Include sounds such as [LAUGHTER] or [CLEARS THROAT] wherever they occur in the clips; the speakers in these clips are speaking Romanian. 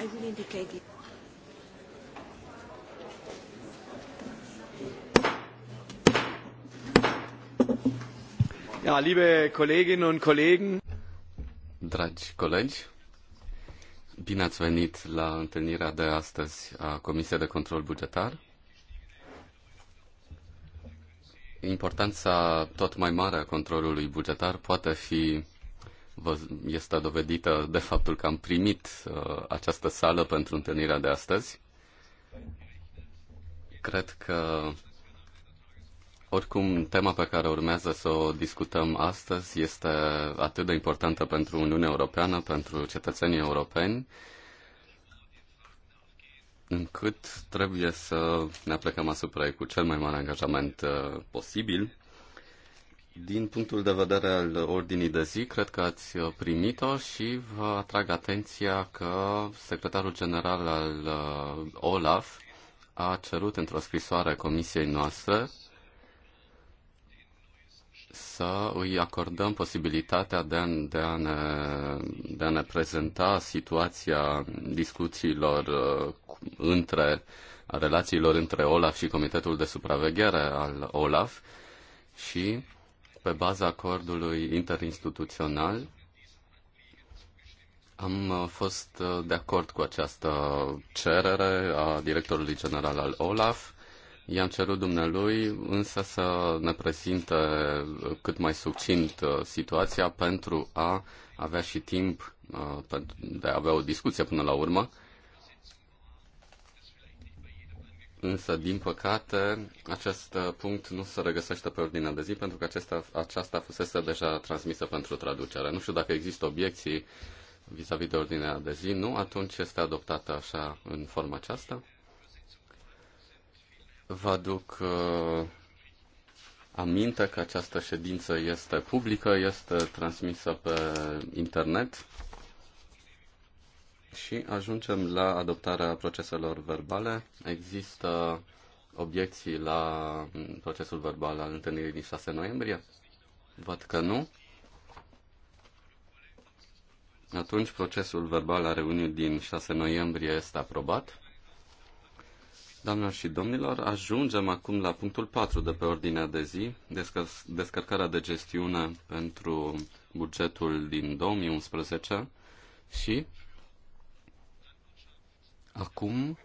I will indicate it. Ja, liebe Kolleginnen und Kollegen, dragi colegi, bine ați venit la întâlnirea de astăzi a Comisiei de Control Bugetar. Importanța tot mai mare a controlului bugetar poate fi este dovedită de faptul că am primit uh, această sală pentru întâlnirea de astăzi. Cred că oricum, tema pe care urmează să o discutăm astăzi este atât de importantă pentru Uniunea Europeană, pentru cetățenii europeni, încât trebuie să ne aplicăm asupra ei cu cel mai mare angajament uh, posibil din punctul de vedere al ordinii de zi, cred că ați primit-o și vă atrag atenția că secretarul general al uh, OLAF a cerut într-o scrisoare comisiei noastre să îi acordăm posibilitatea de a, de a, ne, de a ne prezenta situația discuțiilor uh, între relațiilor între OLAF și Comitetul de Supraveghere al OLAF și pe baza acordului interinstituțional, am uh, fost uh, de acord cu această cerere a directorului general al OLAF. I-am cerut dumnealui însă să ne prezinte uh, cât mai succint situația pentru a avea și timp de a avea o discuție până la urmă Însă, din păcate, acest uh, punct nu se regăsește pe ordinea de zi pentru că acesta, aceasta fusese deja transmisă pentru traducere. Nu știu dacă există obiecții vis-a-vis -vis de ordinea de zi, nu? Atunci este adoptată așa în forma aceasta. Vă aduc uh, aminte că această ședință este publică, este transmisă pe internet. Și ajungem la adoptarea proceselor verbale. Există obiecții la procesul verbal al întâlnirii din 6 noiembrie? Văd că nu. Atunci procesul verbal a reuniunii din 6 noiembrie este aprobat. Doamnelor și domnilor, ajungem acum la punctul 4 de pe ordinea de zi, descă descărcarea de gestiune pentru bugetul din 2011 și Acum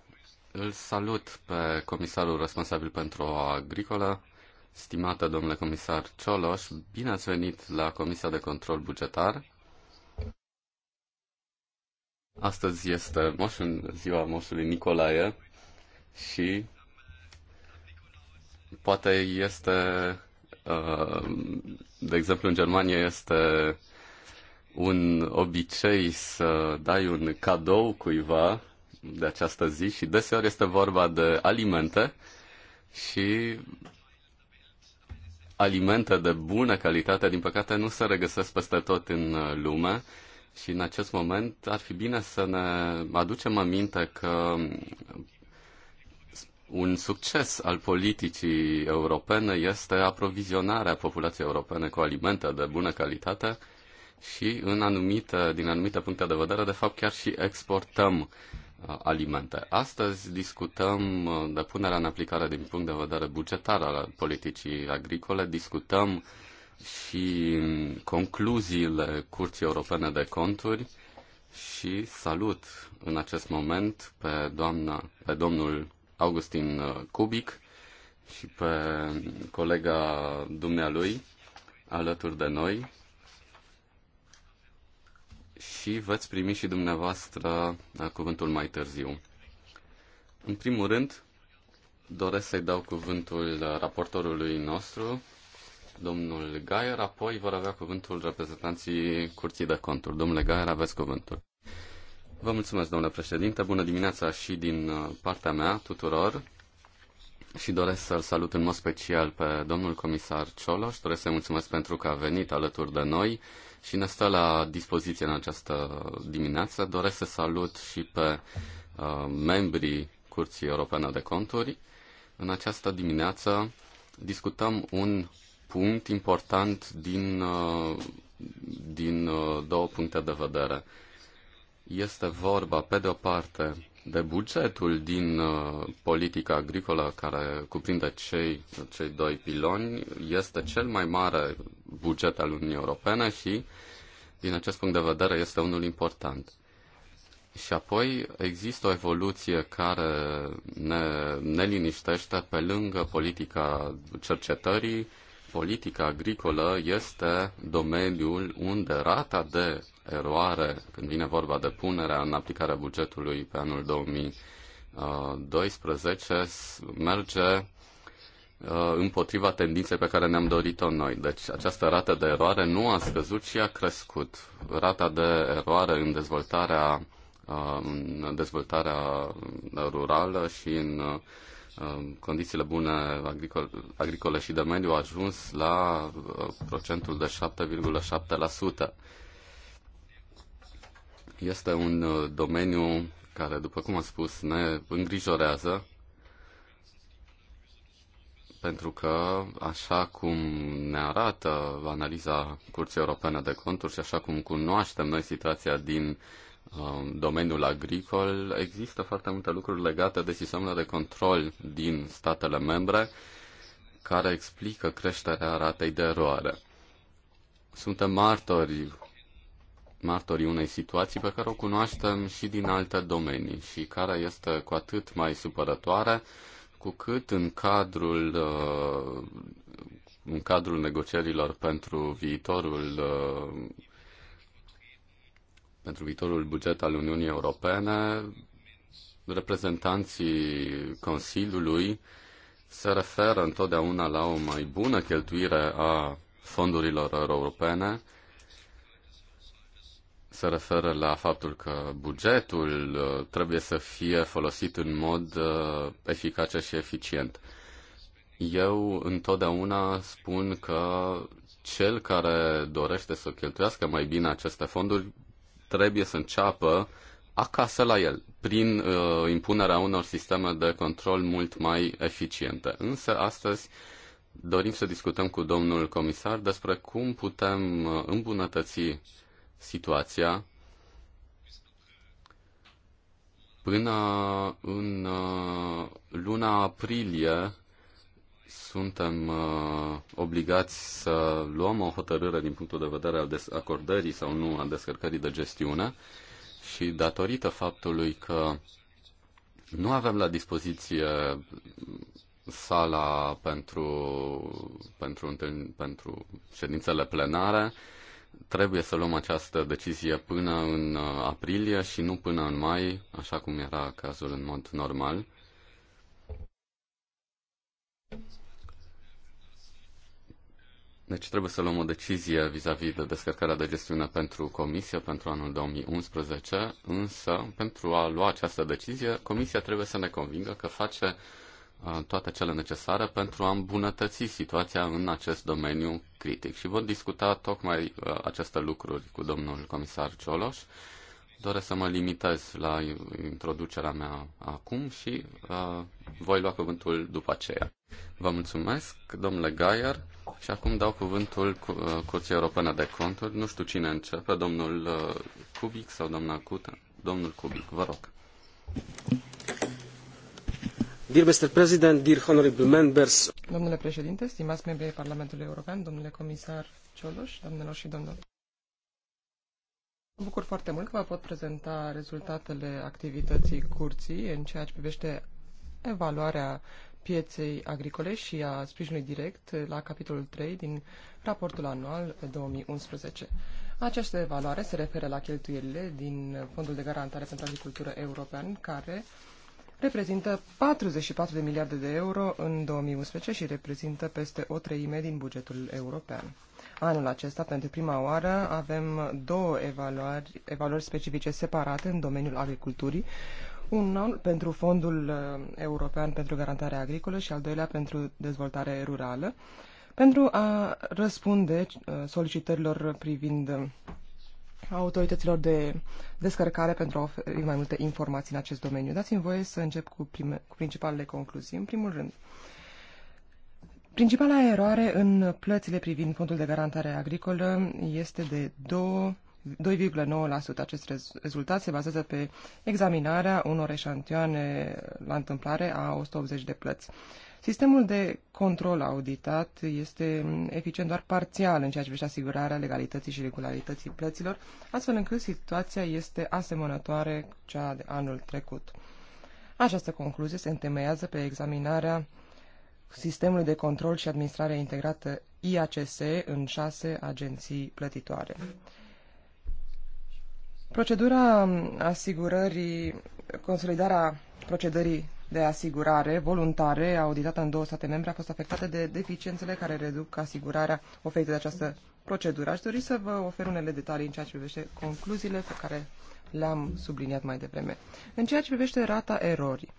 îl salut pe comisarul responsabil pentru agricolă, stimată domnule comisar Cioloș, bine ați venit la Comisia de Control Bugetar. Astăzi este moșul, ziua moșului Nicolae și poate este, uh, de exemplu, în Germania este un obicei să dai un cadou cuiva de această zi și deseori este vorba de alimente și alimente de bună calitate, din păcate, nu se regăsesc peste tot în uh, lume și în acest moment ar fi bine să ne aducem aminte că un succes al politicii europene este aprovizionarea populației europene cu alimente de bună calitate și în anumite, din anumite puncte de vedere, de fapt, chiar și exportăm alimente. Astăzi discutăm de punerea în aplicare din punct de vedere bugetar al politicii agricole, discutăm și concluziile Curții Europene de Conturi și salut în acest moment pe, doamna, pe domnul Augustin uh, Cubic și pe colega dumnealui alături de noi și veți primi și dumneavoastră uh, cuvântul mai târziu. În primul rând, doresc să-i dau cuvântul uh, raportorului nostru, domnul Gaier, apoi vor avea cuvântul reprezentanții Curții de Conturi. Domnule Gaier, aveți cuvântul. Vă mulțumesc, domnule președinte. Bună dimineața și din uh, partea mea tuturor. Și doresc să-l salut în mod special pe domnul comisar Cioloș. Doresc să-i mulțumesc pentru că a venit alături de noi și ne stă la dispoziție în această dimineață. Doresc să salut și pe uh, membrii Curții Europene de Conturi. În această dimineață discutăm un punct important din, uh, din uh, două puncte de vedere. Este vorba, pe de o parte, de bugetul din uh, politica agricolă care cuprinde cei, cei doi piloni este cel mai mare buget al Uniunii Europene și, din acest punct de vedere, este unul important. Și apoi există o evoluție care ne, ne liniștește pe lângă politica cercetării, politica agricolă este domeniul unde rata de eroare, când vine vorba de punerea în aplicarea bugetului pe anul 2012, merge uh, împotriva tendinței pe care ne-am dorit-o noi. Deci această rată de eroare nu a scăzut, ci a crescut. Rata de eroare în dezvoltarea, uh, în dezvoltarea rurală și în uh, Um, condițiile bune agricole, agricole și de mediu a ajuns la uh, procentul de 7,7%. Este un uh, domeniu care, după cum am spus, ne îngrijorează pentru că, așa cum ne arată analiza Curții Europene de Conturi și așa cum cunoaștem noi situația din uh, Um, domeniul agricol, există foarte multe lucruri legate de sistemele de control din statele membre care explică creșterea ratei de eroare. Suntem martori, martorii unei situații pe care o cunoaștem și din alte domenii și care este cu atât mai supărătoare cu cât în cadrul uh, în cadrul negocierilor pentru viitorul uh, pentru viitorul buget al Uniunii Europene, reprezentanții Consiliului se referă întotdeauna la o mai bună cheltuire a fondurilor europene, se referă la faptul că bugetul uh, trebuie să fie folosit în mod uh, eficace și eficient. Eu întotdeauna spun că cel care dorește să cheltuiască mai bine aceste fonduri trebuie să înceapă acasă la el, prin uh, impunerea unor sisteme de control mult mai eficiente. Însă astăzi dorim să discutăm cu domnul comisar despre cum putem uh, îmbunătăți situația până în uh, luna aprilie suntem uh, obligați să luăm o hotărâre din punctul de vedere al acordării sau nu a descărcării de gestiune și datorită faptului că nu avem la dispoziție sala pentru, pentru, pentru ședințele plenare, trebuie să luăm această decizie până în uh, aprilie și nu până în mai, așa cum era cazul în mod normal. Deci trebuie să luăm o decizie vis-a-vis -vis de descărcarea de gestiune pentru Comisie pentru anul 2011, însă pentru a lua această decizie, Comisia trebuie să ne convingă că face uh, toate cele necesare pentru a îmbunătăți situația în acest domeniu critic. Și vom discuta tocmai uh, aceste lucruri cu domnul comisar Cioloș Doresc să mă limitez la introducerea mea acum și uh, voi lua cuvântul după aceea. Vă mulțumesc, domnule Gaier, și acum dau cuvântul cu, uh, Curții Europene de Conturi. Nu știu cine începe, domnul uh, Cubic sau doamna Cuta. Domnul Cubic, vă rog. Dear Mr. President, dear honorable members. Domnule președinte, stimați membri Parlamentului European, domnule comisar Cioloș, doamnelor și domnilor bucur foarte mult că vă pot prezenta rezultatele activității curții în ceea ce privește evaluarea pieței agricole și a sprijinului direct la capitolul 3 din raportul anual 2011. Această evaluare se referă la cheltuielile din Fondul de Garantare pentru Agricultură European, care reprezintă 44 de miliarde de euro în 2011 și reprezintă peste o treime din bugetul european. Anul acesta, pentru prima oară, avem două evaluări, evaluări specifice separate în domeniul agriculturii, unul pentru Fondul uh, European pentru Garantare Agricolă și al doilea pentru dezvoltare rurală, pentru a răspunde uh, solicitărilor privind uh, autorităților de descărcare pentru a oferi mai multe informații în acest domeniu. Dați-mi voie să încep cu, prime, cu principalele concluzii. În primul rând, uh, Principala eroare în plățile privind fondul de garantare agricolă este de 2,9%. Acest rezultat se bazează pe examinarea unor eșantioane la întâmplare a 180 de plăți. Sistemul de control auditat este eficient doar parțial în ceea ce privește asigurarea legalității și regularității plăților, astfel încât situația este asemănătoare cu cea de anul trecut. Această concluzie se întemeiază pe examinarea sistemului de control și administrare integrată IACS în șase agenții plătitoare. Procedura asigurării, consolidarea procedării de asigurare voluntare auditată în două state membre a fost afectată de deficiențele care reduc asigurarea oferită de această procedură. Aș dori să vă ofer unele detalii în ceea ce privește concluziile pe care le-am subliniat mai devreme. În ceea ce privește rata erorii,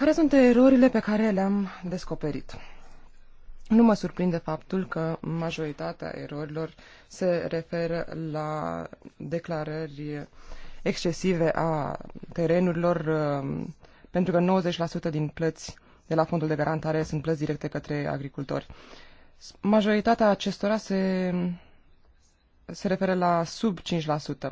care sunt erorile pe care le-am descoperit? Nu mă surprinde faptul că majoritatea erorilor se referă la declarări excesive a terenurilor, um, pentru că 90% din plăți de la fondul de garantare sunt plăți directe către agricultori. Majoritatea acestora se, se referă la sub 5%.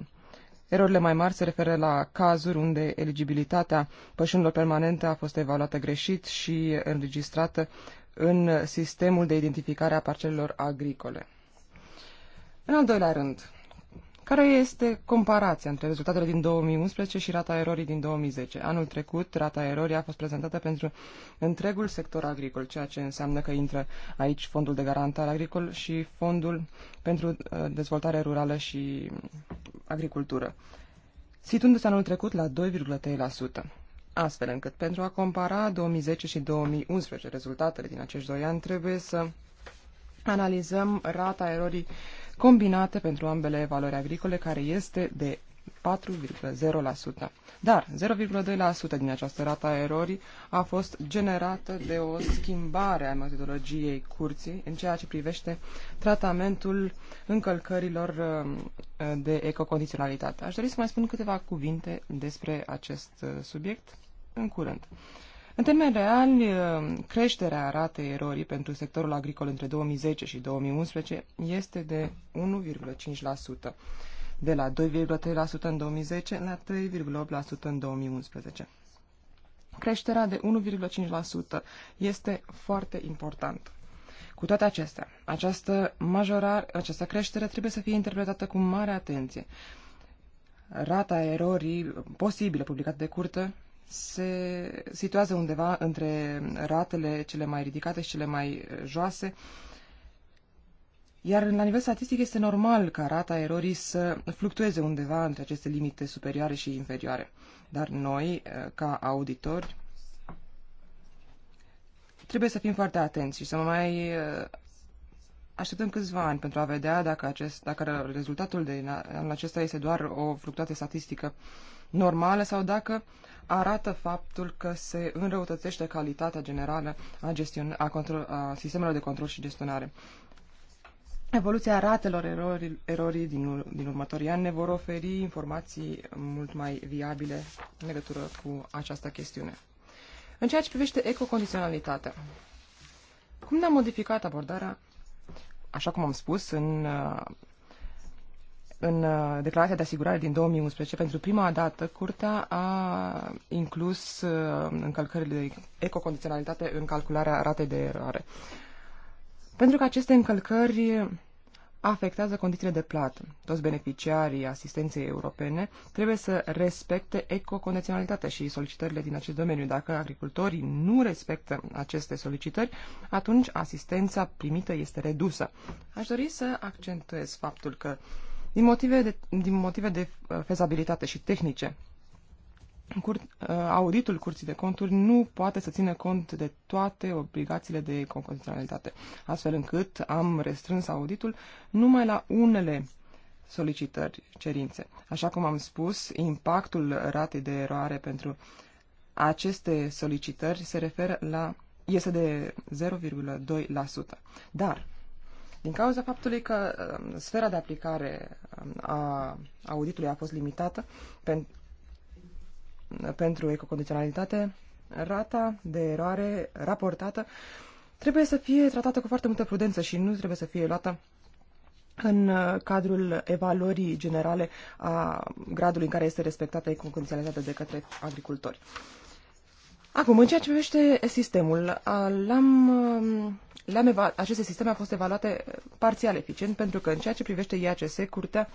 Erorile mai mari se referă la cazuri unde eligibilitatea pășunilor permanente a fost evaluată greșit și înregistrată în sistemul de identificare a parcelelor agricole. În al doilea rând, care este comparația între rezultatele din 2011 și rata erorii din 2010? Anul trecut, rata erorii a fost prezentată pentru întregul sector agricol, ceea ce înseamnă că intră aici Fondul de Garantare Agricol și Fondul pentru uh, Dezvoltare Rurală și Agricultură, situându-se anul trecut la 2,3% astfel încât pentru a compara 2010 și 2011 rezultatele din acești doi ani trebuie să analizăm rata erorii combinate pentru ambele valori agricole, care este de 4,0%. Dar 0,2% din această rată a erorii a fost generată de o schimbare a metodologiei curții în ceea ce privește tratamentul încălcărilor uh, de ecocondiționalitate. Aș dori să mai spun câteva cuvinte despre acest uh, subiect în curând. În termeni reali, uh, creșterea ratei erorii pentru sectorul agricol între 2010 și 2011 este de 1,5%, de la 2,3% în 2010 la 3,8% în 2011. Creșterea de 1,5% este foarte importantă. Cu toate acestea, această, majorare, această creștere trebuie să fie interpretată cu mare atenție. Rata erorii posibile publicată de curte se situează undeva între ratele cele mai ridicate și cele mai eh, joase, iar la nivel statistic este normal ca rata erorii să fluctueze undeva între aceste limite superioare și inferioare. Dar noi, eh, ca auditori, trebuie să fim foarte atenți și să mai eh, așteptăm câțiva ani pentru a vedea dacă, acest, dacă rezultatul de anul acesta este doar o fluctuație statistică normală sau dacă arată faptul că se înrăutățește calitatea generală a, gestion- a, control- a sistemelor de control și gestionare. Evoluția ratelor erorii, erorii din, din următorii ani ne vor oferi informații mult mai viabile în legătură cu această chestiune. În ceea ce privește ecocondiționalitatea, cum ne-a modificat abordarea, așa cum am spus, în în uh, declarația de asigurare din 2011, pentru prima dată, Curtea a inclus uh, încălcările de ecocondiționalitate în calcularea ratei de eroare. Pentru că aceste încălcări afectează condițiile de plată. Toți beneficiarii asistenței europene trebuie să respecte ecocondiționalitatea și solicitările din acest domeniu. Dacă agricultorii nu respectă aceste solicitări, atunci asistența primită este redusă. Aș dori să accentuez faptul că uh, din motive de, din motive de uh, fezabilitate și tehnice, cur, uh, auditul Curții de Conturi nu poate să țină cont de toate obligațiile de constituționalitate, astfel încât am restrâns auditul numai la unele solicitări, cerințe. Așa cum am spus, impactul ratei de eroare pentru aceste solicitări se referă la este de 0,2%. Dar din cauza faptului că um, sfera de aplicare um, a auditului a fost limitată pen, pentru ecocondiționalitate, rata de eroare raportată trebuie să fie tratată cu foarte multă prudență și nu trebuie să fie luată în uh, cadrul evaluării generale a gradului în care este respectată ecocondiționalitatea de către agricultori. Acum, în ceea ce privește sistemul, l-am, l-am aceste sisteme au fost evaluate parțial eficient, pentru că în ceea ce privește IACS, Curtea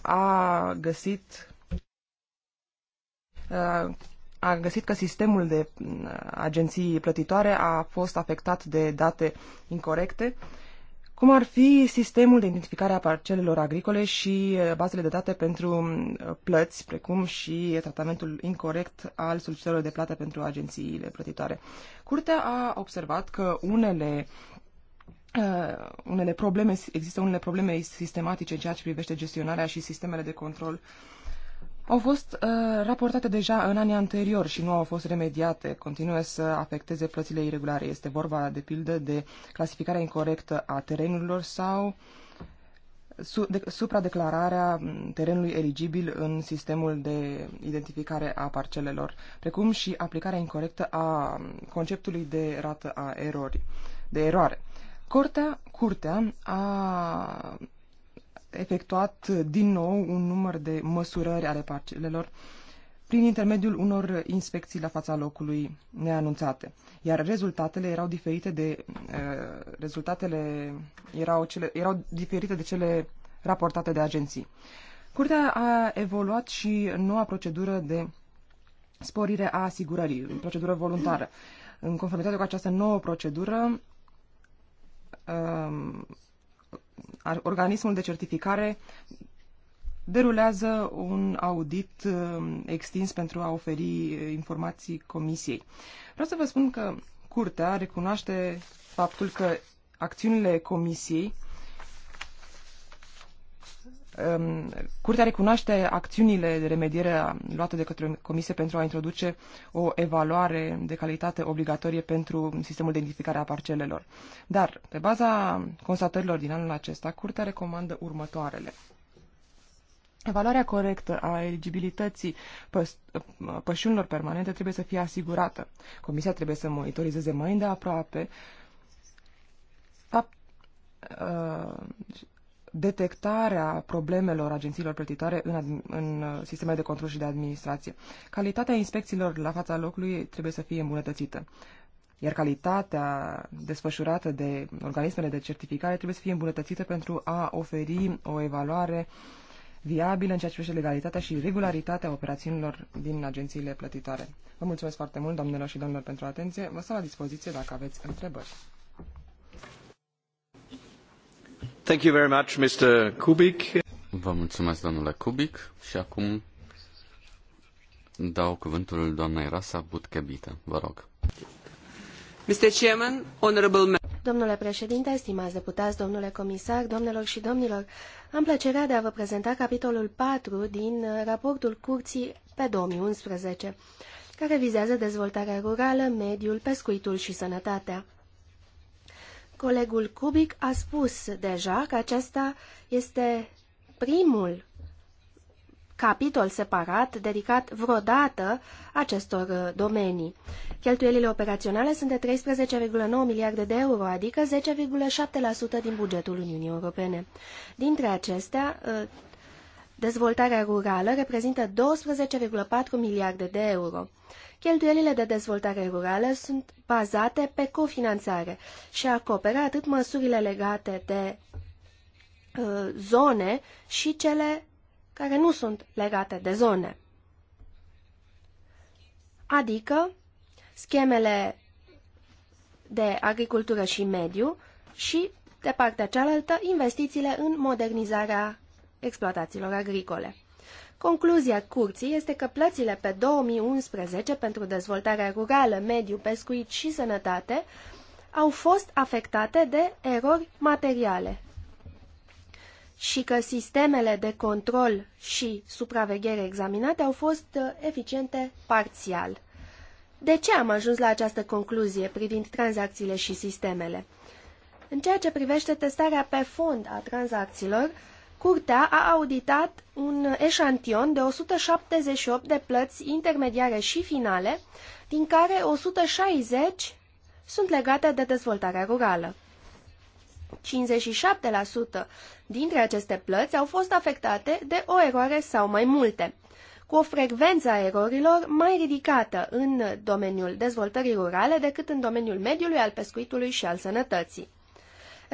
a găsit a găsit că sistemul de agenții plătitoare a fost afectat de date incorrecte uh, cum ar fi sistemul de identificare a parcelelor agricole și eh, bazele de date pentru mm, plăți, precum și tratamentul incorrect al solicitărilor de plată pentru agențiile plătitoare. Curtea a observat că unele Uh, unele probleme, există unele probleme sistematice în ceea ce privește gestionarea și sistemele de control uh, au fost uh, raportate deja în anii anterior și nu au fost remediate. Continuă să afecteze plățile irregulare. Este vorba, de pildă, de clasificarea incorrectă a terenurilor sau su- de- supradeclararea terenului eligibil în sistemul de identificare a parcelelor, precum și aplicarea incorrectă a conceptului de rată a erorii, de eroare. Curtea, curtea a efectuat uh, din nou un număr de măsurări ale parcelelor prin intermediul unor inspecții la fața locului neanunțate. Iar rezultatele erau diferite de uh, rezultatele erau, cele, erau diferite de cele raportate de agenții. Curtea a evoluat și noua procedură de sporire a asigurării, procedură voluntară. În conformitate cu această nouă procedură, uh, organismul de certificare derulează un audit um, extins pentru a oferi uh, informații comisiei. Vreau să vă spun că curtea recunoaște faptul că acțiunile comisiei Um, curtea recunoaște acțiunile de remediere luate de către Comisie pentru a introduce o evaluare de calitate obligatorie pentru sistemul de identificare a parcelelor. Dar, pe baza constatărilor din anul acesta, Curtea recomandă următoarele. Evaluarea corectă a eligibilității pășunilor permanente trebuie să fie asigurată. Comisia trebuie să monitorizeze mai îndeaproape fapt, uh, detectarea problemelor agențiilor plătitoare în, în uh, sistemele de control și de administrație. Calitatea inspecțiilor la fața locului trebuie să fie îmbunătățită, iar calitatea desfășurată de organismele de certificare trebuie să fie îmbunătățită pentru a oferi o evaluare viabilă în ceea ce privește legalitatea și regularitatea operațiunilor din agențiile plătitoare. Vă mulțumesc foarte mult, doamnelor și domnilor, pentru atenție. Vă stau la dispoziție dacă aveți întrebări. Vă mulțumesc, domnule Kubik. Și acum dau cuvântul doamnei Rasa Butkebită. Vă rog. Mr. Chairman, honorable Domnule președinte, stimați deputați, domnule comisar, domnilor și domnilor, am plăcerea de a vă prezenta capitolul 4 din raportul Curții pe 2011, care vizează dezvoltarea rurală, mediul, pescuitul și sănătatea. Colegul Kubik a spus deja că acesta este primul capitol separat dedicat vreodată acestor uh, domenii. Cheltuielile operaționale sunt de 13,9 miliarde de euro, adică 10,7% din bugetul Uniunii Europene. Dintre acestea, uh, dezvoltarea rurală reprezintă 12,4 miliarde de euro. Cheltuielile de dezvoltare rurală sunt bazate pe cofinanțare și acoperă atât măsurile legate de uh, zone și cele care nu sunt legate de zone. Adică schemele de agricultură și mediu și, de partea cealaltă, investițiile în modernizarea exploatațiilor agricole. Concluzia curții este că plățile pe 2011 pentru dezvoltarea rurală, mediu, pescuit și sănătate au fost afectate de erori materiale și că sistemele de control și supraveghere examinate au fost uh, eficiente parțial. De ce am ajuns la această concluzie privind tranzacțiile și sistemele? În ceea ce privește testarea pe fond a tranzacțiilor, Curtea a auditat un eșantion de 178 de plăți intermediare și finale, din care 160 sunt legate de dezvoltarea rurală. 57% dintre aceste plăți au fost afectate de o eroare sau mai multe, cu o frecvență a erorilor mai ridicată în domeniul dezvoltării rurale decât în domeniul mediului, al pescuitului și al sănătății.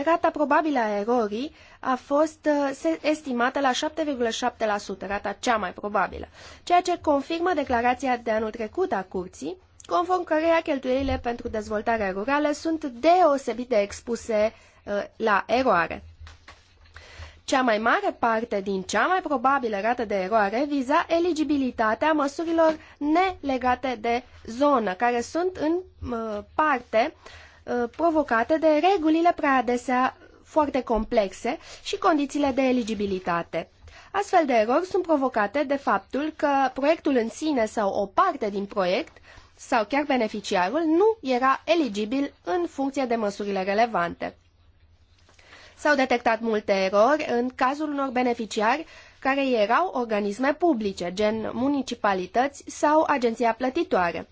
Rata probabilă a erorii a fost uh, estimată la 7,7%, rata cea mai probabilă, ceea ce confirmă declarația de anul trecut a curții, conform căreia cheltuielile pentru dezvoltarea rurală sunt deosebit de expuse uh, la eroare. Cea mai mare parte din cea mai probabilă rată de eroare viza eligibilitatea măsurilor nelegate de zonă, care sunt în uh, parte uh, Uh, provocate de regulile prea adesea foarte complexe și condițiile de eligibilitate. Astfel de erori sunt provocate de faptul că proiectul în sine sau o parte din proiect sau chiar beneficiarul nu era eligibil în funcție de măsurile relevante. S-au detectat multe erori în cazul unor beneficiari care erau organisme publice, gen municipalități sau agenția plătitoare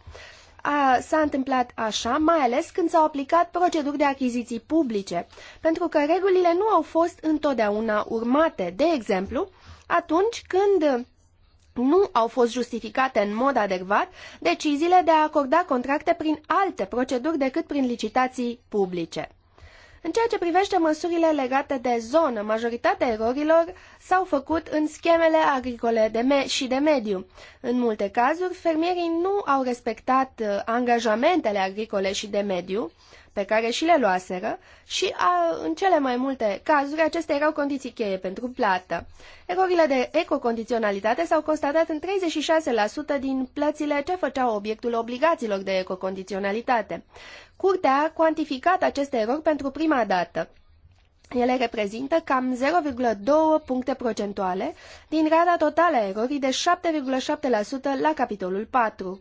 s-a întâmplat așa, mai ales când s-au aplicat proceduri de achiziții publice, pentru că regulile nu au fost întotdeauna urmate. De exemplu, atunci când nu au fost justificate în mod adecvat deciziile de a acorda contracte prin alte proceduri decât prin licitații publice. În ceea ce privește măsurile legate de zonă, majoritatea erorilor s-au făcut în schemele agricole de și de mediu. În multe cazuri, fermierii nu au respectat uh, angajamentele agricole și de mediu, pe care și le luaseră și a, în cele mai multe cazuri acestea erau condiții cheie pentru plată. Erorile de ecocondiționalitate s-au constatat în 36% din plățile ce făceau obiectul obligațiilor de ecocondiționalitate. Curtea a cuantificat aceste erori pentru prima dată. Ele reprezintă cam 0,2 puncte procentuale din rata totală a erorii de 7,7% la capitolul 4.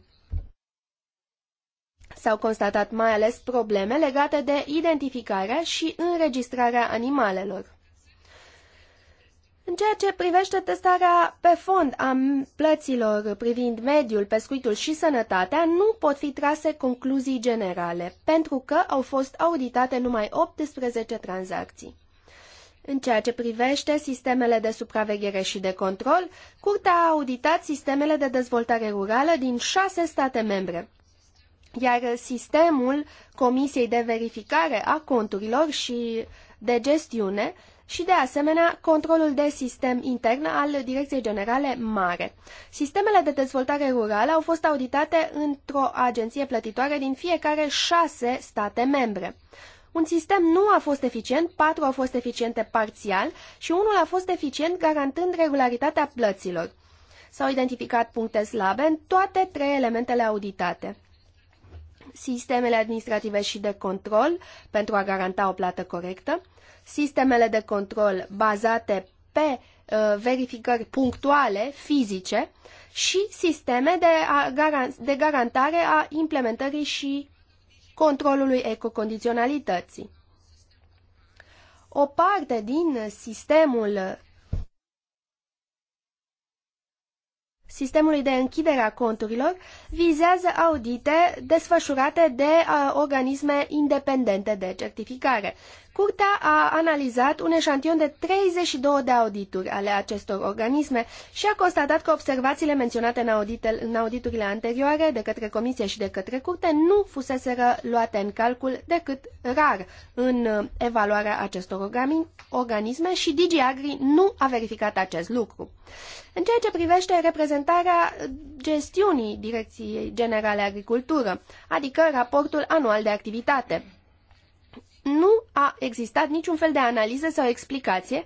S-au constatat mai ales probleme legate de identificarea și înregistrarea animalelor. În ceea ce privește testarea pe fond a plăților privind mediul, pescuitul și sănătatea, nu pot fi trase concluzii generale, pentru că au fost auditate numai 18 tranzacții. În ceea ce privește sistemele de supraveghere și de control, Curtea a auditat sistemele de dezvoltare rurală din șase state membre, iar sistemul Comisiei de Verificare a Conturilor și de Gestiune și, de asemenea, controlul de sistem intern al Direcției Generale Mare. Sistemele de dezvoltare rurală au fost auditate într-o agenție plătitoare din fiecare șase state membre. Un sistem nu a fost eficient, patru au fost eficiente parțial și unul a fost eficient garantând regularitatea plăților. S-au identificat puncte slabe în toate trei elementele auditate sistemele administrative și de control pentru a garanta o plată corectă, sistemele de control bazate pe uh, verificări punctuale, fizice și sisteme de, a, garan de garantare a implementării și controlului ecocondiționalității. O parte din sistemul sistemului de închidere a conturilor vizează audite desfășurate de organisme independente de certificare. Curtea a analizat un eșantion de 32 de audituri ale acestor organisme și a constatat că observațiile menționate în, auditel, în auditurile anterioare de către Comisie și de către Curte nu fuseseră luate în calcul decât rar în uh, evaluarea acestor organisme și DG Agri nu a verificat acest lucru. În ceea ce privește reprezentarea gestiunii Direcției Generale Agricultură, adică raportul anual de activitate, nu a existat niciun fel de analiză sau explicație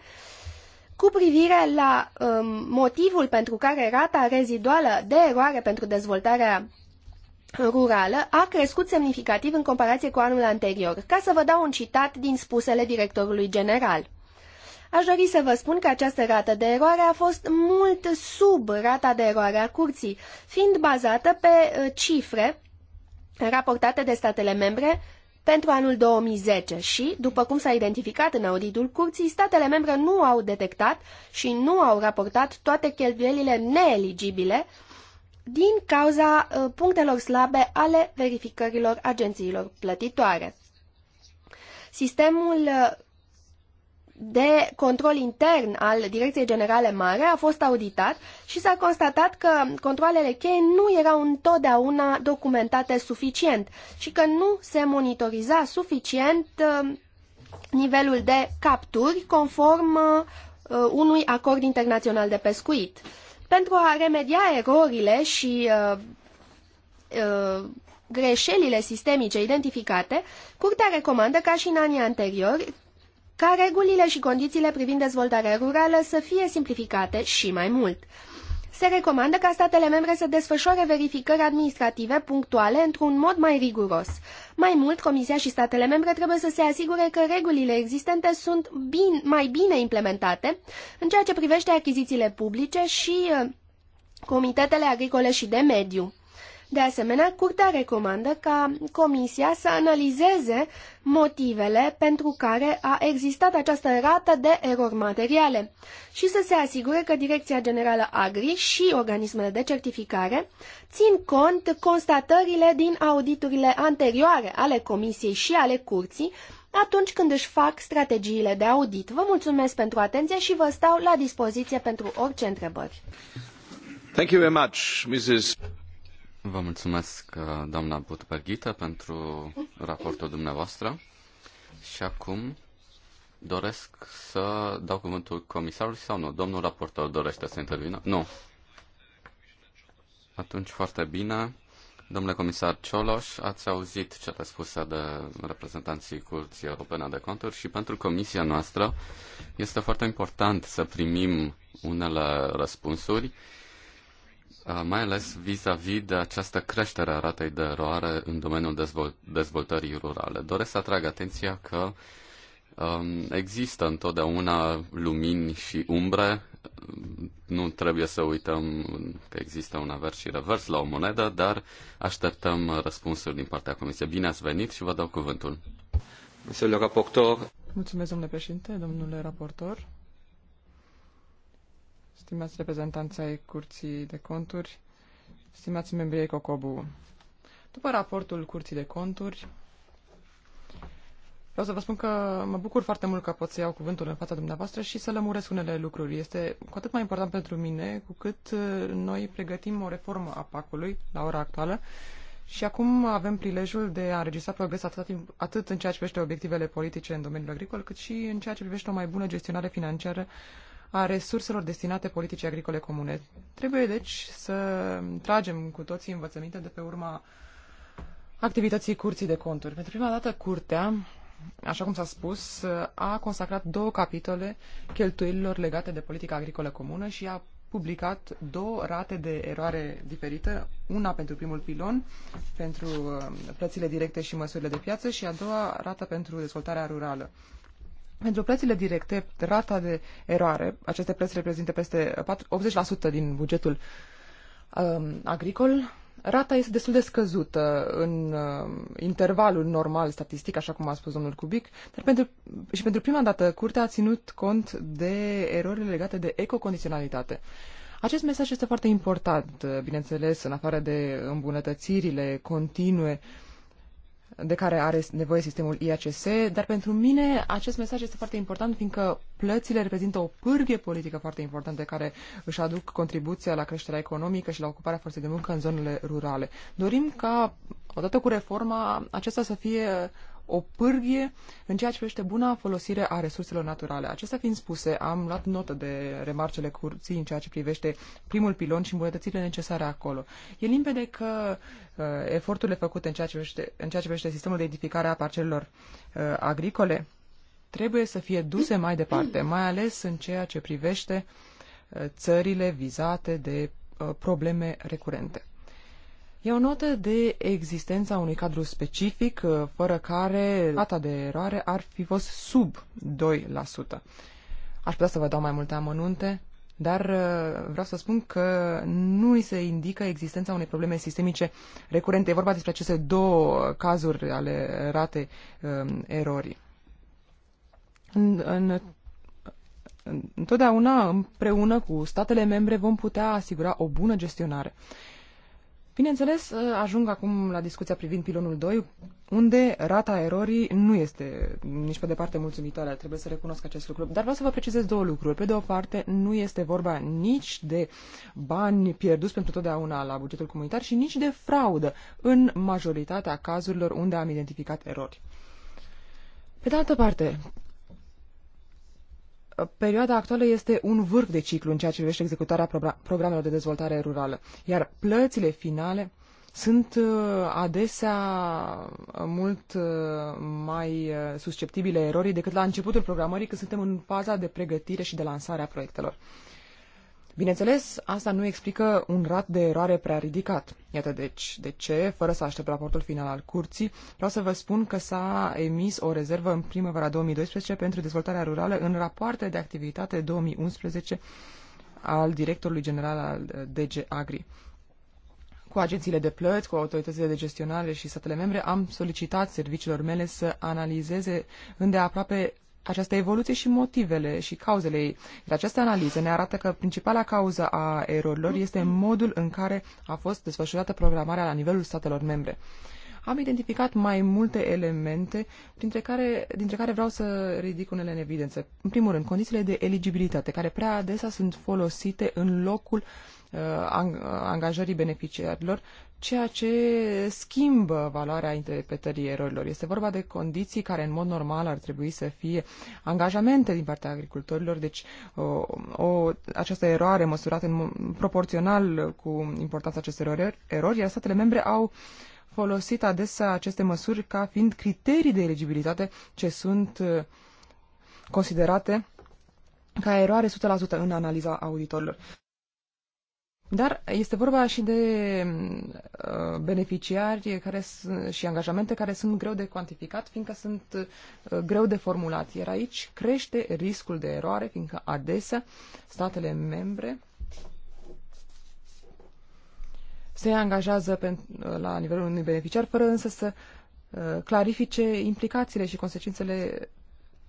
cu privire la um, motivul pentru care rata reziduală de eroare pentru dezvoltarea rurală a crescut semnificativ în comparație cu anul anterior, ca să vă dau un citat din spusele directorului general. Aș dori să vă spun că această rată de eroare a fost mult sub rata de eroare a curții, fiind bazată pe uh, cifre raportate de statele membre pentru anul 2010 și, după cum s-a identificat în auditul curții, statele membre nu au detectat și nu au raportat toate cheltuielile neeligibile din cauza uh, punctelor slabe ale verificărilor agențiilor plătitoare. Sistemul uh, de control intern al Direcției Generale Mare a fost auditat și s-a constatat că controlele cheie nu erau întotdeauna documentate suficient și că nu se monitoriza suficient uh, nivelul de capturi conform uh, unui acord internațional de pescuit. Pentru a remedia erorile și uh, greșelile sistemice identificate, Curtea recomandă ca și în anii anteriori ca regulile și condițiile privind dezvoltarea rurală să fie simplificate și mai mult. Se recomandă ca statele membre să desfășoare verificări administrative punctuale într-un mod mai riguros. Mai mult, Comisia și statele membre trebuie să se asigure că regulile existente sunt bin, mai bine implementate în ceea ce privește achizițiile publice și uh, comitetele agricole și de mediu. De asemenea, Curtea recomandă ca Comisia să analizeze motivele pentru care a existat această rată de erori materiale și să se asigure că Direcția Generală Agri și organismele de certificare țin cont constatările din auditurile anterioare ale Comisiei și ale Curții atunci când își fac strategiile de audit. Vă mulțumesc pentru atenție și vă stau la dispoziție pentru orice întrebări. Thank you very much, Mrs. Vă mulțumesc, uh, doamna Butbergita, pentru raportul dumneavoastră. Și acum doresc să dau cuvântul comisarului sau nu? Domnul raportor dorește să intervină? Nu. Atunci foarte bine. Domnule comisar Cioloș, ați auzit ce a spus de reprezentanții Curții Europene de Conturi și pentru comisia noastră este foarte important să primim unele răspunsuri Uh, mai ales vis-a-vis de această creștere a ratei de eroare în domeniul dezvol- dezvoltării rurale. Doresc să atrag atenția că um, există întotdeauna lumini și umbre. Nu trebuie să uităm că există un avers și revers la o monedă, dar așteptăm răspunsuri din partea Comisiei. Bine ați venit și vă dau cuvântul. Mulțumesc, domnule președinte, domnule raportor stimați reprezentanți ai Curții de Conturi, stimați membrii ai COCOBU. După raportul Curții de Conturi, vreau să vă spun că mă bucur foarte mult că pot să iau cuvântul în fața dumneavoastră și să lămuresc unele lucruri. Este cu atât mai important pentru mine cu cât uh, noi pregătim o reformă a PAC-ului la ora actuală și acum avem prilejul de a înregistra progres atât, atât în ceea ce privește obiectivele politice în domeniul agricol, cât și în ceea ce privește o mai bună gestionare financiară a resurselor destinate politicii agricole comune. Trebuie, deci, să tragem cu toții învățăminte de pe urma activității Curții de Conturi. Pentru prima dată, Curtea, așa cum s-a spus, a consacrat două capitole cheltuielilor legate de politica agricolă comună și a publicat două rate de eroare diferită, una pentru primul pilon, pentru uh, plățile directe și măsurile de piață și a doua rată pentru dezvoltarea rurală. Pentru plățile directe, rata de eroare, aceste plăți reprezintă peste 80% din bugetul um, agricol, rata este destul de scăzută în uh, intervalul normal statistic, așa cum a spus domnul Cubic, dar pentru, și pentru prima dată curtea a ținut cont de erorile legate de ecocondiționalitate. Acest mesaj este foarte important, bineînțeles, în afară de îmbunătățirile continue uh, de care are nevoie sistemul IACS, dar pentru mine acest mesaj este foarte important, fiindcă plățile reprezintă o pârghie politică foarte importantă care își aduc contribuția la creșterea economică și la ocuparea forței de muncă în zonele rurale. Dorim ca, odată cu reforma, acesta să fie o pârghie în ceea ce privește buna folosire a resurselor naturale. Acestea fiind spuse, am luat notă de remarcele curții în ceea ce privește primul pilon și îmbunătățirile necesare acolo. E limpede că uh, eforturile făcute în ceea, ce privește, în ceea ce privește sistemul de edificare a parcelelor uh, agricole trebuie să fie duse mai departe, mai ales în ceea ce privește uh, țările vizate de uh, probleme recurente. E o notă de existența unui cadru specific, uh, fără care rata de eroare ar fi fost sub 2%. Aș putea să vă dau mai multe amănunte, dar uh, vreau să spun că nu îi se indică existența unei probleme sistemice recurente. E vorba despre aceste două cazuri ale ratei um, erorii. În, în întotdeauna împreună cu statele membre vom putea asigura o bună gestionare. Bineînțeles, ă, ajung acum la discuția privind pilonul 2, unde rata erorii nu este nici pe departe mulțumitoare, trebuie să recunosc acest lucru. Dar vreau să vă precizez două lucruri. Pe de o parte, nu este vorba nici de bani pierduți pentru totdeauna la bugetul comunitar și nici de fraudă în majoritatea cazurilor unde am identificat erori. Pe de altă parte, perioada actuală este un vârf de ciclu în ceea ce privește executarea programelor de dezvoltare rurală, iar plățile finale sunt uh, adesea uh, mult uh, mai susceptibile erorii decât la începutul programării, când suntem în faza de pregătire și de lansare a proiectelor. Bineînțeles, asta nu explică un rat de eroare prea ridicat. Iată deci de ce, fără să aștept raportul final al curții, vreau să vă spun că s-a emis o rezervă în primăvara 2012 pentru dezvoltarea rurală în rapoarte de activitate 2011 al directorului general al uh, DG Agri. Cu agențiile de plăți, cu autoritățile de gestionare și statele membre, am solicitat serviciilor mele să analizeze îndeaproape această evoluție și motivele și cauzele ei. Iar această analiză ne arată că principala cauză a erorilor este modul în care a fost desfășurată programarea la nivelul statelor membre. Am identificat mai multe elemente, dintre care, dintre care vreau să ridic unele în evidență. În primul rând, condițiile de eligibilitate, care prea adesea sunt folosite în locul uh, Uh, uh, angajării beneficiarilor, ceea ce schimbă valoarea interpretării erorilor. Este vorba de condiții care în mod normal ar trebui să fie angajamente din partea agricultorilor, deci o, o, această eroare măsurată în, proporțional cu importanța acestor erori, erori, iar statele membre au folosit adesea aceste măsuri ca fiind criterii de eligibilitate ce sunt uh, considerate ca eroare 100% în analiza auditorilor. Dar este vorba și de uh, beneficiari care sunt, și angajamente care sunt greu de cuantificat, fiindcă sunt uh, greu de formulat. Iar aici crește riscul de eroare, fiindcă adesea statele membre se angajează pe, uh, la nivelul unui beneficiar, fără însă să clarifice implicațiile și consecințele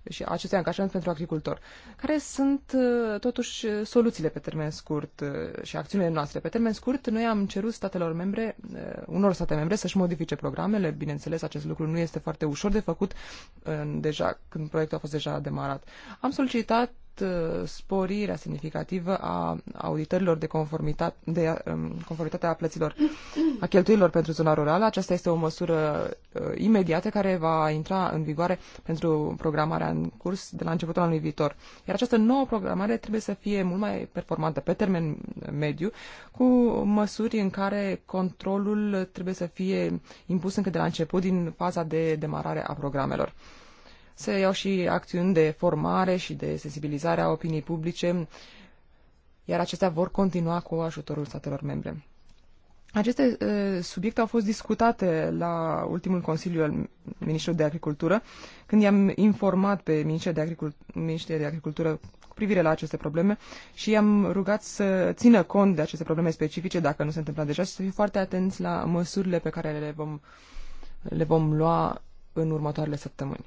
și acestui angajament pentru agricultor. Care sunt uh, totuși soluțiile pe termen scurt uh, și acțiunile noastre? Pe termen scurt, noi am cerut statelor membre, uh, unor state membre să-și modifice programele. Bineînțeles, acest lucru nu este foarte ușor de făcut deja când proiectul a fost deja demarat. Am solicitat Uh, sporirea semnificativă a auditărilor de, conformitate, de um, conformitate a plăților a cheltuielor pentru zona rurală. Aceasta este o măsură uh, imediată care va intra în vigoare pentru programarea în curs de la începutul anului viitor. Iar această nouă programare trebuie să fie mult mai performantă pe termen uh, mediu, cu măsuri în care controlul trebuie să fie impus încă de la început din faza de demarare a programelor se iau și acțiuni de formare și de sensibilizare a opiniei publice, iar acestea vor continua cu ajutorul statelor membre. Aceste subiecte au fost discutate la ultimul Consiliu al Ministrului de Agricultură, când i-am informat pe ministrul de, Agricult- de Agricultură cu privire la aceste probleme și i-am rugat să țină cont de aceste probleme specifice, dacă nu se întâmplă deja, și să fie foarte atenți la măsurile pe care le vom, le vom lua în următoarele săptămâni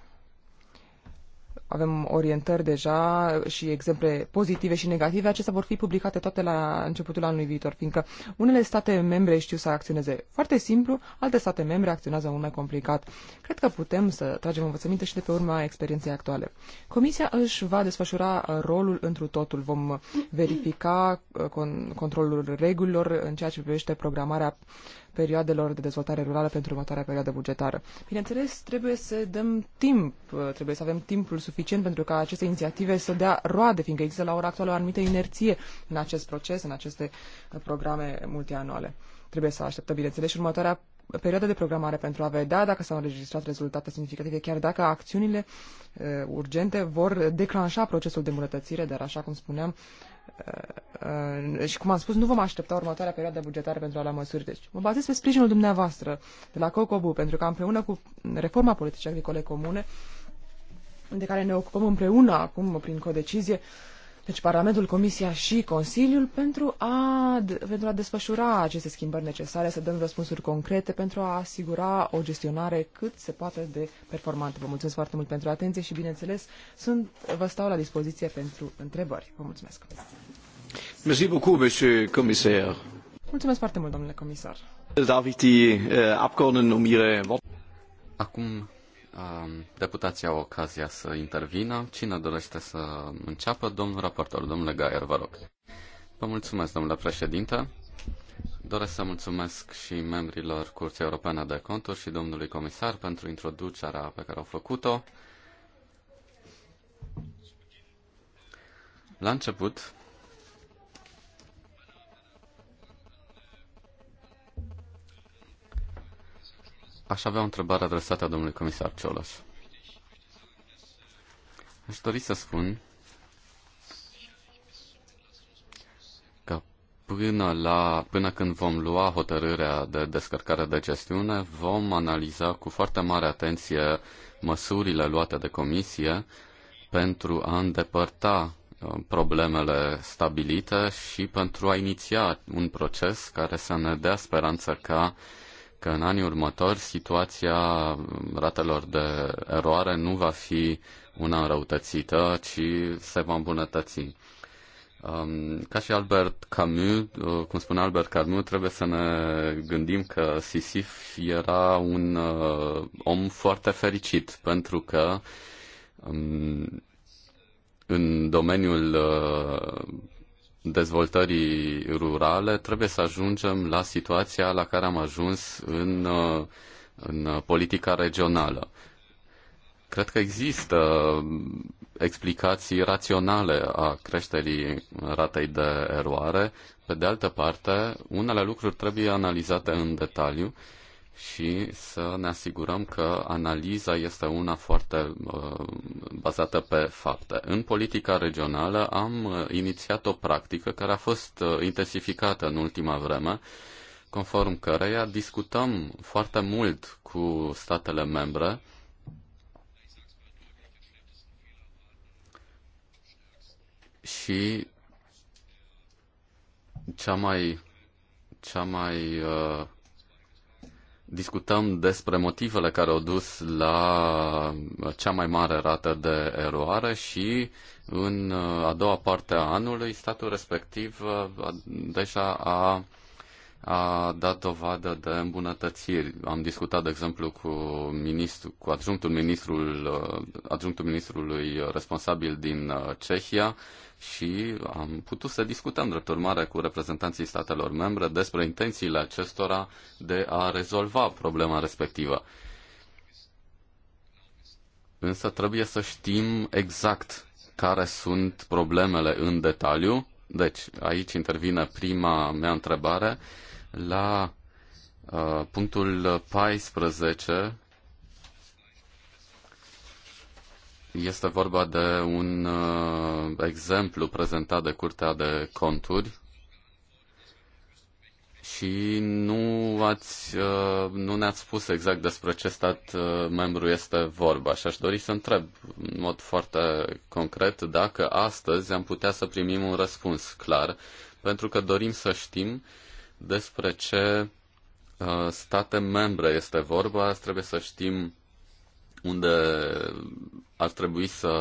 avem orientări deja și exemple pozitive și negative. Acestea vor fi publicate toate la începutul anului viitor, fiindcă unele state membre știu să acționeze foarte simplu, alte state membre acționează mult mai complicat. Cred că putem să tragem învățăminte și de pe urma experienței actuale. Comisia își va desfășura rolul întru totul. Vom verifica uh, controlul regulilor în ceea ce privește programarea perioadelor de dezvoltare rurală pentru următoarea perioadă bugetară. Bineînțeles, trebuie să dăm timp, trebuie să avem timpul suficient pentru ca aceste inițiative să dea roade, fiindcă există la ora actuală o anumită inerție în acest proces, în aceste uh, programe multianuale. Trebuie să așteptăm, bineînțeles, și următoarea perioadă de programare pentru a vedea dacă s-au înregistrat rezultate semnificative, chiar dacă acțiunile uh, urgente vor declanșa procesul de îmbunătățire, dar așa cum spuneam, Uh, și cum am spus, nu vom aștepta următoarea perioadă bugetară pentru a lua măsuri. Deci, mă bazez pe sprijinul dumneavoastră de la COCOBU, pentru că împreună cu reforma politicii agricole comune, de care ne ocupăm împreună acum prin codecizie, uh, deci Parlamentul, Comisia și Consiliul, pentru a, pentru a desfășura aceste schimbări necesare, să dăm răspunsuri concrete pentru a asigura o gestionare cât se poate de performantă. Vă mulțumesc foarte mult pentru atenție și, bineînțeles, sunt, vă stau la dispoziție pentru întrebări. Vă mulțumesc! Merci beaucoup, monsieur comisar. Mulțumesc foarte mult, domnule comisar. Darf ich die eh, Abgeordneten um ihre Acum Um, deputații au ocazia să intervină. Cine dorește să înceapă? Domnul raportor, domnule Gaier, vă rog. Vă mulțumesc, domnule președinte. Doresc să mulțumesc și membrilor Curții Europene de Conturi și domnului comisar pentru introducerea pe care au făcut-o. La început, Aș avea o întrebare adresată a domnului comisar Cioloș. Aș dori să spun că până, la, până când vom lua hotărârea de descărcare de gestiune, vom analiza cu foarte mare atenție măsurile luate de comisie pentru a îndepărta uh, problemele stabilite și pentru a iniția un proces care să ne dea speranță ca uh, că în anii următori situația ratelor de eroare nu va fi una înrăutățită, ci se va îmbunătăți. Um, ca și Albert Camus, uh, cum spune Albert Camus, trebuie să ne gândim că Sisif era un uh, om foarte fericit, pentru că um, în domeniul uh, dezvoltării rurale, trebuie să ajungem la situația la care am ajuns în, în politica regională. Cred că există explicații raționale a creșterii ratei de eroare. Pe de altă parte, unele lucruri trebuie analizate în detaliu și să ne asigurăm că analiza este una foarte uh, bazată pe fapte. În politica regională am uh, inițiat o practică care a fost uh, intensificată în ultima vreme, conform căreia discutăm foarte mult cu statele membre și cea mai cea mai uh, discutăm despre motivele care au dus la cea mai mare rată de eroare și în uh, a doua parte a anului statul respectiv uh, deja a, a dat dovadă de îmbunătățiri. Am discutat, de exemplu, cu, ministru, cu adjunctul, ministrul, uh, adjunctul ministrului responsabil din Cehia și am putut să discutăm, drept urmare, cu reprezentanții statelor membre despre intențiile acestora de a rezolva problema respectivă. Însă trebuie să știm exact care sunt problemele în detaliu. Deci, aici intervine prima mea întrebare. La uh, punctul 14 Este vorba de un uh, exemplu prezentat de Curtea de Conturi și nu, ați, uh, nu ne-ați spus exact despre ce stat uh, membru este vorba și aș dori să întreb în mod foarte concret dacă astăzi am putea să primim un răspuns clar, pentru că dorim să știm despre ce uh, state membre este vorba, trebuie să știm unde ar trebui să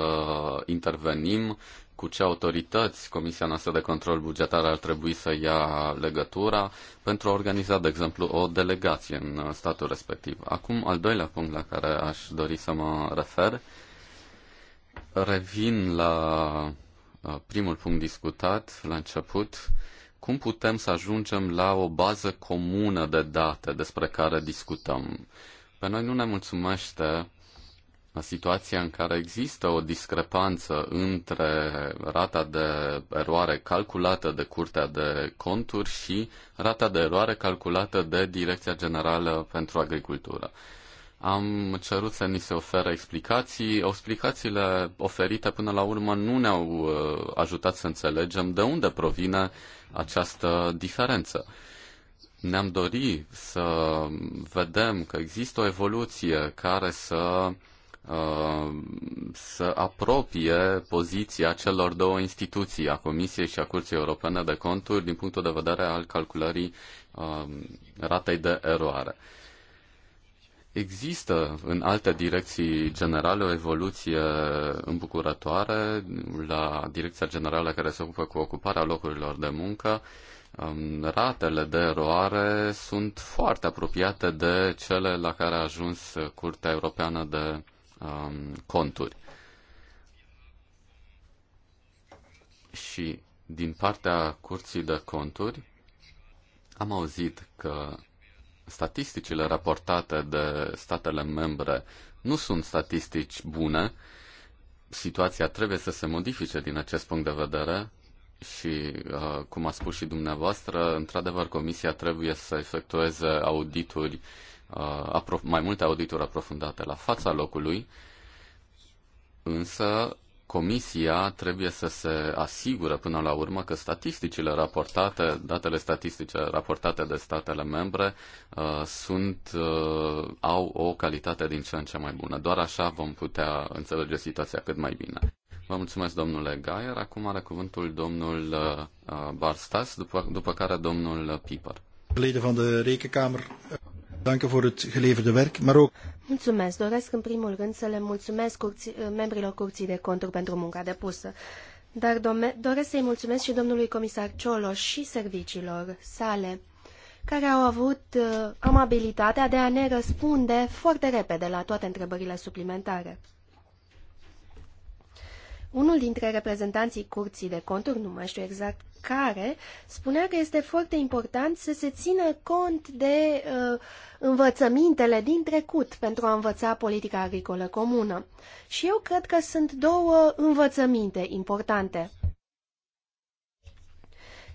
intervenim, cu ce autorități Comisia noastră de control bugetar ar trebui să ia legătura pentru a organiza, de exemplu, o delegație în statul respectiv. Acum, al doilea punct la care aș dori să mă refer, revin la uh, primul punct discutat la început, cum putem să ajungem la o bază comună de date despre care discutăm. Pe noi nu ne mulțumește situația în care există o discrepanță între rata de eroare calculată de Curtea de Conturi și rata de eroare calculată de Direcția Generală pentru Agricultură. Am cerut să ni se ofere explicații. Explicațiile oferite până la urmă nu ne-au uh, ajutat să înțelegem de unde provine această diferență ne-am dori să vedem că există o evoluție care să Uh, să apropie poziția celor două instituții, a Comisiei și a Curții Europene de Conturi, din punctul de vedere al calculării uh, ratei de eroare. Există în alte direcții generale o evoluție îmbucurătoare la direcția generală care se ocupă cu ocuparea locurilor de muncă. Um, ratele de eroare sunt foarte apropiate de cele la care a ajuns Curtea Europeană de um, conturi. Și din partea curții de conturi am auzit că statisticile raportate de statele membre nu sunt statistici bune. Situația trebuie să se modifice din acest punct de vedere și, uh, cum a spus și dumneavoastră, într-adevăr, Comisia trebuie să efectueze audituri uh, Uh, mai multe audituri aprofundate la fața locului, însă Comisia trebuie să se asigure până la urmă că statisticile raportate, datele statistice raportate de statele membre uh, sunt, uh, au o calitate din ce în ce mai bună. Doar așa vom putea înțelege situația cât mai bine. Vă mulțumesc, domnule Gaier. Acum are cuvântul domnul Barstas, după, după care domnul Piper. Leden van de Rekenkamer. Mulțumesc. Doresc în primul rând să le mulțumesc curții, eh, membrilor Curții de Conturi pentru munca depusă. Dar doresc să-i mulțumesc și domnului comisar Cioloș și serviciilor sale, care au avut eh, amabilitatea de a ne răspunde foarte repede la toate întrebările suplimentare. Unul dintre reprezentanții curții de conturi, nu mai știu exact care, spunea că este foarte important să se țină cont de uh, învățămintele din trecut pentru a învăța politica agricolă comună. Și eu cred că sunt două învățăminte importante.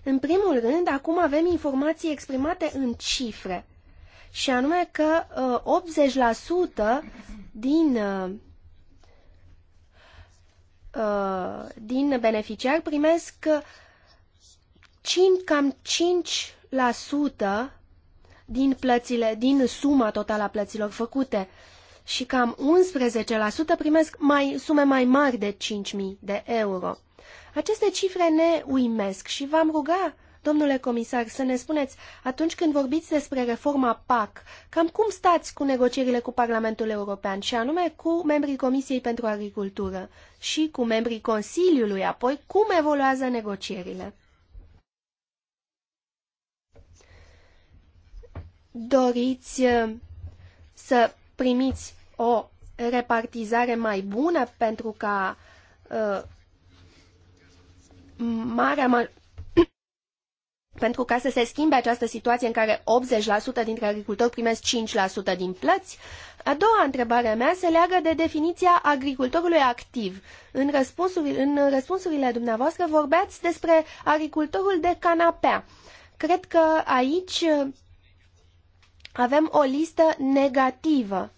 În primul rând, acum avem informații exprimate în cifre, și anume că uh, 80% din uh, din beneficiari primesc 5, cam 5% din plățile, din suma totală a plăților făcute și cam 11% primesc mai, sume mai mari de 5.000 de euro. Aceste cifre ne uimesc și v-am rugat Domnule comisar, să ne spuneți, atunci când vorbiți despre reforma PAC, cam cum stați cu negocierile cu Parlamentul European și anume cu membrii Comisiei pentru Agricultură și cu membrii Consiliului apoi, cum evoluează negocierile? Doriți uh, să primiți o repartizare mai bună pentru ca uh, marea pentru ca să se schimbe această situație în care 80% dintre agricultori primesc 5% din plăți, a doua întrebare a mea se leagă de definiția agricultorului activ. În, răspunsuri, în răspunsurile dumneavoastră vorbeați despre agricultorul de canapea. Cred că aici avem o listă negativă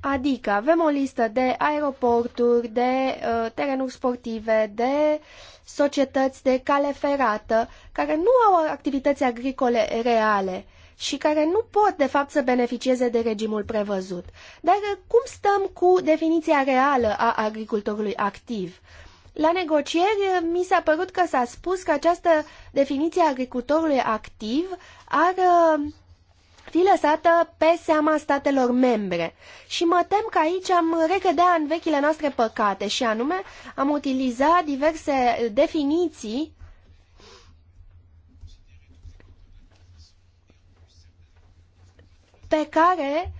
Adică avem o listă de aeroporturi, de uh, terenuri sportive, de societăți de cale ferată, care nu au activități agricole reale și care nu pot, de fapt, să beneficieze de regimul prevăzut. Dar cum stăm cu definiția reală a agricultorului activ? La negocieri mi s-a părut că s-a spus că această definiție a agricultorului activ ar uh, fi lăsată pe seama statelor membre. Și mă tem că aici am recădea în vechile noastre păcate și anume am utilizat diverse definiții pe care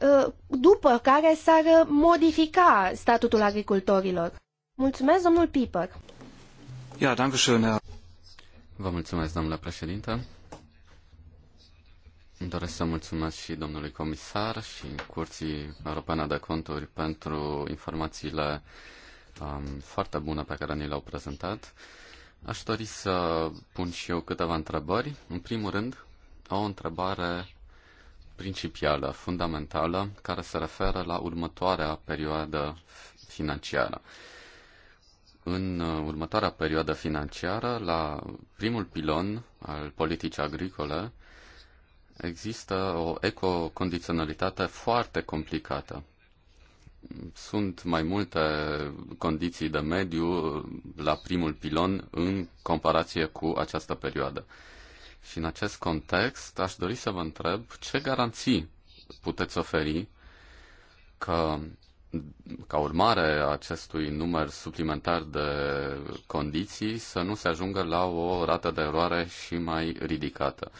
uh, după care s-ar modifica statutul agricultorilor. Mulțumesc, domnul Piper. Ja, danke schön, Herr. Vă mulțumesc, domnule președinte. Doresc să mulțumesc și domnului comisar și Curții Europene de Conturi pentru informațiile um, foarte bune pe care ni le-au prezentat. Aș dori să pun și eu câteva întrebări. În primul rând, o întrebare principială, fundamentală, care se referă la următoarea perioadă financiară. În uh, următoarea perioadă financiară, la primul pilon al politicii agricole, există o ecocondiționalitate foarte complicată. Sunt mai multe condiții de mediu la primul pilon în comparație cu această perioadă. Și în acest context aș dori să vă întreb ce garanții puteți oferi că ca urmare a acestui număr suplimentar de condiții să nu se ajungă la o rată de eroare și mai ridicată.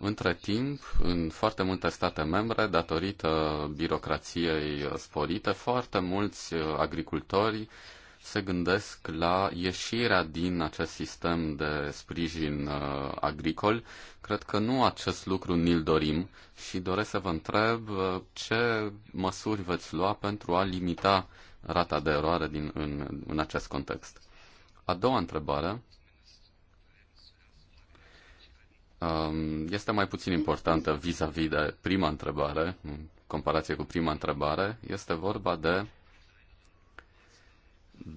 Între timp, în foarte multe state membre, datorită birocrației sporite, foarte mulți uh, agricultori se gândesc la ieșirea din acest sistem de sprijin uh, agricol. Cred că nu acest lucru ni-l dorim și doresc să vă întreb uh, ce măsuri veți lua pentru a limita rata de eroare din, în, în acest context. A doua întrebare Um, este mai puțin importantă vis-a-vis -vis de prima întrebare, în comparație cu prima întrebare, este vorba de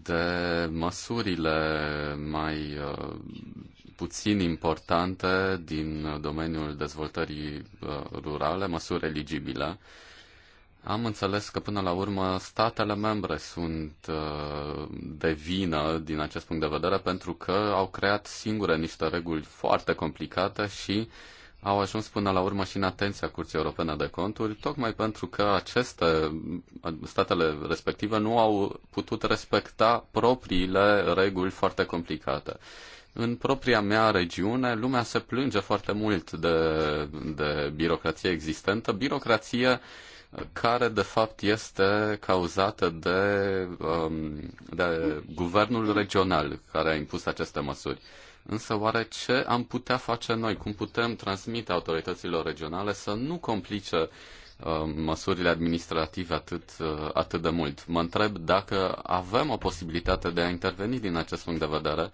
de măsurile mai uh, puțin importante din domeniul dezvoltării uh, rurale, măsuri eligibile. Am înțeles că până la urmă statele membre sunt uh, de vină din acest punct de vedere pentru că au creat singure niște reguli foarte complicate și au ajuns până la urmă și în atenția Curții Europene de Conturi, tocmai pentru că aceste statele respective nu au putut respecta propriile reguli foarte complicate. În propria mea regiune, lumea se plânge foarte mult de, de birocrație existentă, birocrație uh, care de fapt este cauzată de, um, de guvernul regional care a impus aceste măsuri. Însă oare ce am putea face noi? Cum putem transmite autorităților regionale să nu complice um, măsurile administrative atât, uh, atât de mult. Mă întreb dacă avem o posibilitate de a interveni din acest punct de vedere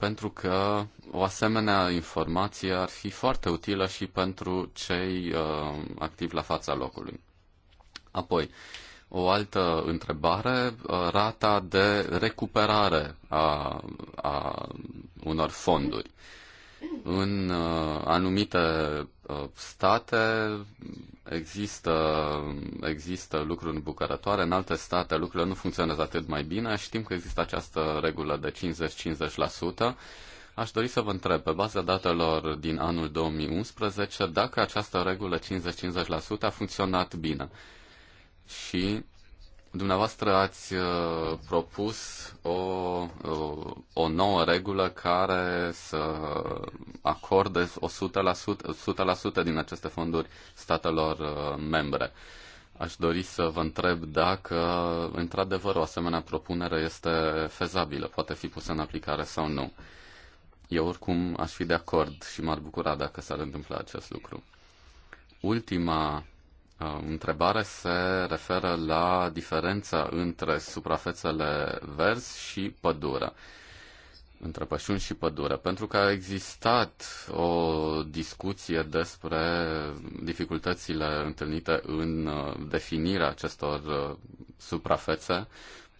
pentru că o asemenea informație ar fi foarte utilă și pentru cei uh, activi la fața locului. Apoi, o altă întrebare, uh, rata de recuperare a, a unor fonduri. Uh, în uh, anumite uh, state există, există lucruri bucurătoare în alte state lucrurile nu funcționează atât mai bine. Știm că există această regulă de 50-50%. Aș dori să vă întreb, pe baza datelor din anul 2011, dacă această regulă 50-50% a funcționat bine și Dumneavoastră ați uh, propus o, o nouă regulă care să acorde 100%, 100% din aceste fonduri statelor uh, membre. Aș dori să vă întreb dacă, într-adevăr, o asemenea propunere este fezabilă, poate fi pusă în aplicare sau nu. Eu oricum aș fi de acord și m-ar bucura dacă s-ar întâmpla acest lucru. Ultima Uh, întrebare se referă la diferența între suprafețele verzi și pădure, între pășuni și pădure, pentru că a existat o discuție despre dificultățile întâlnite în uh, definirea acestor uh, suprafețe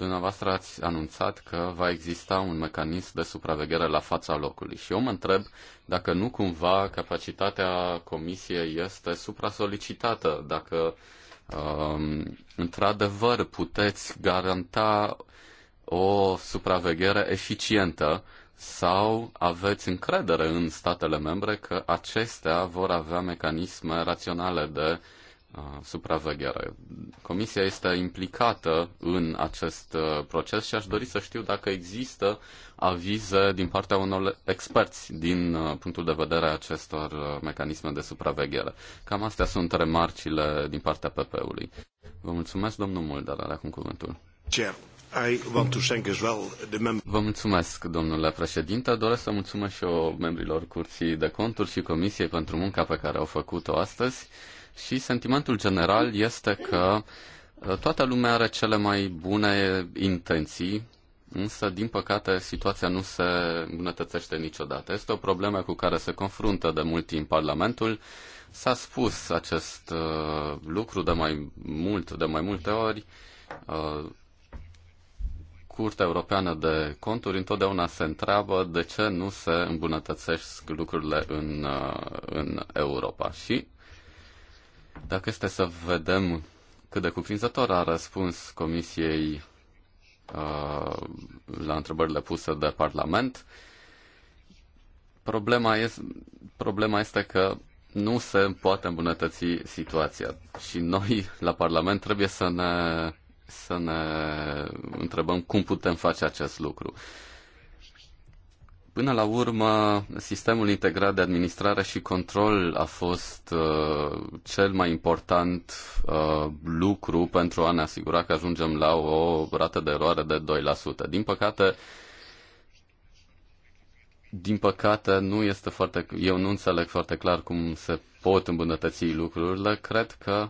Dumneavoastră ați anunțat că va exista un mecanism de supraveghere la fața locului și eu mă întreb dacă nu cumva capacitatea comisiei este supra-solicitată, dacă um, într-adevăr puteți garanta o supraveghere eficientă sau aveți încredere în statele membre că acestea vor avea mecanisme raționale de uh, supraveghere. Comisia este implicată în acest proces și aș dori să știu dacă există avize din partea unor experți din punctul de vedere a acestor mecanisme de supraveghere. Cam astea sunt remarcile din partea PP-ului. Vă mulțumesc, domnul Mulder, are acum cuvântul. Chair. I want to thank as well the Vă mulțumesc, domnule președinte. Doresc să mulțumesc și eu membrilor Curții de Conturi și Comisiei pentru munca pe care au făcut-o astăzi. Și sentimentul general este că uh, toată lumea are cele mai bune intenții, însă, din păcate, situația nu se îmbunătățește niciodată. Este o problemă cu care se confruntă de mult timp Parlamentul. S-a spus acest uh, lucru de mai mult, de mai multe ori. Uh, Curtea Europeană de Conturi întotdeauna se întreabă de ce nu se îmbunătățesc lucrurile în, uh, în Europa. Și dacă este să vedem cât de cuprinzător a răspuns Comisiei uh, la întrebările puse de Parlament, problema este, problema este că nu se poate îmbunătăți situația și noi la Parlament trebuie să ne, să ne întrebăm cum putem face acest lucru. Uh, Până la urmă, sistemul integrat de administrare și control a fost uh, cel mai important uh, lucru pentru a ne asigura că ajungem la o rată de eroare de 2%. Din păcate, din păcate, nu este foarte, eu nu înțeleg foarte clar cum se pot îmbunătăți lucrurile. Cred că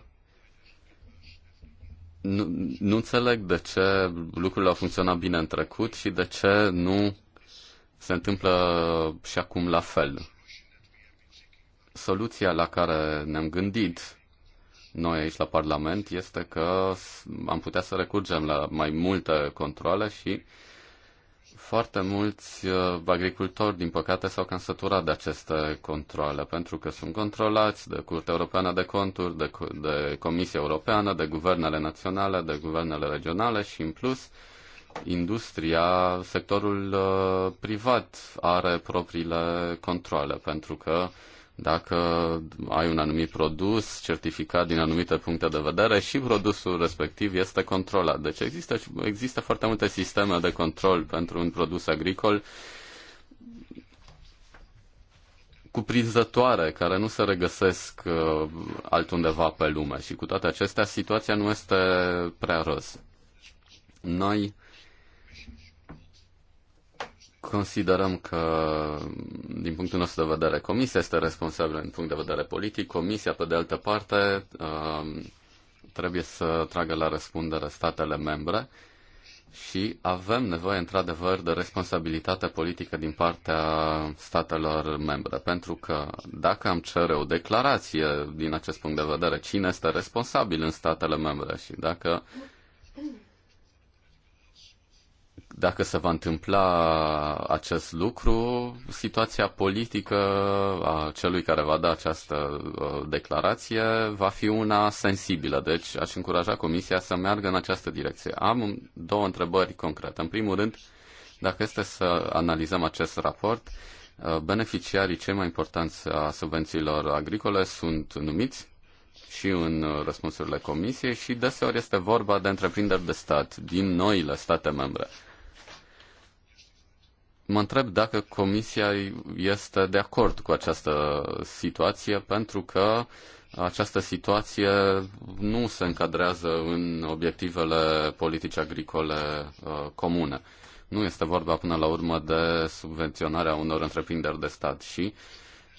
nu, nu înțeleg de ce lucrurile au funcționat bine în trecut și de ce nu se întâmplă și acum la fel. Soluția la care ne-am gândit noi aici la Parlament este că am putea să recurgem la mai multe controle și foarte mulți uh, agricultori, din păcate, s-au cansăturat de aceste controle, pentru că sunt controlați de Curtea Europeană de Conturi, de, de Comisia Europeană, de guvernele naționale, de guvernele regionale și, în plus, uh, industria, sectorul uh, privat are propriile controle, pentru că dacă ai un anumit produs certificat din anumite puncte de vedere și produsul respectiv este controlat. Deci există, există foarte multe sisteme de control pentru un produs agricol cuprinzătoare, care nu se regăsesc uh, altundeva pe lume și cu toate acestea situația nu este prea răs. Noi Considerăm că, din punctul nostru de vedere, Comisia este responsabilă din punct de vedere politic. Comisia, pe de altă parte, uh, trebuie să tragă la răspundere statele membre și avem nevoie, într-adevăr, de responsabilitate politică din partea statelor membre. Pentru că dacă am cere o declarație din acest punct de vedere, cine este responsabil în statele membre și dacă dacă se va întâmpla acest lucru, situația politică a celui care va da această uh, declarație va fi una sensibilă, deci aș încuraja Comisia să meargă în această direcție. Am două întrebări concrete. În primul rând, dacă este să analizăm acest raport, uh, beneficiarii cei mai importanți a subvențiilor agricole sunt numiți și în răspunsurile comisiei și deseori este vorba de întreprinderi de stat din noile state membre mă întreb dacă Comisia este de acord cu această situație, pentru că această situație nu se încadrează în obiectivele politici agricole uh, comune. Nu este vorba până la urmă de subvenționarea unor întreprinderi de stat și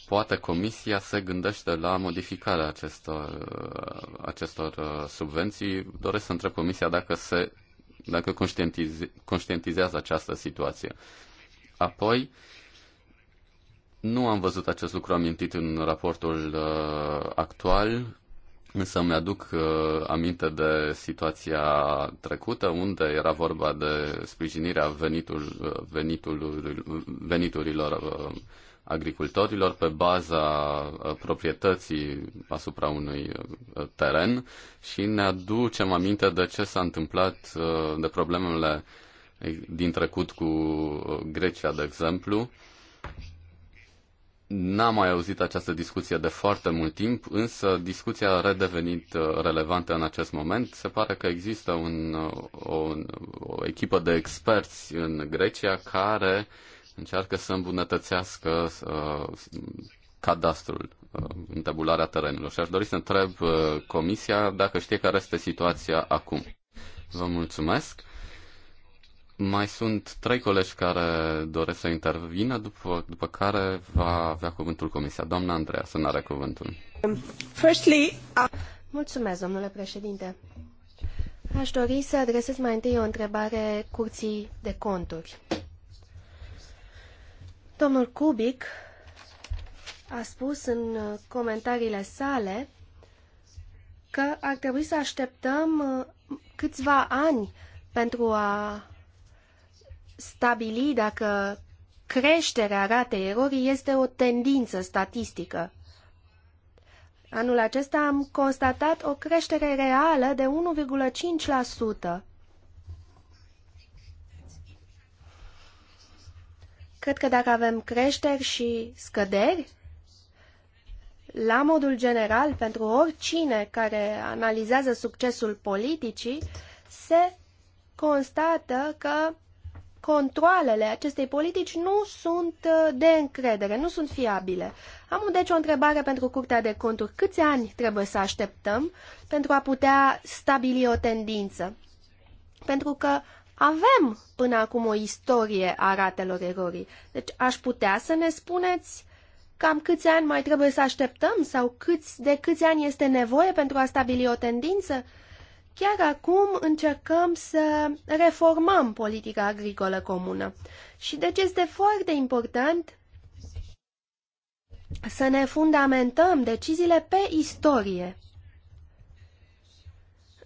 poate Comisia se gândește la modificarea acestor, uh, acestor uh, subvenții. Doresc să întreb Comisia dacă se dacă conștientize, conștientizează această situație. Apoi, nu am văzut acest lucru amintit în raportul uh, actual, însă îmi aduc uh, aminte de situația trecută, unde era vorba de sprijinirea venitul, uh, venitul, veniturilor uh, agricultorilor pe baza uh, proprietății asupra unui uh, teren și ne aducem aminte de ce s-a întâmplat, de problemele uh, din trecut cu uh, Grecia, de exemplu. N-am mai auzit această discuție de foarte mult timp, însă discuția a redevenit uh, relevantă în acest moment. Se pare că există un, uh, o, o echipă de experți în Grecia care încearcă să îmbunătățească uh, cadastrul, uh, tabularea terenurilor. Și aș dori să întreb uh, Comisia dacă știe care este situația acum. Vă mulțumesc. Mai sunt trei colegi care doresc să intervină, după, după care va avea cuvântul comisia. Doamna Andreea, să are cuvântul. Firstly, I... Mulțumesc, domnule președinte. Aș dori să adresez mai întâi o întrebare curții de conturi. Domnul Kubik a spus în comentariile sale că ar trebui să așteptăm câțiva ani pentru a stabili dacă creșterea ratei erorii este o tendință statistică. Anul acesta am constatat o creștere reală de 1,5%. Cred că dacă avem creșteri și scăderi, la modul general, pentru oricine care analizează succesul politicii, se constată că controlele acestei politici nu sunt uh, de încredere, nu sunt fiabile. Am deci o întrebare pentru Curtea de Conturi. Câți ani trebuie să așteptăm pentru a putea stabili o tendință? Pentru că avem până acum o istorie a ratelor erorii. Deci aș putea să ne spuneți cam câți ani mai trebuie să așteptăm sau câți, de câți ani este nevoie pentru a stabili o tendință? Chiar acum încercăm să reformăm politica agricolă comună și de deci este foarte important să ne fundamentăm deciziile pe istorie.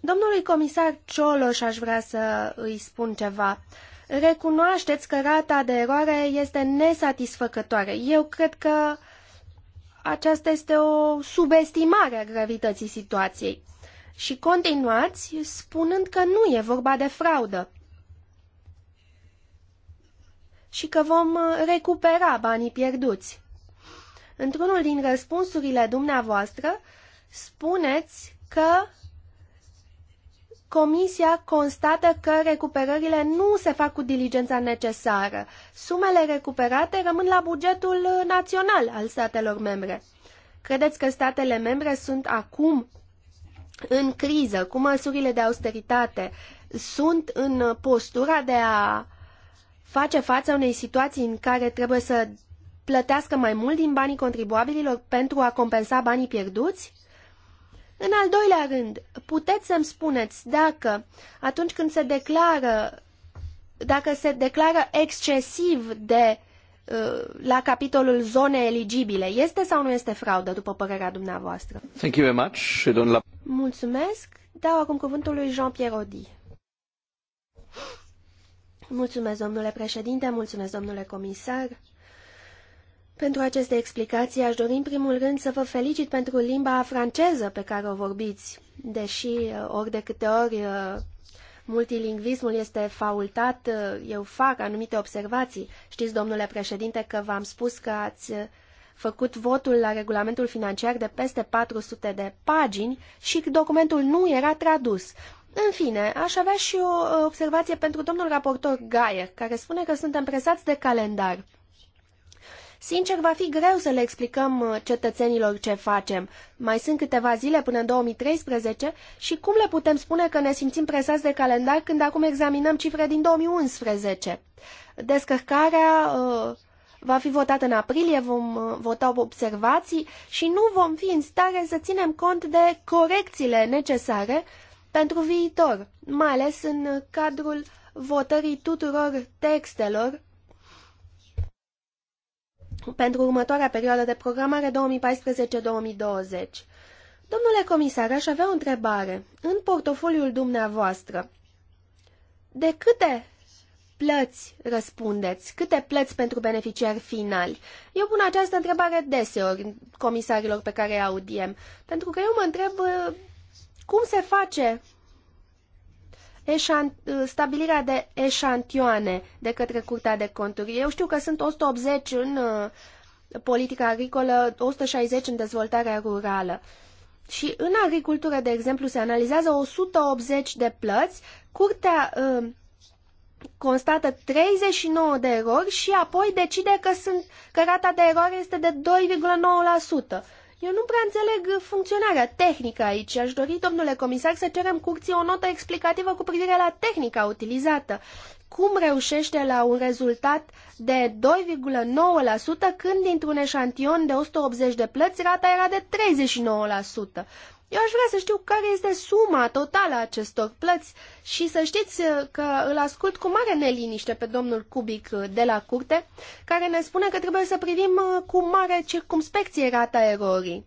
Domnului comisar Cioloș aș vrea să îi spun ceva. Recunoașteți că rata de eroare este nesatisfăcătoare. Eu cred că aceasta este o subestimare a gravității situației. Și continuați spunând că nu e vorba de fraudă și că vom uh, recupera banii pierduți. Într-unul din răspunsurile dumneavoastră, spuneți că Comisia constată că recuperările nu se fac cu diligența necesară. Sumele recuperate rămân la bugetul uh, național al statelor membre. Credeți că statele membre sunt acum în criză, cu măsurile de austeritate, sunt în postura de a face față unei situații în care trebuie să plătească mai mult din banii contribuabililor pentru a compensa banii pierduți? În al doilea rând, puteți să-mi spuneți dacă atunci când se declară dacă se declară excesiv de Uh, la capitolul zone eligibile. Este sau nu este fraudă, după părerea dumneavoastră? Thank you very much. Mulțumesc. Dau acum cuvântul lui Jean-Pierre Audi. Mulțumesc, domnule președinte, mulțumesc, domnule comisar. Pentru aceste explicații aș dori în primul rând să vă felicit pentru limba franceză pe care o vorbiți, deși uh, ori de câte ori uh, multilingvismul este faultat, eu fac anumite observații. Știți, domnule președinte, că v-am spus că ați făcut votul la regulamentul financiar de peste 400 de pagini și documentul nu era tradus. În fine, aș avea și o observație pentru domnul raportor Gaier, care spune că suntem presați de calendar. Sincer, va fi greu să le explicăm uh, cetățenilor ce facem. Mai sunt câteva zile până în 2013 și cum le putem spune că ne simțim presați de calendar când acum examinăm cifre din 2011? Descărcarea uh, va fi votată în aprilie, vom uh, vota observații și nu vom fi în stare să ținem cont de corecțiile necesare pentru viitor, mai ales în cadrul votării tuturor textelor pentru următoarea perioadă de programare 2014-2020. Domnule comisar, aș avea o întrebare. În portofoliul dumneavoastră, de câte plăți răspundeți? Câte plăți pentru beneficiari finali? Eu pun această întrebare deseori comisarilor pe care îi audiem, pentru că eu mă întreb uh, cum se face stabilirea de eșantioane de către Curtea de Conturi. Eu știu că sunt 180 în uh, politica agricolă, 160 în dezvoltarea rurală. Și în agricultură, de exemplu, se analizează 180 de plăți, curtea uh, constată 39 de erori și apoi decide că, sunt, că rata de eroare este de 2,9%. Eu nu prea înțeleg funcționarea tehnică aici. Aș dori, domnule comisar, să cerem curții o notă explicativă cu privire la tehnica utilizată. Cum reușește la un rezultat de 2,9% când dintr-un eșantion de 180 de plăți rata era de 39%? Eu aș vrea să știu care este suma totală a acestor plăți și să știți uh, că îl ascult cu mare neliniște pe domnul Cubic uh, de la curte, care ne spune că trebuie să privim uh, cu mare circumspecție rata erorii.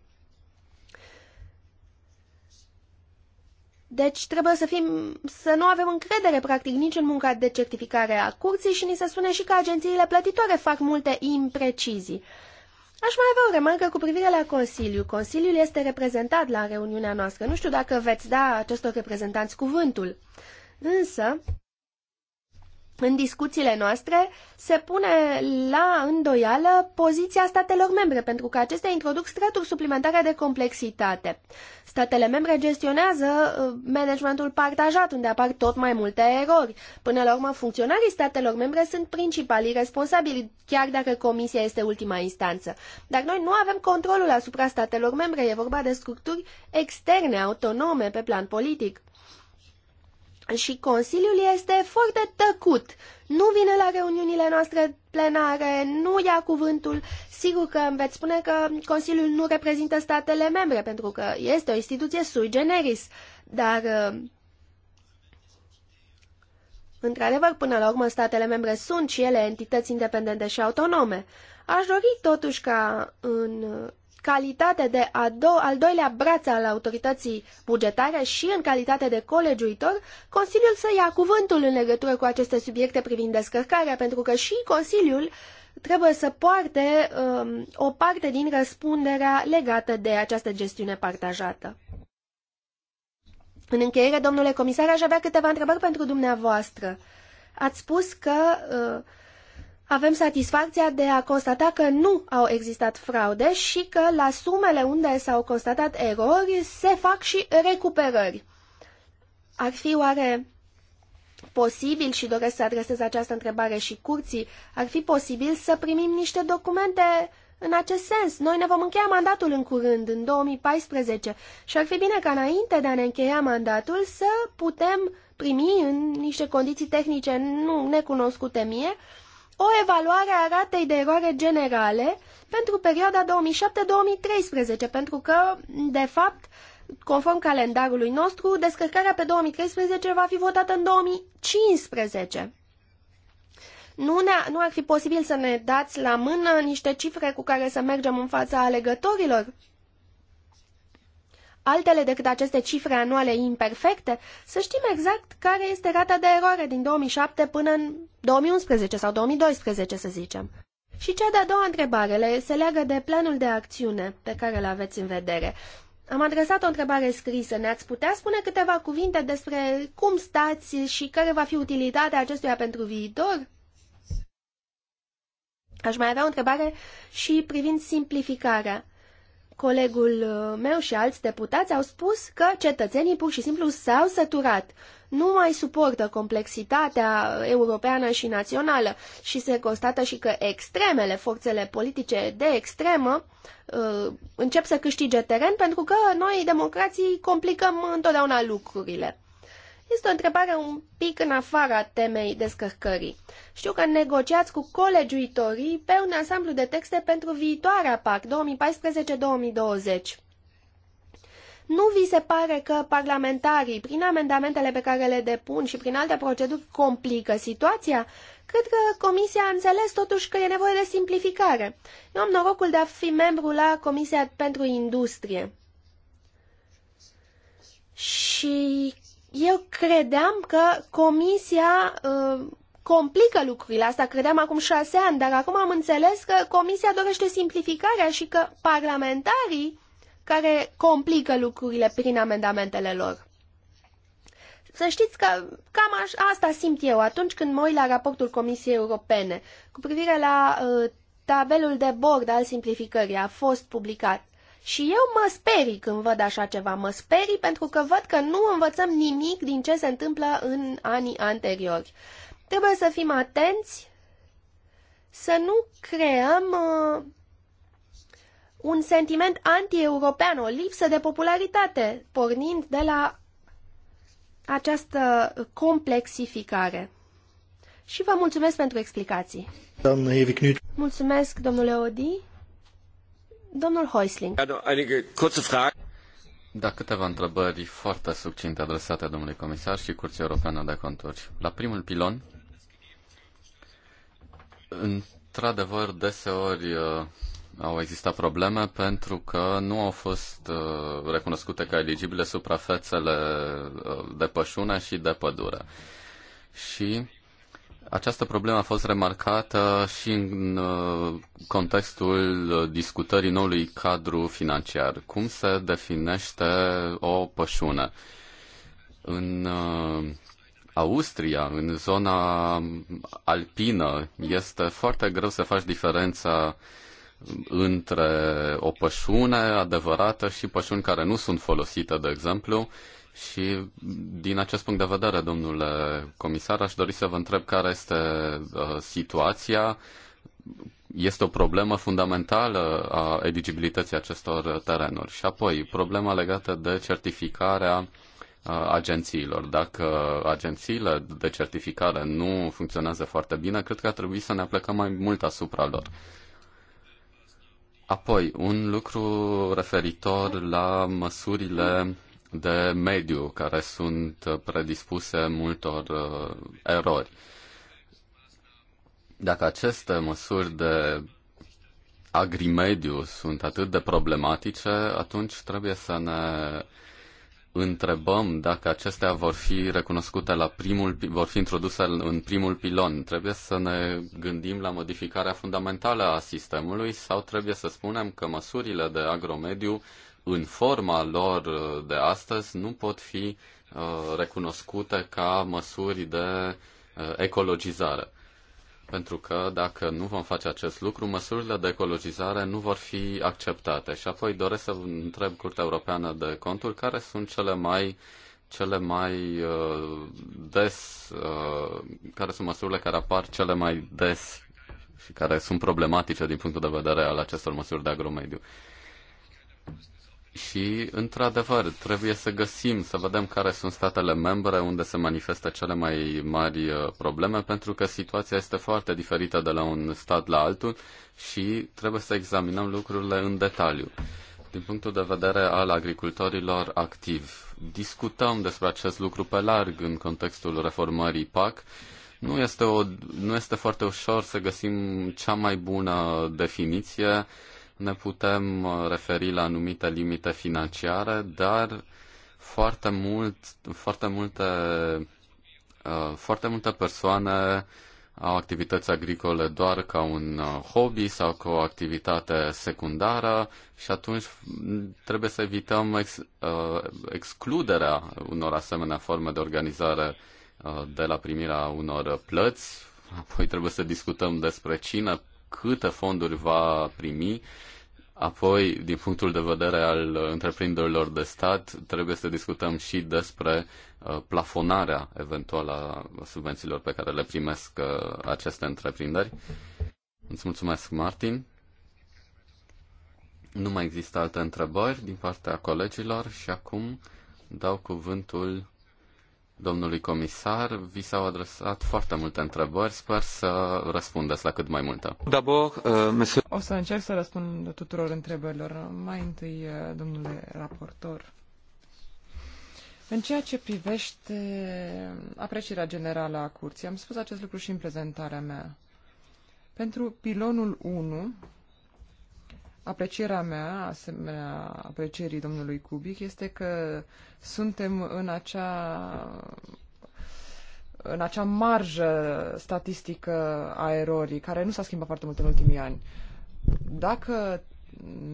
Deci trebuie să, fim, să nu avem încredere practic nici în munca de certificare a curții și ni se spune și că agențiile plătitoare fac multe imprecizii. Aș mai avea o remarcă cu privire la Consiliu. Consiliul este reprezentat la reuniunea noastră. Nu știu dacă veți da acestor reprezentanți cuvântul. Însă, în discuțiile noastre se pune la îndoială poziția statelor membre, pentru că acestea introduc straturi suplimentare de complexitate. Statele membre gestionează uh, managementul partajat, unde apar tot mai multe erori. Până la urmă, funcționarii statelor membre sunt principalii responsabili, chiar dacă Comisia este ultima instanță. Dar noi nu avem controlul asupra statelor membre, e vorba de structuri externe, autonome, pe plan politic. Și Consiliul este foarte tăcut. Nu vine la reuniunile noastre plenare, nu ia cuvântul. Sigur că îmi veți spune că Consiliul nu reprezintă statele membre, pentru că este o instituție sui generis. Dar, uh, într-adevăr, până la urmă, statele membre sunt și ele entități independente și autonome. Aș dori totuși ca în calitate de a do al doilea braț al autorității bugetare și în calitate de colegiuitor, Consiliul să ia cuvântul în legătură cu aceste subiecte privind descărcarea, pentru că și Consiliul trebuie să poarte um, o parte din răspunderea legată de această gestiune partajată. În încheiere, domnule comisar, aș avea câteva întrebări pentru dumneavoastră. Ați spus că uh, avem satisfacția de a constata că nu au existat fraude și că la sumele unde s-au constatat erori se fac și recuperări. Ar fi oare posibil, și doresc să adresez această întrebare și curții, ar fi posibil să primim niște documente în acest sens. Noi ne vom încheia mandatul în curând, în 2014, și ar fi bine ca înainte de a ne încheia mandatul să putem primi în niște condiții tehnice nu necunoscute mie, uh, o evaluare a ratei de eroare generale pentru perioada 2007-2013, pentru că, de fapt, conform calendarului nostru, descărcarea pe 2013 va fi votată în 2015. Nu, ne, nu ar fi posibil să ne dați la mână niște cifre cu care să mergem în fața alegătorilor? altele decât aceste cifre anuale imperfecte, să știm exact care este rata de eroare din 2007 până în 2011 sau 2012, să zicem. Și cea de-a doua întrebare se leagă de planul de acțiune pe care îl aveți în vedere. Am adresat o întrebare scrisă. Ne-ați putea spune câteva cuvinte despre cum stați și care va fi utilitatea acestuia pentru viitor? Aș mai avea o întrebare și privind simplificarea. Colegul uh, meu și alți deputați au spus că cetățenii pur și simplu s-au săturat. Nu mai suportă complexitatea europeană și națională și se constată și că extremele, forțele politice de extremă, uh, încep să câștige teren pentru că noi, democrații, complicăm întotdeauna lucrurile. Este o întrebare un pic în afara temei descărcării. Știu că negociați cu colegiuitorii pe un ansamblu de texte pentru viitoarea PAC 2014-2020. Nu vi se pare că parlamentarii, prin amendamentele pe care le depun și prin alte proceduri, complică situația? Cred că Comisia a înțeles totuși că e nevoie de simplificare. Eu am norocul de a fi membru la Comisia pentru Industrie. Și eu credeam că comisia uh, complică lucrurile astea, credeam acum șase ani, dar acum am înțeles că comisia dorește simplificarea și că parlamentarii care complică lucrurile prin amendamentele lor. Să știți că cam aș, asta simt eu atunci când mă uit la raportul Comisiei Europene cu privire la uh, tabelul de bord al simplificării a fost publicat. Și eu mă sperii când văd așa ceva, mă sperii pentru că văd că nu învățăm nimic din ce se întâmplă în anii anteriori. Trebuie să fim atenți să nu creăm uh, un sentiment anti-european, o lipsă de popularitate, pornind de la această complexificare. Și vă mulțumesc pentru explicații. Mulțumesc, domnule Odi. Domnul Heusling. Da, câteva întrebări foarte succinte adresate domnului comisar și Curții Europene de Conturi. La primul pilon, într-adevăr, deseori uh, au existat probleme pentru că nu au fost uh, recunoscute ca eligibile suprafețele uh, de pășune și de pădure. Și această problemă a fost remarcată și în uh, contextul discutării noului cadru financiar. Cum se definește o pășună? În uh, Austria, în zona alpină, este foarte greu să faci diferența între o pășune adevărată și pășuni care nu sunt folosite, de exemplu, și din acest punct de vedere, domnule comisar, aș dori să vă întreb care este uh, situația. Este o problemă fundamentală a eligibilității acestor terenuri. Și apoi, problema legată de certificarea uh, agențiilor. Dacă agențiile de certificare nu funcționează foarte bine, cred că ar trebui să ne aplicăm mai mult asupra lor. Apoi, un lucru referitor la măsurile de mediu care sunt predispuse multor uh, erori. Dacă aceste măsuri de agrimediu sunt atât de problematice, atunci trebuie să ne întrebăm dacă acestea vor fi recunoscute la primul, vor fi introduse în primul pilon. Trebuie să ne gândim la modificarea fundamentală a sistemului sau trebuie să spunem că măsurile de agromediu în forma lor uh, de astăzi nu pot fi uh, recunoscute ca măsuri de uh, ecologizare. Pentru că dacă nu vom face acest lucru, măsurile de ecologizare nu vor fi acceptate. Și apoi doresc să întreb Curtea Europeană de Conturi care sunt cele mai cele mai uh, des, uh, care sunt măsurile care apar cele mai des și care sunt problematice din punctul de vedere al acestor măsuri de agromediu. Uh, și, într-adevăr, trebuie să găsim, să vedem care sunt statele membre unde se manifestă cele mai mari uh, probleme, pentru că situația este foarte diferită de la un stat la altul și trebuie să examinăm lucrurile în detaliu. Din punctul de vedere al agricultorilor activi, discutăm despre acest lucru pe larg în contextul reformării PAC. Nu este, o, nu este foarte ușor să găsim cea mai bună definiție ne putem uh, referi la anumite limite financiare, dar foarte, mult, foarte, multe, uh, foarte multe persoane au activități agricole doar ca un uh, hobby sau ca o activitate secundară și atunci mm, trebuie să evităm ex, excluderea unor asemenea forme de organizare de la primirea unor plăți. Apoi trebuie să discutăm despre cine, câte fonduri va primi Apoi, din punctul de vedere al întreprinderilor de stat, trebuie să discutăm și despre uh, plafonarea eventuală a subvențiilor pe care le primesc uh, aceste întreprinderi. Îți mulțumesc, Martin. Nu mai există alte întrebări din partea colegilor și acum dau cuvântul domnului comisar. Vi s-au adresat foarte multe întrebări. Sper să răspundeți la cât mai multe. Uh, o să încerc să răspund tuturor întrebărilor. Mai întâi, uh, domnule raportor. În ceea ce privește aprecierea generală a curții, am spus acest lucru și în prezentarea mea. Pentru pilonul 1, Aprecierea mea, asemenea aprecierii domnului Kubik este că suntem în acea în acea marjă statistică a erorii, care nu s-a schimbat foarte mult în ultimii ani. Dacă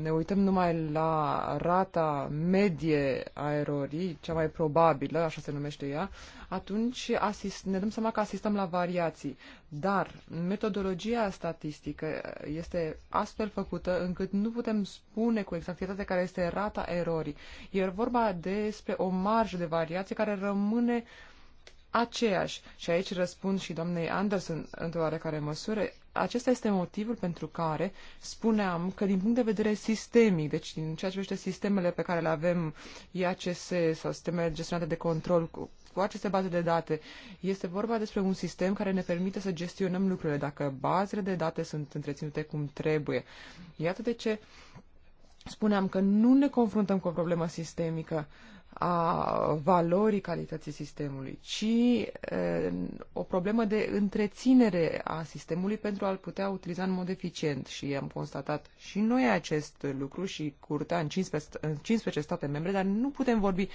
ne uităm numai la rata medie a erorii, cea mai probabilă, așa se numește ea, atunci asist, ne dăm seama că asistăm la variații. Dar metodologia statistică este astfel făcută încât nu putem spune cu exactitate care este rata erorii. E vorba despre o marjă de variație care rămâne uh, aceeași. Și aici răspund și doamnei Anderson într-o oarecare măsură. Acesta este motivul pentru care spuneam că din punct de vedere sistemic, deci din ceea ce privește sistemele pe care le avem, IACS sau sistemele gestionate de control cu, cu aceste baze de date, este vorba despre un sistem care ne permite să gestionăm lucrurile, dacă bazele de date sunt întreținute cum trebuie. Iată de ce spuneam că nu ne confruntăm cu o problemă sistemică. Uh, a valorii calității sistemului, ci o problemă de întreținere a sistemului pentru a-l putea utiliza în mod eficient. Și am constatat și noi acest lucru și curtea în 15, în 15 state membre, dar nu putem vorbi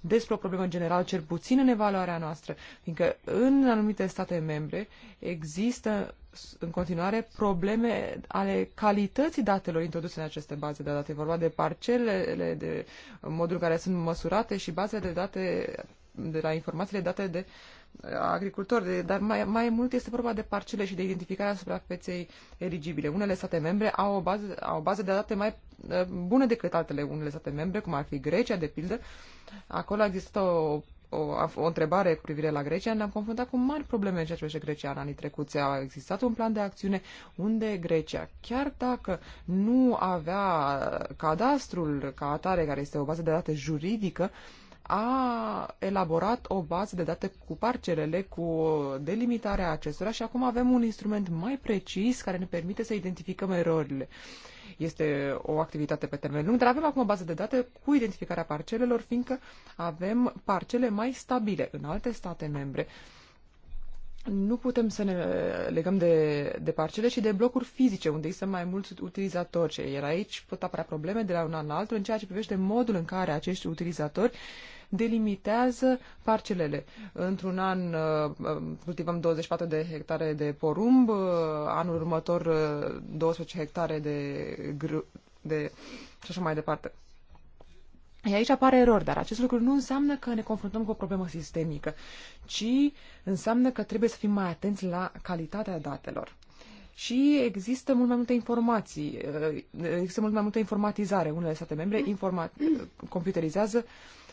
despre o problemă generală, cel puțin în evaluarea noastră, fiindcă în anumite state membre există în continuare probleme ale calității datelor introduse în aceste baze de date. E vorba de parcelele, de modul în care sunt măsurate și bazele de date, de la informațiile date de uh, agricultori, de, dar mai, mai mult este vorba de parcele și de identificarea suprafeței eligibile. Unele state membre au o bază, au o bază de date mai uh, bună decât altele. Unele state membre, cum ar fi Grecia, de pildă, acolo există o o, o întrebare cu privire la Grecia, ne-am confruntat cu mari probleme în ceea ce privește Grecia în anii trecuți. A existat un plan de acțiune unde Grecia, chiar dacă nu avea cadastrul ca atare, care este o bază de date juridică, a elaborat o bază de date cu parcelele, cu delimitarea acestora și acum avem un instrument mai precis care ne permite să identificăm erorile. Uh, este o activitate pe termen lung, dar avem acum o bază de date cu identificarea parcelelor, fiindcă avem parcele mai stabile în alte state membre. Nu putem să ne legăm de, de parcele și de blocuri fizice, unde există mai mulți utilizatori. Iar aici pot apărea probleme de la un an la altul în ceea ce privește modul în care acești utilizatori uh, delimitează parcelele. Într-un an uh, uh, cultivăm 24 de hectare de porumb, uh, anul următor 12 hectare de, gru, de și așa mai departe. Aici apare erori, dar acest lucru nu înseamnă că ne confruntăm cu o problemă sistemică, ci înseamnă că trebuie să fim mai atenți la calitatea datelor. Și există mult mai multe informații, există mult mai multă informatizare. Unele state membre informa- computerizează uh,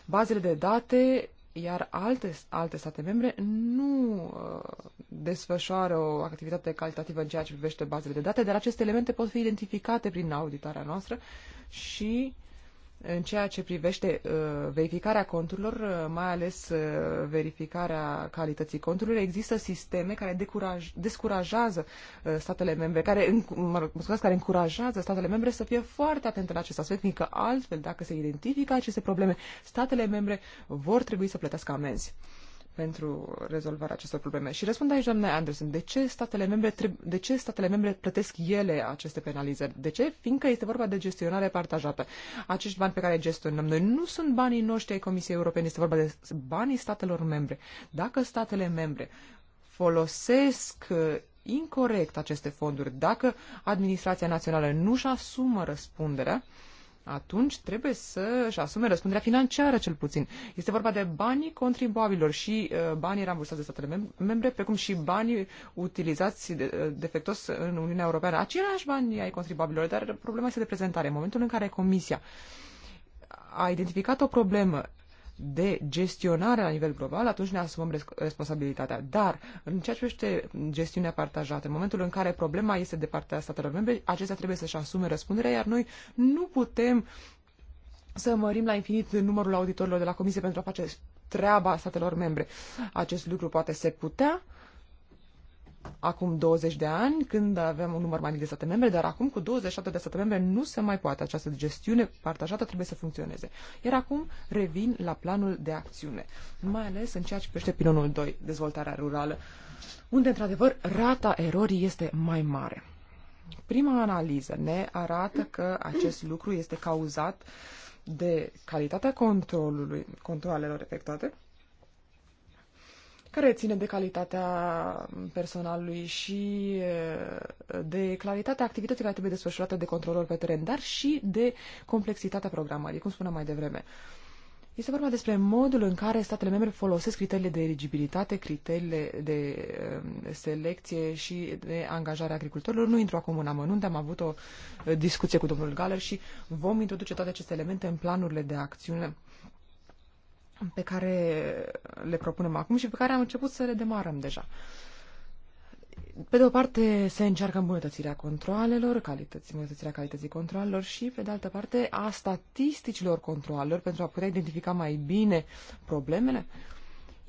bazele de date, iar alte, alte state membre nu uh, desfășoară o activitate calitativă în ceea ce privește bazele de date, dar aceste elemente pot fi identificate prin auditarea noastră și uh, în ceea ce privește uh, verificarea conturilor, uh, mai ales uh, verificarea calității conturilor, există sisteme care decuraj, descurajează statele membre, care, mă scuzați, care încurajează statele membre să fie foarte atente la acest aspect, fiindcă altfel, dacă se identifică aceste probleme, statele membre vor trebui să plătească amenzi pentru rezolvarea acestor probleme. Și răspund aici, doamne Anderson, de ce statele membre, de ce statele membre plătesc ele aceste penalizări? De ce? Fiindcă este vorba de gestionare partajată. Acești bani pe care gestionăm noi nu sunt banii noștri ai Comisiei Europene, este vorba de banii statelor membre. Dacă statele membre folosesc uh, incorrect aceste fonduri, dacă administrația națională nu-și asumă răspunderea, uh, atunci trebuie să-și asume răspunderea financiară, cel puțin. Este vorba de banii contribuabilor și uh, banii rambursați de statele mem- membre, precum și banii utilizați de, uh, defectos în Uniunea Europeană. Aceiași bani ai contribuabilor, dar problema este de prezentare. În momentul în care Comisia a identificat o problemă de gestionare la nivel global, atunci ne asumăm responsabilitatea. Dar, în ceea ce privește gestiunea partajată, în momentul în care problema este de partea statelor membre, acestea trebuie să-și asume răspunderea, iar noi nu putem să mărim la infinit numărul auditorilor de la Comisie pentru a face treaba statelor membre. Acest lucru poate se putea, uh, acum 20 de ani, când aveam un număr mai mic de state membre, dar acum cu 27 de state membre nu se mai poate. Această gestiune partajată trebuie să funcționeze. Iar acum revin la planul de acțiune, mai ales în ceea ce privește pilonul 2, dezvoltarea rurală, unde, într-adevăr, rata erorii este mai mare. Prima analiză ne arată că acest lucru este cauzat de calitatea controlului, controlelor efectuate, care ține de calitatea personalului și eh, de claritatea activității care trebuie desfășurată de controlor pe teren, dar și de complexitatea programării, cum spuneam mai devreme. Este vorba despre modul în care statele membre folosesc criteriile de eligibilitate, criteriile de eh, selecție și de angajare a agricultorilor. Nu intru acum în amănunte, am avut o eh, discuție cu domnul Galer și vom introduce toate aceste elemente în planurile de acțiune pe care le propunem acum și pe care am început să le demarăm deja. Pe de o parte, se încearcă îmbunătățirea controalelor, calității, îmbunătățirea calității controalelor și, pe de altă parte, a statisticilor controalelor pentru a putea identifica mai bine problemele. Uh,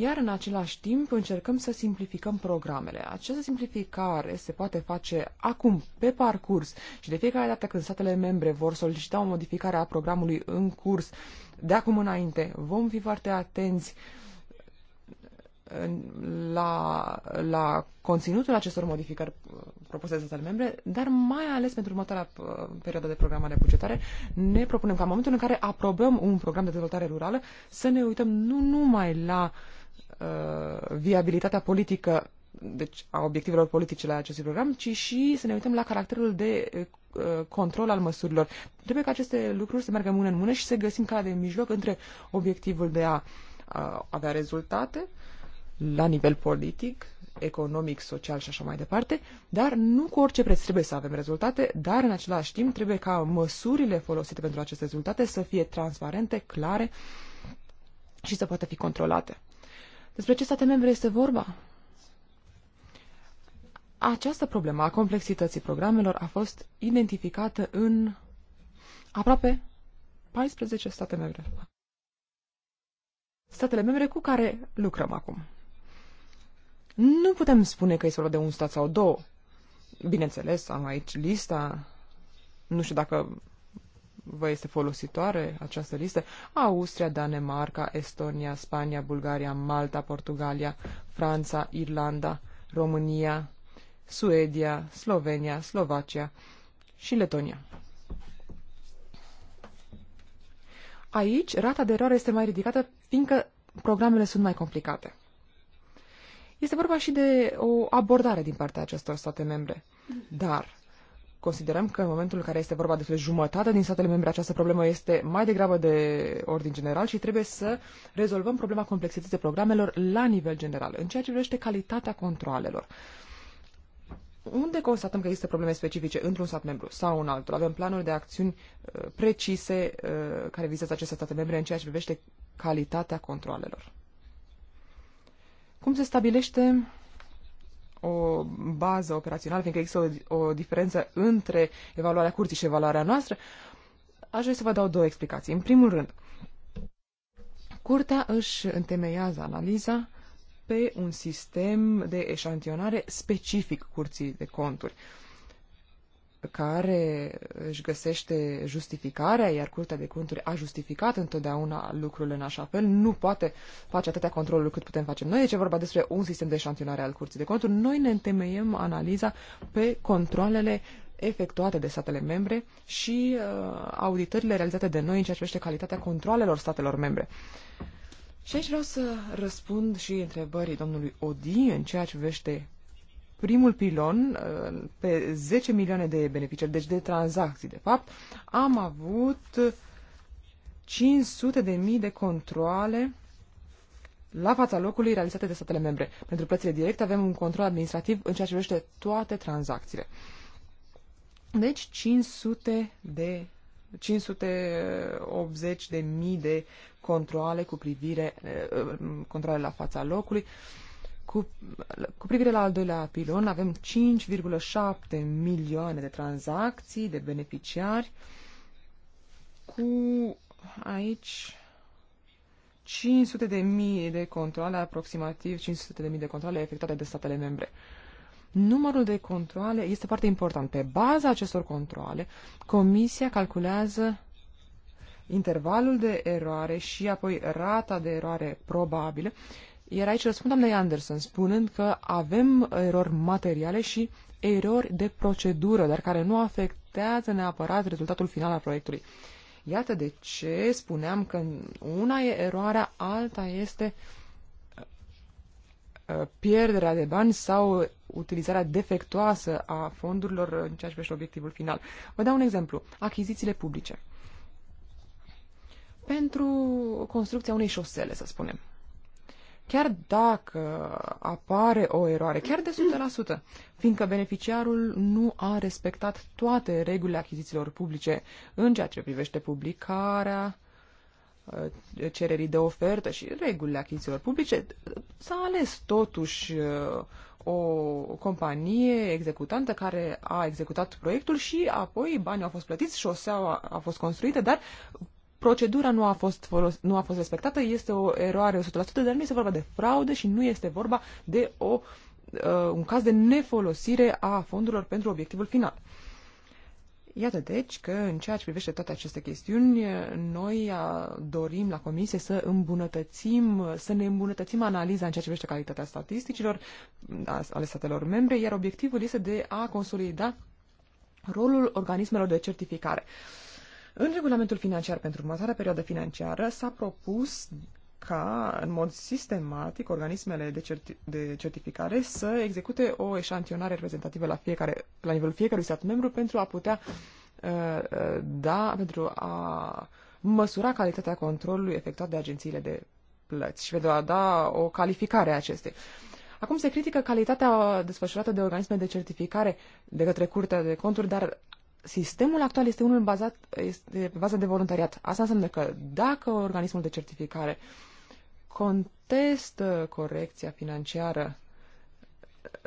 iar în același timp încercăm să simplificăm programele. Această simplificare se poate face acum, pe parcurs și de fiecare dată când statele membre vor solicita o modificare a programului în curs, de acum înainte vom fi foarte atenți la, la conținutul acestor modificări propuse de statele membre, dar mai ales pentru următoarea uh, perioadă de programare bugetare, ne propunem ca în momentul în care aprobăm un program de dezvoltare rurală să ne uităm nu numai la uh, Uh, viabilitatea politică deci a obiectivelor politice la acestui program, ci și să ne uităm la caracterul de uh, control al măsurilor. Trebuie ca aceste lucruri să meargă mână în mână și să găsim calea de mijloc între obiectivul de a avea rezultate la nivel politic, economic, social și așa mai departe, dar nu cu orice preț trebuie să avem rezultate, dar în același timp trebuie ca măsurile folosite pentru aceste rezultate să fie transparente, clare și să poată fi controlate. Despre ce state membre este vorba? Această problemă a complexității programelor a fost identificată în aproape 14 state membre. Statele membre cu care lucrăm acum. Nu putem spune că este vorba de un stat sau două. Bineînțeles, am aici lista. Nu știu dacă vă este folositoare această listă? Austria, Danemarca, Estonia, Spania, Bulgaria, Malta, Portugalia, Franța, Irlanda, România, Suedia, Slovenia, Slovacia și Letonia. Aici, rata de eroare este mai ridicată, fiindcă programele sunt mai complicate. Este vorba și de o abordare din partea acestor state membre. Dar considerăm că în momentul în care este vorba despre jumătate din statele membre, această problemă este mai degrabă de ordin general și trebuie să rezolvăm problema complexității programelor la nivel general, în ceea ce privește calitatea controalelor. Unde constatăm că există probleme specifice într-un stat membru sau în altul? Avem planuri de acțiuni uh, precise uh, care vizează aceste state membre în ceea ce privește calitatea controalelor. Cum se stabilește o bază operațională, fiindcă există o, o diferență între evaluarea curții și evaluarea noastră, aș vrea să vă dau două explicații. În primul rând, curtea își întemeiază analiza pe un sistem de eșantionare specific curții de conturi. Uh, care își găsește justificarea, iar Curtea de Conturi a justificat întotdeauna lucrurile în așa fel, nu poate face atâtea controluri cât putem face noi. Deci e vorba despre un sistem de șantionare al Curții de Conturi. Noi ne întemeiem analiza pe controlele efectuate de statele membre și uh, auditările realizate de noi în ceea ce privește calitatea controlelor statelor membre. Și aici vreau să răspund și întrebării domnului Odi în ceea ce privește primul pilon, uh, pe 10 milioane de beneficiari, deci de tranzacții, de fapt, am avut 500 de mii de controle la fața locului realizate de statele membre. Pentru plățile directe avem un control administrativ în ceea ce privește toate tranzacțiile. Deci 500 de 580 de mii de controle cu privire, uh, controle la fața locului, cu, cu privire la al doilea pilon, avem 5,7 milioane de tranzacții, de beneficiari, cu aici 500 de mii de controle, aproximativ 500 de mii de controle efectuate de statele membre. Numărul de controle este foarte important. Pe baza acestor controle, Comisia calculează intervalul de eroare și apoi rata de eroare probabilă iar aici răspund doamnei Anderson, spunând că avem erori materiale și erori de procedură, dar care nu afectează neapărat rezultatul final al proiectului. Iată de ce spuneam că una e eroarea, alta este uh, uh, pierderea de bani sau utilizarea defectuoasă a fondurilor în ceea ce privește obiectivul final. Vă dau un exemplu. Achizițiile publice. Pentru construcția unei șosele, să spunem chiar dacă apare o eroare, chiar de 100%, fiindcă beneficiarul nu a respectat toate regulile achizițiilor publice în ceea ce privește publicarea, uh, cererii de ofertă și regulile achizițiilor publice, s-a ales totuși uh, o companie executantă care a executat proiectul și apoi banii au fost plătiți, șoseaua a fost construită, dar procedura nu a fost, folos, nu a fost respectată, este o eroare 100%, dar nu este vorba de fraude și nu este vorba de o, uh, un caz de nefolosire a fondurilor pentru obiectivul final. Iată deci că în ceea ce privește toate aceste chestiuni, noi uh, dorim la comisie să îmbunătățim, să ne îmbunătățim analiza în ceea ce privește calitatea statisticilor uh, ale statelor membre, iar obiectivul este de a consolida rolul organismelor de certificare. Uh, în regulamentul financiar pentru următoarea perioadă financiară s-a propus ca, în mod sistematic, organismele de, certi- de certificare să execute o eșantionare reprezentativă la, fiecare, la nivelul fiecărui stat membru pentru a putea uh, uh, da, pentru a măsura calitatea controlului efectuat de agențiile de plăți și pentru a da o calificare a acestei. Acum se critică calitatea desfășurată de organisme de certificare de către Curtea de Conturi, dar sistemul actual este unul bazat este pe bază de voluntariat. Asta înseamnă că dacă organismul de certificare contestă corecția financiară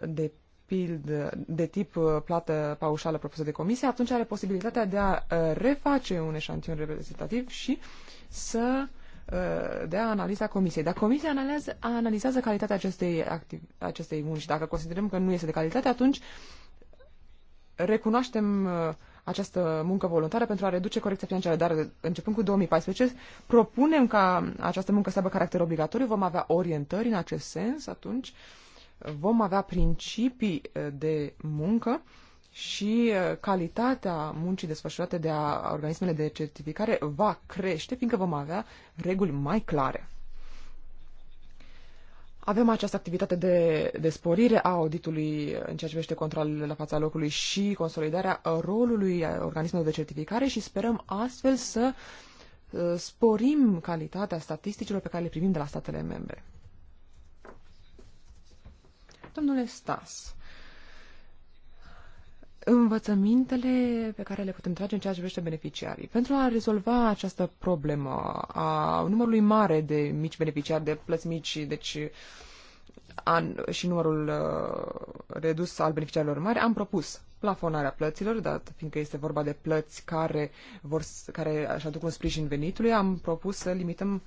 de pildă, de tip uh, plată paușală propusă de comisie, atunci are posibilitatea de a uh, reface un eșantion reprezentativ și să uh, dea analiza comisiei. Dacă comisia analizează, analizează calitatea acestei, acestei munci, dacă considerăm că nu este de calitate, atunci uh, recunoaștem uh, această muncă voluntară pentru a reduce corecția financiară, dar uh, începând cu 2014 propunem ca această muncă să aibă caracter obligatoriu, vom avea orientări în acest sens atunci, vom avea principii uh, de muncă și calitatea muncii desfășurate de a organismele de certificare va crește, fiindcă vom avea reguli mai clare. Avem această activitate de, de sporire a auditului în ceea ce privește controlele la fața locului și consolidarea rolului organismelor de certificare și sperăm astfel să uh, sporim calitatea statisticilor pe care le primim de la statele membre. Domnule Stas, învățămintele pe care le putem trage în ceea ce privește beneficiarii. Pentru a rezolva această problemă a numărului mare de mici beneficiari, de plăți mici, deci an, și numărul uh, redus al beneficiarilor mari, am propus plafonarea plăților, dat fiindcă este vorba de plăți care, vor, care își aduc un sprijin venitului, am propus să limităm uh,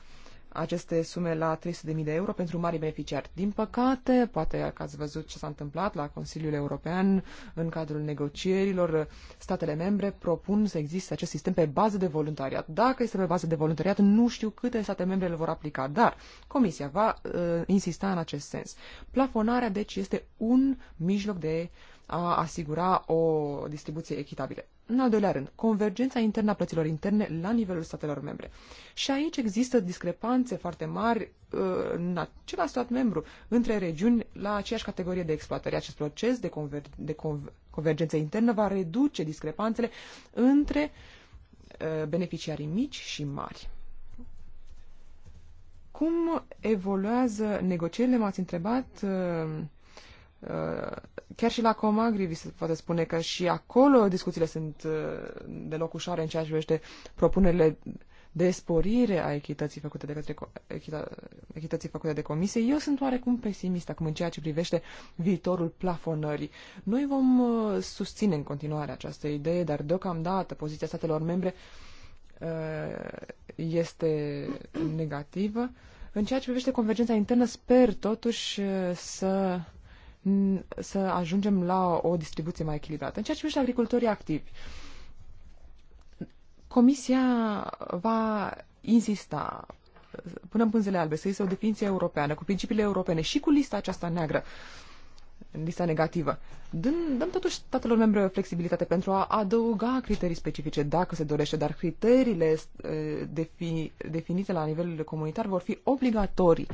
aceste sume la 300.000 de euro pentru mari beneficiari. Din păcate, poate că ați văzut ce s-a întâmplat la Consiliul European în cadrul negocierilor, statele membre propun să existe acest sistem pe bază de voluntariat. Dacă este pe bază de voluntariat, nu știu câte state membre le vor aplica, dar Comisia va uh, insista în acest sens. Plafonarea, deci, este un mijloc de a asigura o distribuție echitabilă. În al doilea rând, convergența internă a plăților interne la nivelul statelor membre. Și aici există discrepanțe foarte mari uh, în același stat membru, între regiuni la aceeași categorie de exploatări. Acest proces de, conver- de conver- convergență internă va reduce discrepanțele între uh, beneficiarii mici și mari. Cum evoluează negocierile, m-ați întrebat uh, chiar și la Comagri vi se poate spune că și acolo discuțiile sunt uh, deloc ușoare în ceea ce privește propunerile de sporire a echității făcute de, către, echita, echității făcute de comisie. Eu sunt oarecum pesimist acum în ceea ce privește viitorul plafonării. Noi vom uh, susține în continuare această idee, dar deocamdată poziția statelor membre uh, este negativă. În ceea ce privește convergența internă, sper totuși să să ajungem la o distribuție mai echilibrată. În ceea ce privește agricultorii activi, Comisia va insista până în pânzele albe, să iese o definiție europeană, cu principiile europene și cu lista aceasta neagră, lista negativă. Dăm, dăm totuși statelor membre flexibilitate pentru a adăuga criterii specifice, dacă se dorește, dar criteriile eh, defi, definite la nivel comunitar vor fi obligatorii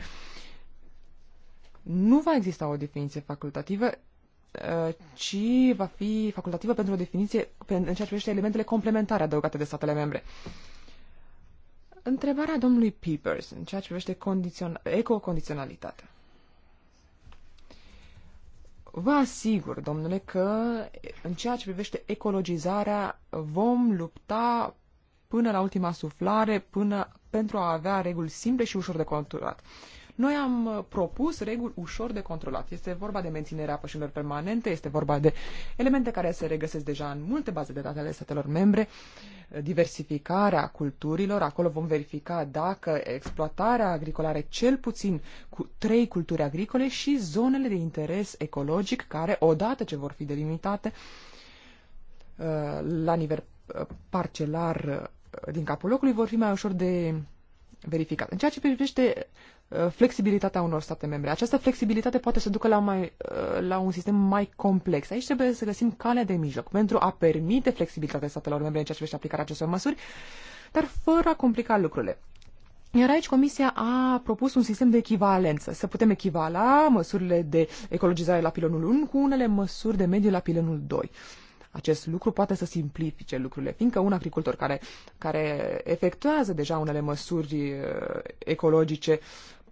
nu va exista o definiție facultativă, uh, ci va fi facultativă pentru o definiție în ceea ce privește elementele complementare adăugate de statele membre. Întrebarea domnului Peepers în ceea ce privește ecocondiționalitatea. Vă asigur, domnule, că în ceea ce privește ecologizarea vom lupta până la ultima suflare, până pentru a avea reguli simple și ușor de conturat. Noi am uh, propus reguli ușor de controlat. Este vorba de menținerea pășunilor permanente, este vorba de elemente care se regăsesc deja în multe baze de date ale statelor membre, uh, diversificarea culturilor, acolo vom verifica dacă exploatarea agricolă are cel puțin cu trei culturi agricole și zonele de interes ecologic care, odată ce vor fi delimitate, uh, la nivel parcelar din capul locului vor fi mai ușor de verificat. În ceea ce privește Uh, flexibilitatea unor state membre. Această flexibilitate poate să ducă la, mai, uh, la un sistem mai complex. Aici trebuie să găsim calea de mijloc pentru a permite flexibilitatea statelor membre în ceea ce privește aplicarea acestor măsuri, dar fără a complica lucrurile. Iar aici Comisia a propus un sistem de echivalență, să putem echivala măsurile de ecologizare la pilonul 1 cu unele măsuri de mediu la pilonul 2. Acest lucru poate să simplifice lucrurile, fiindcă un agricultor care, care efectuează deja unele măsuri uh, ecologice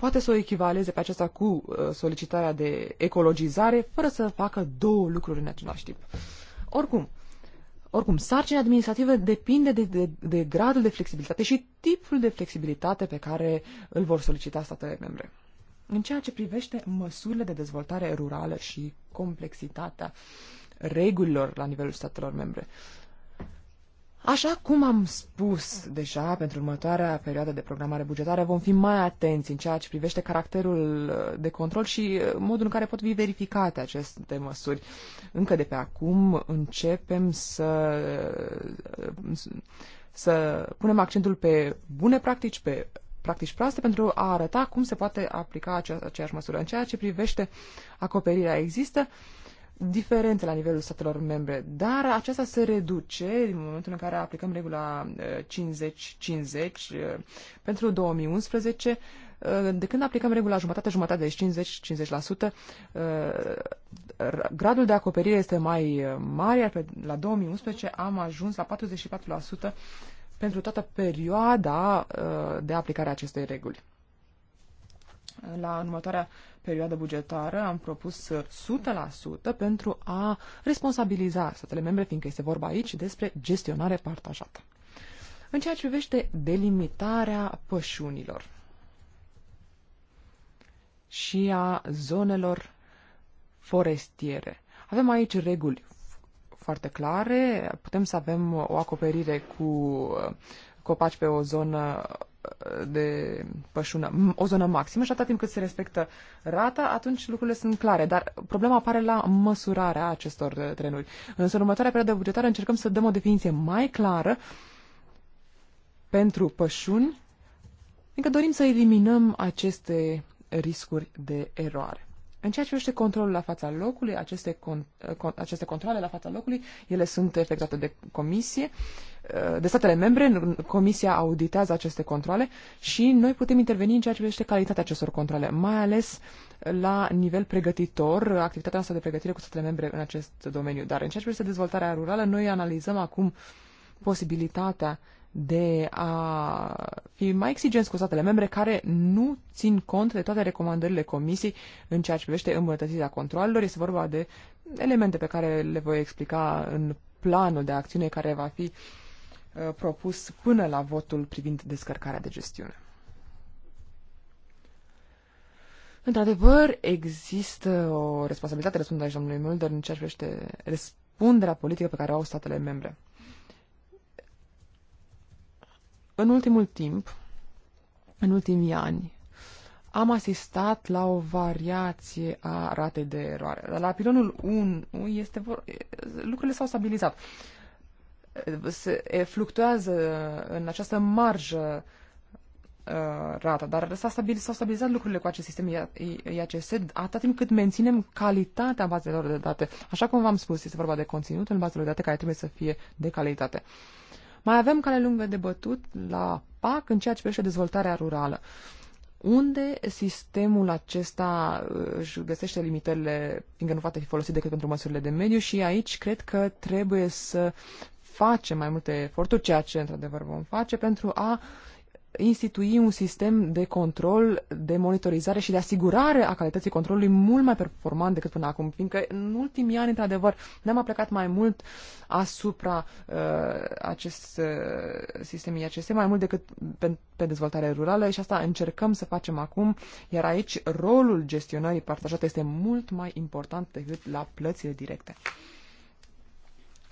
poate să o echivaleze pe aceasta cu uh, solicitarea de ecologizare, fără să facă două lucruri în același timp. Oricum, oricum, sarcina administrativă depinde de, de, de gradul de flexibilitate și tipul de flexibilitate pe care îl vor solicita statele membre. În ceea ce privește măsurile de dezvoltare rurală și complexitatea regulilor la nivelul statelor membre, Așa cum am spus deja, pentru următoarea perioadă de programare bugetară vom fi mai atenți în ceea ce privește caracterul uh, de control și uh, modul în care pot fi verificate aceste măsuri. Încă de pe acum începem să, uh, să punem accentul pe bune practici, pe practici proaste pentru a arăta cum se poate aplica aceeași măsură. În ceea ce privește acoperirea, există uh, diferențe la nivelul statelor membre, dar aceasta se reduce din momentul în care aplicăm regula 50-50 uh, uh, pentru 2011. Uh, de când aplicăm regula jumătate-jumătate, deci 50-50%, gradul de acoperire este mai mare, iar la 2011 am ajuns la 44% pentru toată perioada de aplicare a acestei reguli la următoarea perioadă bugetară am propus 100% pentru a responsabiliza statele membre, fiindcă este vorba aici despre gestionare partajată. În ceea ce privește delimitarea pășunilor și a zonelor forestiere, avem aici reguli foarte clare, putem să avem o acoperire cu uh, copaci pe o zonă de pășună, o zonă maximă și atâta timp cât se respectă rata, atunci lucrurile sunt clare. Dar problema apare la măsurarea acestor uh, trenuri. Însă în următoarea perioadă bugetară încercăm să dăm o definiție mai clară pentru pășuni, fiindcă dorim să eliminăm aceste riscuri de eroare. În ceea ce privește controlul la fața locului, aceste, con, con, aceste controle la fața locului, ele sunt efectuate de comisie de statele membre, Comisia auditează aceste controle și noi putem interveni în ceea ce privește calitatea acestor controle, mai ales la nivel pregătitor, activitatea noastră de pregătire cu statele membre în acest domeniu. Dar în ceea ce privește dezvoltarea rurală, noi analizăm acum posibilitatea de a fi mai exigenți cu statele membre care nu țin cont de toate recomandările comisiei în ceea ce privește îmbunătățirea controlelor. Este vorba de elemente pe care le voi explica în planul de acțiune care va fi uh, Uh, propus până la votul privind descărcarea de gestiune. Într-adevăr, există o responsabilitate, răspund aici domnului Mulder, în ceea ce privește răspunderea politică pe care o au statele membre. În ultimul timp, în ultimii ani, am asistat la o variație a ratei de eroare. La pilonul 1 este vor... lucrurile s-au stabilizat se fluctuează în această marjă uh, rata, dar s-au stabilizat, s-au stabilizat lucrurile cu acest sistem IACS atâta timp cât menținem calitatea bazelor de date. Așa cum v-am spus, este vorba de conținutul bazelor de date care trebuie să fie de calitate. Mai avem cale lungă de bătut la PAC în ceea ce privește dezvoltarea rurală. Unde sistemul acesta uh, își găsește limitările, fiindcă nu poate fi folosit decât pentru măsurile de mediu și aici cred că trebuie să face mai multe eforturi, ceea ce într-adevăr vom face, pentru a institui un sistem de control, de monitorizare și de asigurare a calității controlului mult mai performant decât până acum, fiindcă în ultimii ani, într-adevăr, ne-am aplicat mai mult asupra uh, acest uh, sistem IACS, mai mult decât pe, pe dezvoltare rurală și asta încercăm să facem acum, iar aici rolul gestionării partajate este mult mai important decât la plățile directe.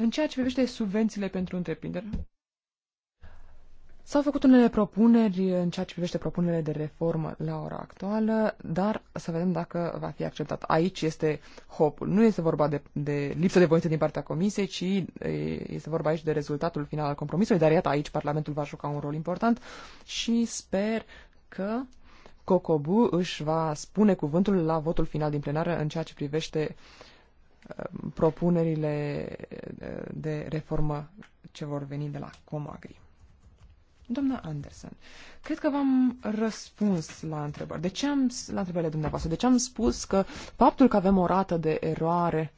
În ceea ce privește subvențiile pentru întreprindere? S-au făcut unele propuneri în ceea ce privește propunerile de reformă la ora actuală, dar să vedem dacă va fi acceptat. Aici este hopul. Nu este vorba de, de lipsă de voință din partea Comisiei, ci este vorba aici de rezultatul final al compromisului, dar iată, aici Parlamentul va juca un rol important și sper că Cocobu își va spune cuvântul la votul final din plenară în ceea ce privește uh, propunerile de reformă ce vor veni de la Comagri. Doamna Anderson, cred că v-am răspuns la întrebări. De ce am, la întrebările dumneavoastră, de ce am spus că faptul că avem o rată de eroare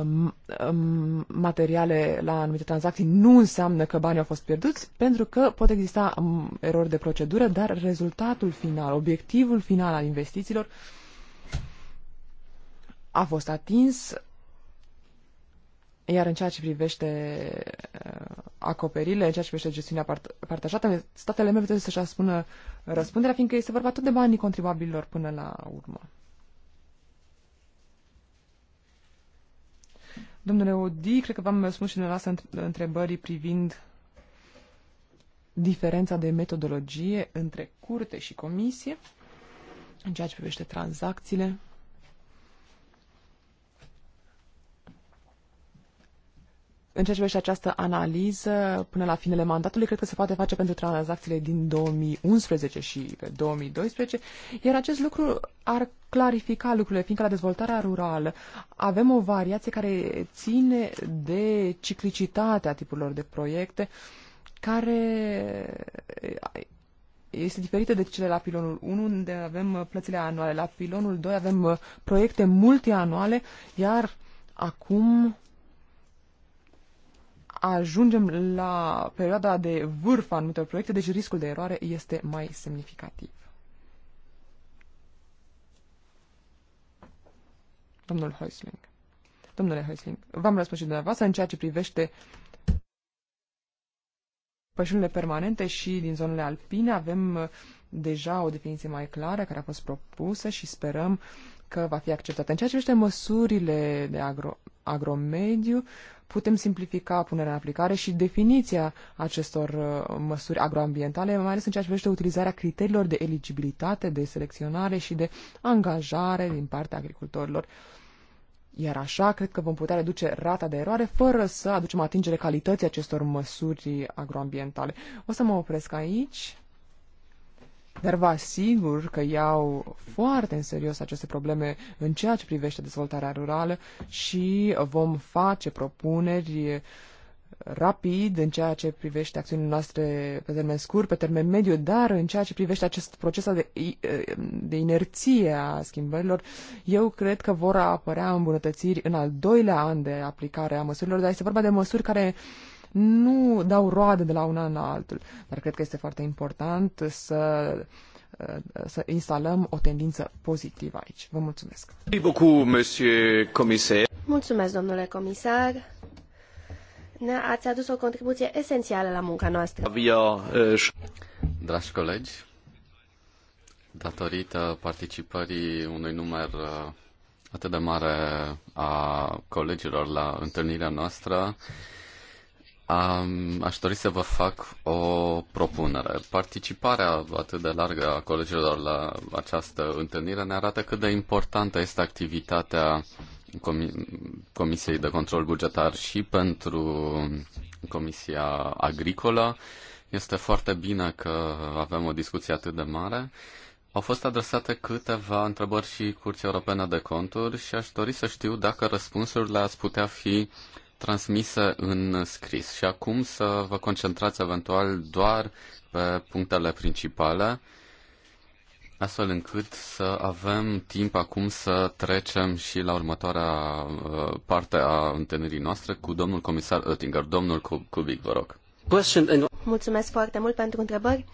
um, um, materiale la anumite tranzacții nu înseamnă că banii au fost pierduți, pentru că pot exista um, erori de procedură, dar rezultatul final, obiectivul final al investițiilor uh, a fost atins, iar în ceea ce privește uh, acoperirile, în ceea ce privește gestiunea part- partajată, statele membre trebuie să-și spună răspunderea, fiindcă este vorba tot de banii contribuabililor până la urmă. Domnule Odi, cred că v-am răspuns și dumneavoastră întrebării privind diferența de metodologie între curte și comisie în ceea ce privește tranzacțiile În ceea ce privește această analiză, până la finele mandatului, cred că se poate face pentru tranzacțiile din 2011 și 2012, iar acest lucru ar clarifica lucrurile, fiindcă la dezvoltarea rurală avem o variație care ține de ciclicitatea tipurilor de proiecte, care este diferită de cele la pilonul 1, unde avem plățile anuale. La pilonul 2 avem proiecte multianuale, iar acum ajungem la perioada de vârf a anumitor proiecte, deci riscul de eroare este mai semnificativ. Domnul Heusling. Domnule Heusling, v-am răspuns și dumneavoastră în ceea ce privește pășunile permanente și din zonele alpine avem uh, deja o definiție mai clară care a fost propusă și sperăm că va fi acceptată. În ceea ce privește măsurile de agro, agromediu, putem simplifica punerea în aplicare și definiția acestor uh, măsuri agroambientale, mai ales în ceea ce privește utilizarea criteriilor de eligibilitate, de selecționare și de angajare din partea agricultorilor. Iar așa, cred că vom putea reduce rata de eroare fără să aducem atingere calității acestor măsuri agroambientale. O să mă opresc aici dar vă asigur că iau foarte în serios aceste probleme în ceea ce privește dezvoltarea rurală și vom face propuneri rapid în ceea ce privește acțiunile noastre pe termen scurt, pe termen mediu, dar în ceea ce privește acest proces de, de inerție a schimbărilor, eu cred că vor apărea îmbunătățiri în al doilea an de aplicare a măsurilor, dar este vorba de măsuri care uh, nu dau roade de la un an la altul. Dar cred că este foarte important să uh, să instalăm o tendință pozitivă aici. Vă mulțumesc. Mulțumesc, domnule comisar. Ne-ați adus o contribuție esențială la munca noastră. Uh, Dragi colegi, datorită participării unui număr uh, atât de mare a colegilor la întâlnirea noastră, am, aș dori să vă fac o propunere. Participarea atât de largă a colegilor la această întâlnire ne arată cât de importantă este activitatea Comisiei de Control Bugetar și pentru Comisia Agricolă. Este foarte bine că avem o discuție atât de mare. Au fost adresate câteva întrebări și Curții Europene de Conturi și aș dori să știu dacă răspunsurile ați putea fi uh, transmisă în scris și acum să vă concentrați eventual doar pe punctele principale, astfel încât să avem timp acum să trecem și la următoarea uh, parte a întâlnirii noastre cu domnul comisar Oettinger. Domnul Kubic, vă rog. Mulțumesc foarte mult pentru întrebări.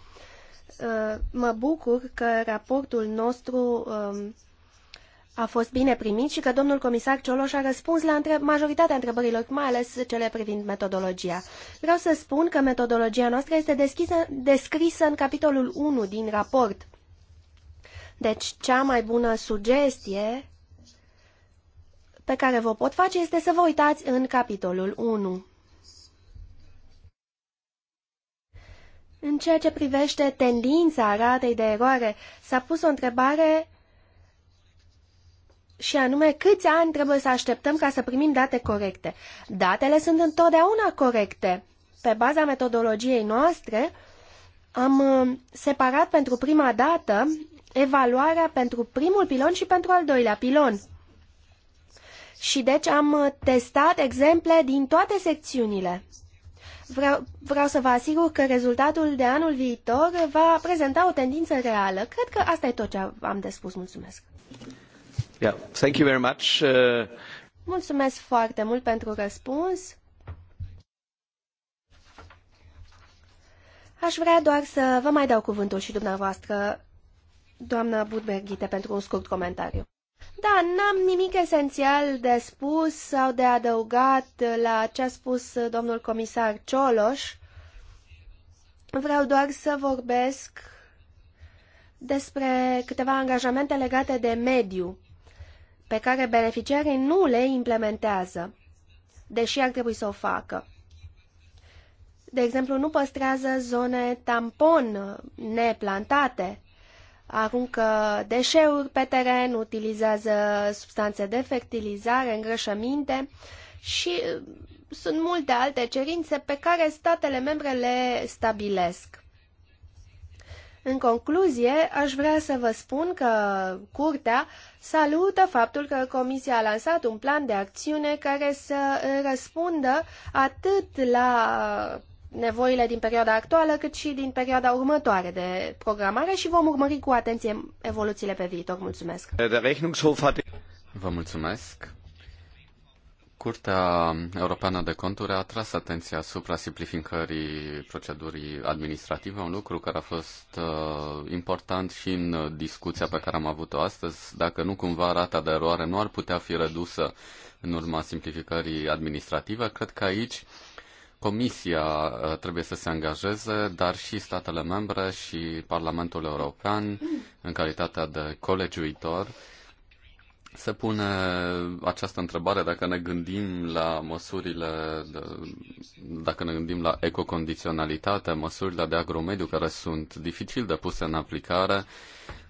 Uh, mă bucur că raportul nostru um, a fost bine primit și că domnul comisar Cioloș a răspuns la între... majoritatea întrebărilor, mai ales cele privind metodologia. Vreau să spun că metodologia noastră este deschisă, descrisă în capitolul 1 din raport. Deci, cea mai bună sugestie pe care vă pot face este să vă uitați în capitolul 1. În ceea ce privește tendința ratei de eroare, s-a pus o întrebare și anume câți ani trebuie să așteptăm ca să primim date corecte. Datele sunt întotdeauna corecte. Pe baza metodologiei noastre, am uh, separat pentru prima dată evaluarea pentru primul pilon și pentru al doilea pilon. Și deci am uh, testat exemple din toate secțiunile. Vreau, vreau să vă asigur că rezultatul de anul viitor va prezenta o tendință reală. Cred că asta e tot ce am de spus. Mulțumesc! Yeah, thank you very much. Uh... Mulțumesc foarte mult pentru răspuns. Aș vrea doar să vă mai dau cuvântul și dumneavoastră, doamna Budberghite, pentru un scurt comentariu. Da, n-am nimic esențial de spus sau de adăugat la ce a spus domnul comisar Cioloș. Vreau doar să vorbesc despre câteva angajamente legate de mediu pe care beneficiarii nu le implementează, deși ar trebui să o facă. De exemplu, nu păstrează zone tampon neplantate, aruncă deșeuri pe teren, utilizează substanțe de fertilizare, îngrășăminte și sunt multe alte cerințe pe care statele membre le stabilesc. În concluzie, aș vrea să vă spun că Curtea salută faptul că Comisia a lansat un plan de acțiune care să răspundă atât la nevoile din perioada actuală, cât și din perioada următoare de programare și vom urmări cu atenție evoluțiile pe viitor. Mulțumesc! Vă mulțumesc! Curtea Europeană de Conturi a atras atenția asupra simplificării procedurii administrative, un lucru care a fost uh, important și în discuția pe care am avut-o astăzi. Dacă nu cumva rata de eroare nu ar putea fi redusă în urma simplificării administrative, cred că aici Comisia uh, trebuie să se angajeze, dar și statele membre și Parlamentul European, în calitatea de colegiuitor, se pune această întrebare dacă ne gândim la măsurile, dacă ne gândim la ecocondiționalitate, măsurile de agromediu care sunt dificil de puse în aplicare,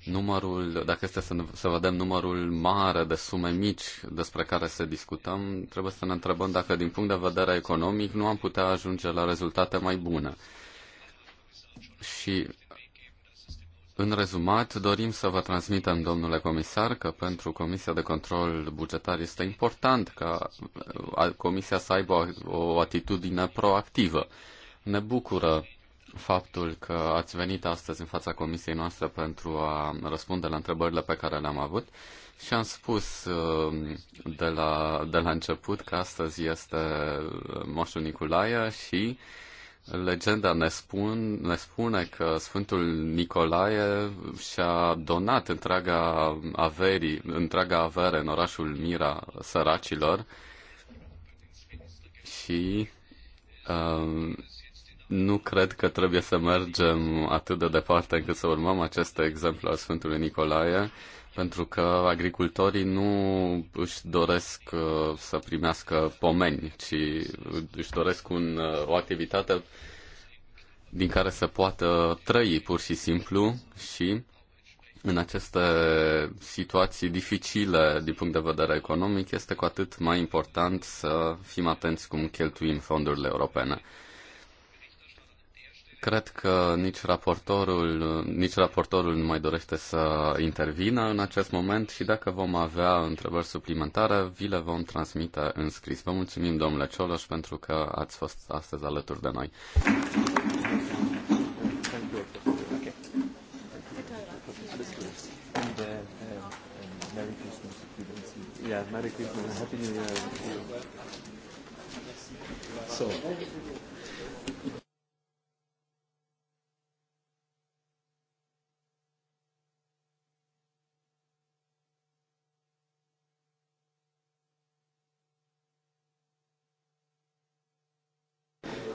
numărul, dacă este să, să vedem numărul mare de sume mici despre care se discutăm, trebuie să ne întrebăm dacă din punct de vedere economic nu am putea ajunge la rezultate mai bune. Și în rezumat, dorim să vă transmitem, domnule comisar, că pentru Comisia de Control Bugetar este important ca Comisia să aibă o atitudine proactivă. Ne bucură faptul că ați venit astăzi în fața comisiei noastre pentru a răspunde la întrebările pe care le-am avut și am spus um, de la, de la început că astăzi este Moșul Nicolae și Legenda ne, spun, ne spune că Sfântul Nicolae și-a donat întreaga, averii, întreaga avere în orașul Mira săracilor și uh, nu cred că trebuie să mergem atât de departe încât să urmăm acest exemplu al Sfântului Nicolae pentru că agricultorii nu își doresc uh, să primească pomeni, ci își doresc un, uh, o activitate din care să poată trăi pur și simplu și în aceste situații dificile din punct de vedere economic este cu atât mai important să fim atenți cum cheltuim fondurile europene. Cred că nici raportorul, nici raportorul nu mai dorește să intervină în acest moment și dacă vom avea întrebări suplimentare, vi le vom transmite în scris. Vă mulțumim, domnule Cioloș, pentru că ați fost astăzi alături de noi. Yeah, Merry Christmas. Happy New Year. So.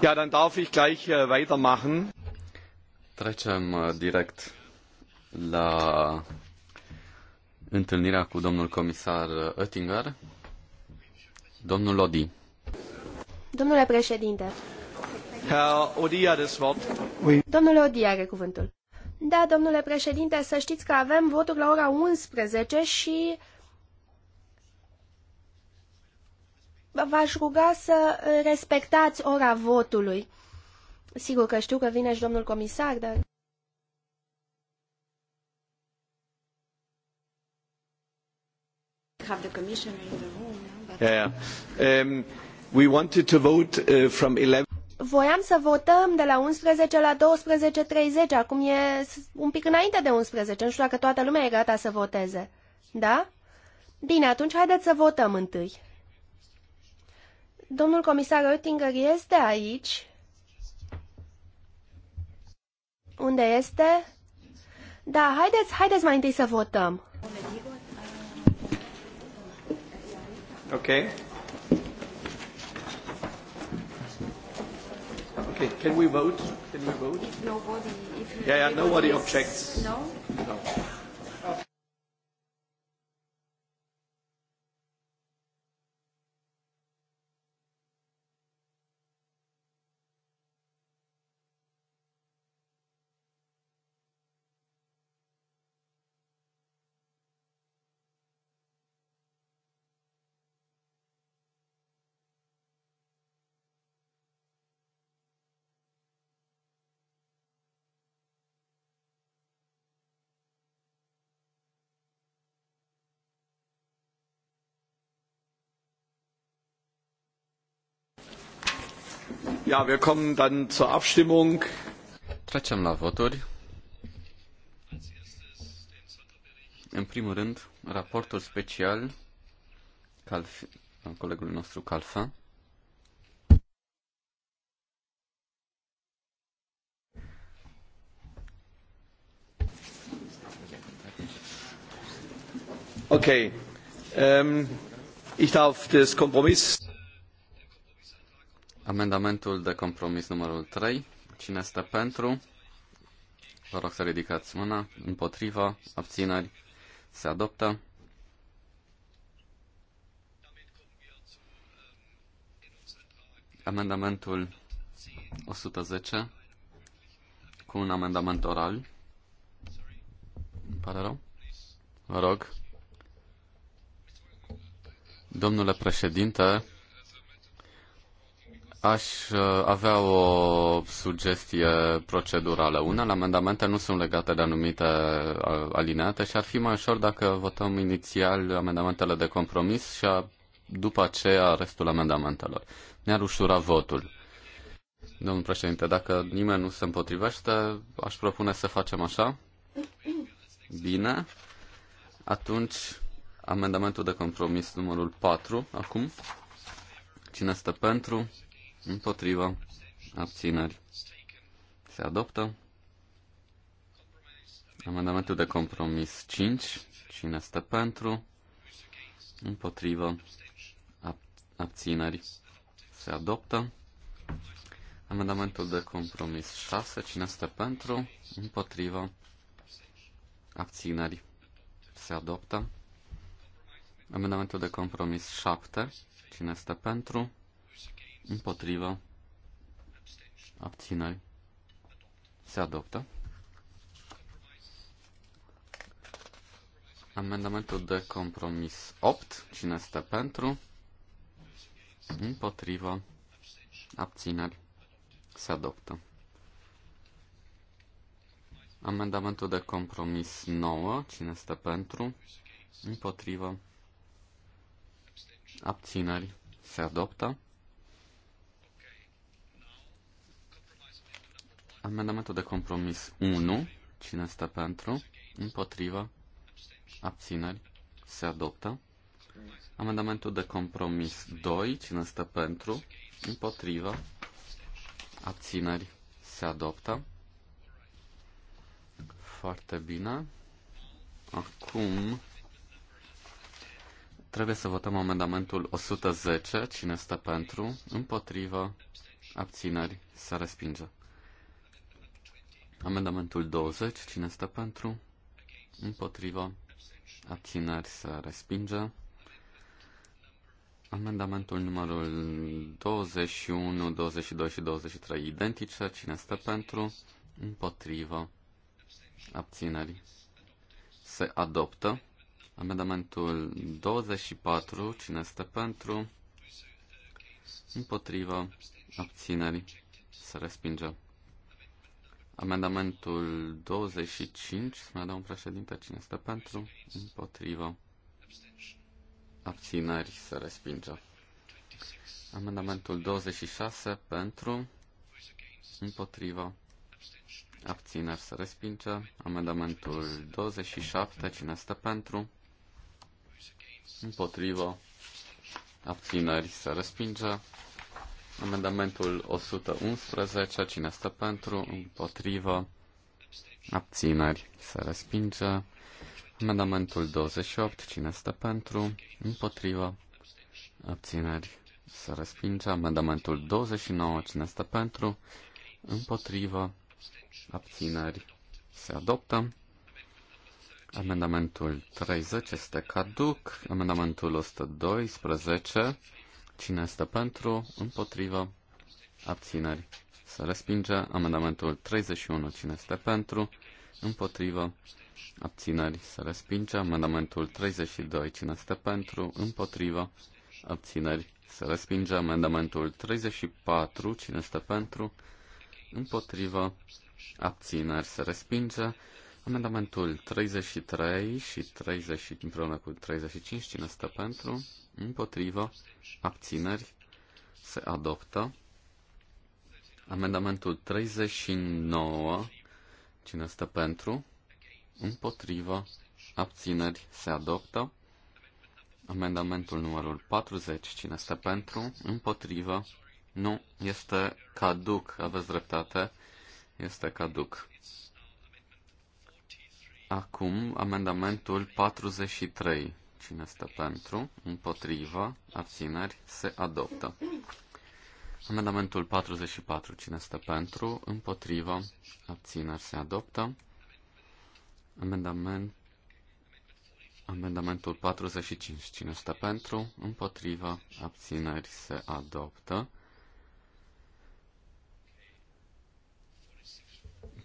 Ja, dann darf ich gleich äh, weitermachen. Trecem uh, direct la întâlnirea cu domnul comisar uh, Oettinger. Domnul Lodi. Domnule președinte. Herr Odi das Wort. Oui. Domnule Odi are cuvântul. Da, domnule președinte, să știți că avem voturi la ora 11 și v-aș ruga să respectați ora votului. Sigur că știu că vine și domnul comisar, dar... have the commissioner in the room. Yeah. Um, we wanted to vote uh, from 11. Voiam să votăm de la 11 la 12.30, acum e un pic înainte de 11, nu știu dacă toată lumea e gata să voteze. Da? Bine, atunci haideți să votăm întâi. Domnul comisar Oettinger este aici. Unde este? Da, haideți, haideți mai întâi să votăm. Ok. Okay, can we vote? Can we vote? nobody, if yeah, yeah, nobody objects. No? No. Ja, wir kommen dann zur Abstimmung. Trecem la voturi. În primul rând, raportul special Calf, al colegului nostru Calfa. Ok, Um, ich darf das Kompromiss Amendamentul de compromis numărul 3. Cine este pentru? Vă rog să ridicați mâna. Împotriva. Abțineri. Se adoptă. Amendamentul 110 cu un amendament oral. Îmi pare rău. Vă rog. Domnule președinte, Aș uh, avea o sugestie procedurală. Unele amendamente nu sunt legate de anumite uh, alineate și ar fi mai ușor dacă votăm inițial amendamentele de compromis și a, după aceea restul amendamentelor. Ne-ar ușura votul. Domnul președinte, dacă nimeni nu se împotrivește, aș propune să facem așa. Bine. Atunci, amendamentul de compromis numărul 4, acum. Cine este pentru? Împotriva. abțineri, se adoptă. Amendamentul de compromis 5, cine stă pentru, împotrivă, abțineri, se adoptă. Amendamentul de compromis 6, cine este pentru, împotrivă, abțineri, se adoptă. Amendamentul de compromis 7, cine este pentru, Împotrivă. Abțineri. Se adoptă. Amendamentul de compromis 8. Cine este pentru? Împotrivă. Abțineri. Se adoptă. Amendamentul de compromis 9. Cine este pentru? Împotrivă. Abțineri. Se adoptă. Amendamentul de compromis 1. Cine este pentru? Împotrivă? Abțineri? Se adoptă. Amendamentul de compromis 2. Cine este pentru? Împotrivă? Abțineri? Se adoptă. Foarte bine. Acum trebuie să votăm amendamentul 110. Cine este pentru? Împotrivă? Abțineri? Se respinge. Amendamentul 20, cine stă pentru? Împotriva. Abțineri se respinge. Amendamentul numărul 21, 22 și 23 identice. Cine stă pentru? Împotriva. Abțineri. Se adoptă. Amendamentul 24. Cine stă pentru? Împotriva. Abțineri. Se respinge. Amendamentul 25, dau un președinte, cine este pentru, împotrivă, abțineri, se respinge. Amendamentul 26, pentru, împotrivă, abțineri, se respinge. Amendamentul 27, cine este pentru, împotrivă, abțineri, se respinge. Amendamentul 111, cine stă pentru, împotrivă, abțineri, se respinge. Amendamentul 28, cine stă pentru, împotrivă, abțineri, se respinge. Amendamentul 29, cine stă pentru, împotrivă, abțineri, se adoptă. Amendamentul 30 este caduc. Amendamentul 112 Cine este pentru? Împotrivă. Abțineri. Se respinge. Amendamentul 31. Cine este pentru? Împotrivă. Abțineri. Se respinge. Amendamentul 32. Cine este pentru? Împotrivă. Abțineri. Se respinge. Amendamentul 34. Cine este pentru? Împotrivă. Abțineri. Se respinge. Amendamentul 33 și 30 împreună cu 35, cine stă pentru, împotrivă, abțineri, se adoptă. Amendamentul 39, cine stă pentru, împotrivă, abțineri, se adoptă. Amendamentul numărul 40, cine stă pentru, împotrivă, nu, este caduc, aveți dreptate, este caduc. Acum, amendamentul 43. Cine stă pentru, împotriva, abțineri, se adoptă. Amendamentul 44. Cine stă pentru, împotriva, abțineri, se adoptă. Amendament Amendamentul 45. Cine stă pentru? Împotriva. Abțineri se adoptă.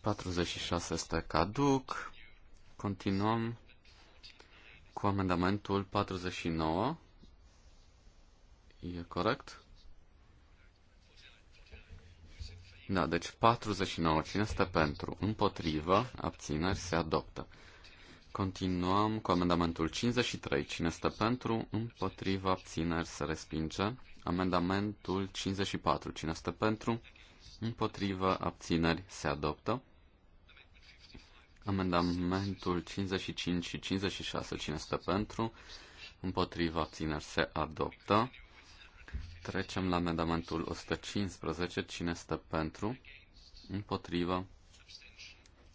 46 este caduc. Continuăm cu amendamentul 49. E corect? Da, deci 49. Cine este pentru? Împotrivă, abțineri, se adoptă. Continuăm cu amendamentul 53. Cine este pentru? Împotrivă, abțineri, se respinge. Amendamentul 54. Cine este pentru? Împotrivă, abțineri, se adoptă. Amendamentul 55 și 56, cine stă pentru? Împotriva abțineri se adoptă. Trecem la amendamentul 115, cine stă pentru? Împotriva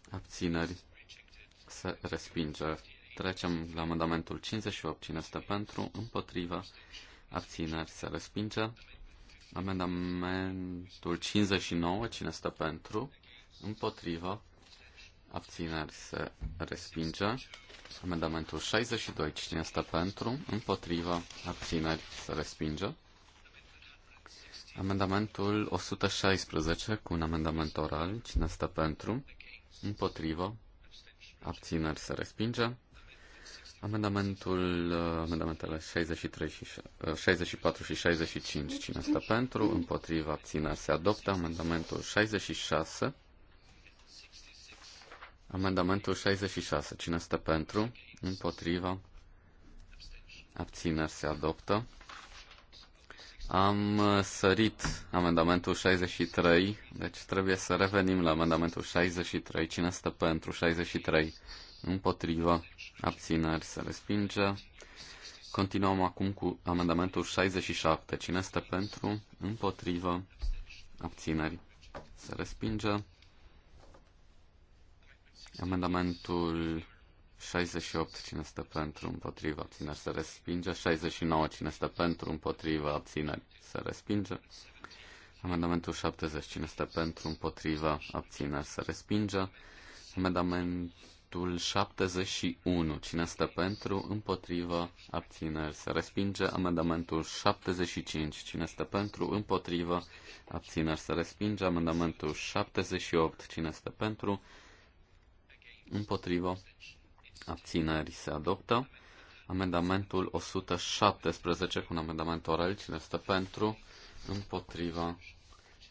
abțineri se respinge. Trecem la amendamentul 58, cine stă pentru? Împotriva abțineri se respinge. Amendamentul 59, cine stă pentru? Împotriva abțineri se respinge. Amendamentul 62, cine este pentru, împotriva, abțineri se respinge. Amendamentul 116 cu un amendament oral, cine este pentru, împotriva, abțineri se respinge. Amendamentul, amendamentele 63 și, 64 și 65, uh, cine este pentru, împotriva, abțineri se adoptă. Amendamentul 66 Amendamentul 66. Cine stă pentru? Împotriva? Abțineri se adoptă. Am uh, sărit amendamentul 63, deci trebuie să revenim la amendamentul 63. Cine stă pentru 63? Împotriva, abțineri se respinge. Continuăm acum cu amendamentul 67. Cine stă pentru? Împotriva, abțineri se respinge. Amendamentul 68, cine stă pentru, împotriva, abțineri, se respinge. 69, cine stă pentru, împotriva, abțineri, se respinge. Amendamentul 70, cine stă pentru, împotriva, abțineri, se respinge. Amendamentul 71, cine stă pentru, împotriva, abțineri, se respinge. Amendamentul 75, cine stă pentru, împotriva, abțineri, se respinge. Amendamentul 78, cine stă pentru, împotrivă, abțineri se adoptă. Amendamentul 117 cu un amendament oral, cine este pentru, Împotrivă.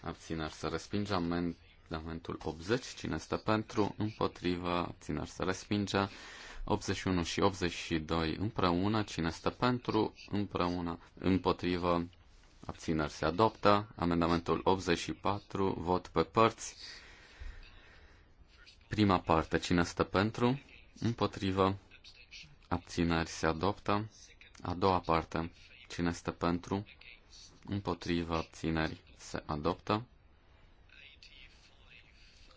abțineri se respinge. Amendamentul 80, cine este pentru, Împotrivă. abțineri se respinge. 81 și 82 împreună, cine este pentru, împreună, împotrivă, abțineri se adoptă. Amendamentul 84, vot pe părți. Prima parte, cine stă pentru, împotrivă, abțineri se adoptă. A doua parte, cine stă pentru, împotrivă, abțineri se adoptă.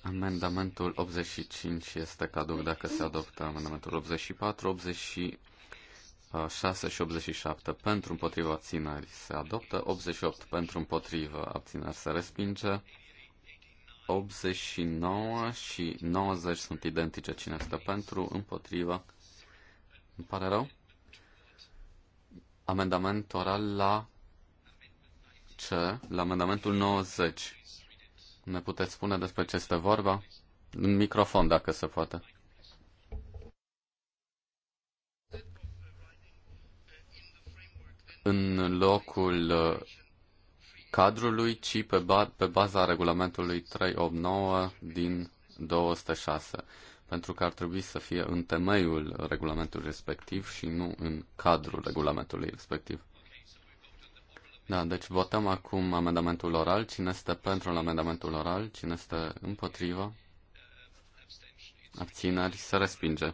Amendamentul 85 este caduc dacă se adoptă amendamentul 84, 86 și 87 pentru împotriva abținări se adoptă, 88 pentru împotriva abținări se respinge, 89 și 90 sunt identice. Cine stă pentru, împotriva. Îmi pare rău. Amendament oral la ce? La amendamentul 90. Ne puteți spune despre ce este vorba? În microfon, dacă se poate. În locul cadrului, ci pe, ba- pe baza regulamentului 389 din 206, pentru că ar trebui să fie în temeiul regulamentului respectiv și nu în cadrul regulamentului respectiv. Da, deci votăm acum amendamentul oral. Cine este pentru amendamentul oral? Cine este împotrivă? Abțineri? Se respinge.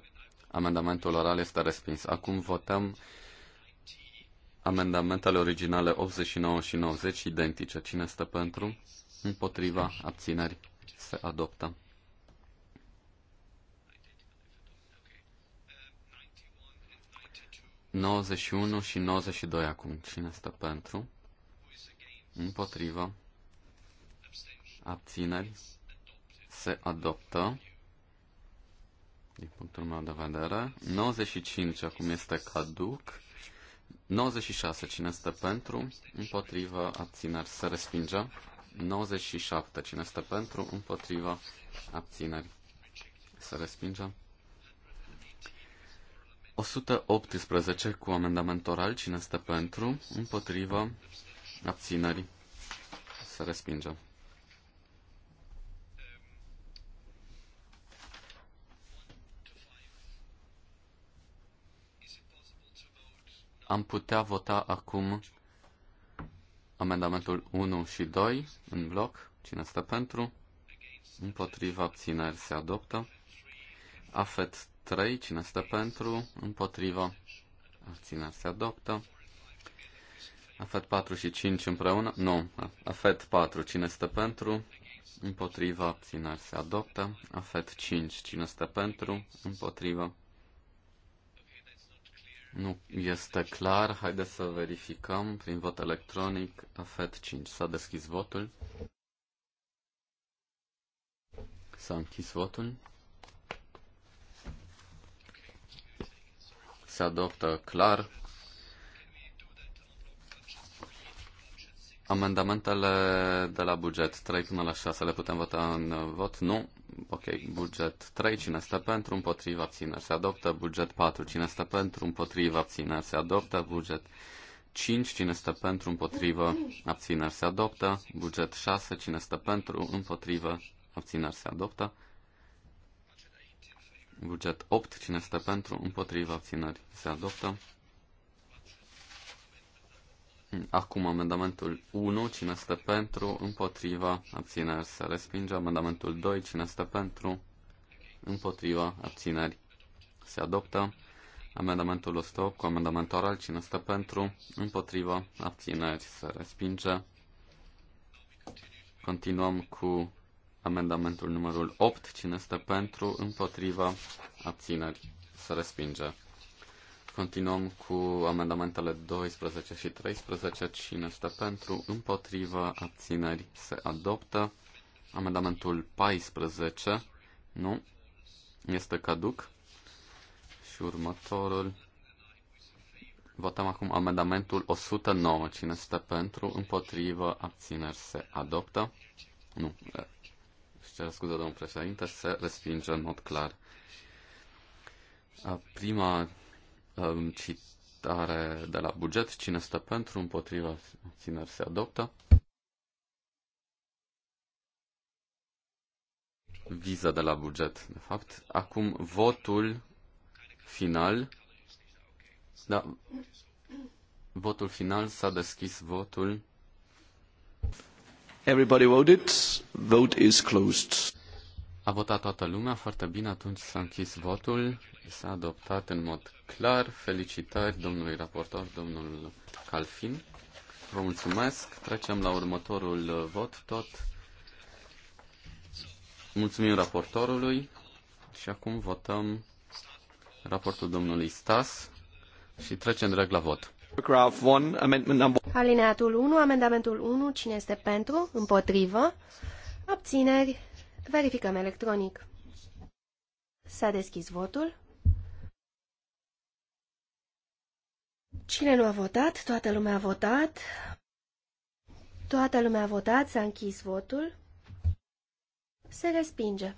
Amendamentul oral este respins. Acum votăm Amendamentele originale 89 și 90 identice. Cine este pentru? Împotriva abțineri se adoptă. 91 și 92 acum. Cine stă pentru? împotriva Abțineri. Se adoptă. Din punctul meu de vedere. 95 acum este caduc. 96. Cine este pentru? Împotrivă. Abțineri. să respingă. 97. Cine este pentru? Împotrivă. Abțineri. să respingă. 118 cu amendament oral. Cine este pentru? Împotrivă. Abțineri. să respingă. Am putea vota acum amendamentul 1 și 2 în bloc. Cine stă pentru? Împotriva abțineri se adoptă. AFET 3. Cine stă pentru? Împotriva abțineri se adoptă. AFET 4 și 5 împreună? Nu. AFET 4. Cine stă pentru? Împotriva abțineri se adoptă. AFET 5. Cine stă pentru? Împotriva nu este clar. Haideți să verificăm prin vot electronic AFET 5. S-a deschis votul. S-a închis votul. Se adoptă clar Amendamentele de la buget 3 până la 6 le putem vota în vot? Nu. Ok, buget 3, cine este pentru, împotriva, abțineri, se adoptă. Buget 4, cine este pentru, împotriva, abțineri, se adoptă. Buget 5, cine este pentru, împotriva, abțineri, se adoptă. Buget 6, cine este pentru, împotriva, abțineri, se adoptă. Buget 8, cine este pentru, împotriva, abțineri, se adoptă. Acum amendamentul 1, cine este pentru, împotriva, abțineri, se respinge. Amendamentul 2, cine este pentru, împotriva, abțineri, se adoptă. Amendamentul 108 cu amendament oral, cine este pentru, împotriva, abțineri, se respinge. Continuăm cu amendamentul numărul 8, cine este pentru, împotriva, abțineri, se respinge. Continuăm cu amendamentele 12 și 13. Cine stă pentru? Împotrivă. Abțineri. Se adoptă. Amendamentul 14. Nu. Este caduc. Și următorul. Votăm acum amendamentul 109. Cine stă pentru? Împotrivă. Abțineri. Se adoptă. Nu. Și cer scuze, domnul președinte, se respinge în mod clar. Prima um, citare de la buget. Cine stă pentru, împotriva, țineri se adoptă. Viză de la buget, de fapt. Acum votul final. Da. Votul final s-a deschis votul. Everybody voted. Vote is closed. A votat toată lumea, foarte bine, atunci s-a închis votul, s-a adoptat în mod clar. Felicitări domnului raportor, domnul Calfin. Vă mulțumesc. Trecem la următorul uh, vot, tot. Mulțumim raportorului și acum votăm raportul domnului Stas și trecem direct la vot. Alineatul 1, amendamentul 1, cine este pentru, împotrivă, abțineri, Verificăm electronic. S-a deschis votul. Cine nu a votat? Toată lumea a votat. Toată lumea a votat, s-a închis votul. Se respinge.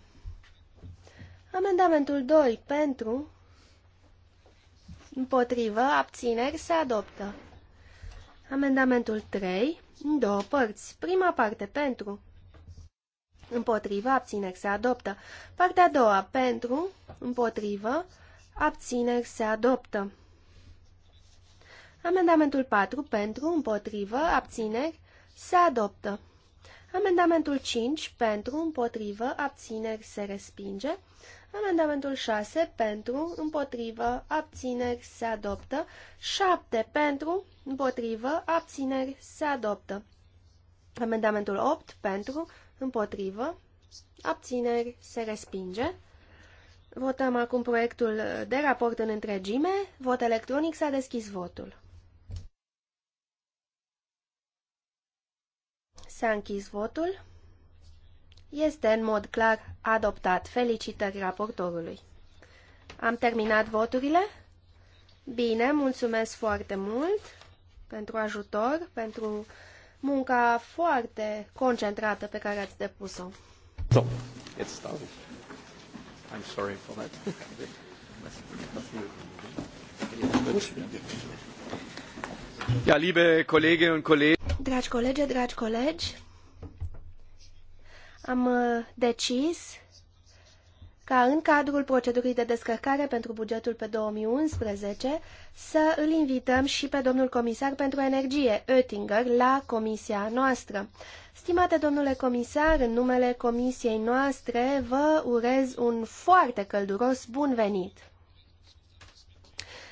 Amendamentul 2 pentru, împotrivă, abțineri, se adoptă. Amendamentul 3, în două părți. Prima parte pentru, Împotrivă, abține, se adoptă. Partea a doua, pentru, împotrivă, abține, se adoptă. Amendamentul 4, pentru, împotrivă, abține, se adoptă. Amendamentul 5, pentru, împotrivă, abține, se respinge. Amendamentul 6, pentru, împotrivă, abține, se adoptă. 7, pentru, împotrivă, abține, se adoptă. Amendamentul 8, pentru, Împotrivă. Abțineri. Se respinge. Votăm acum proiectul de raport în întregime. Vot electronic. S-a deschis votul. S-a închis votul. Este în mod clar adoptat. Felicitări raportorului. Am terminat voturile? Bine, mulțumesc foarte mult pentru ajutor, pentru munca foarte concentrată pe care ați depus-o. So, it's started. I'm sorry for that. Ja, liebe Kolleginnen und Kollegen. Dragi colegi, dragi colegi, am uh, decis ca în cadrul procedurii de descărcare pentru bugetul pe 2011 să îl invităm și pe domnul comisar pentru energie, Oettinger, la comisia noastră. Stimate domnule comisar, în numele comisiei noastre vă urez un foarte călduros bun venit!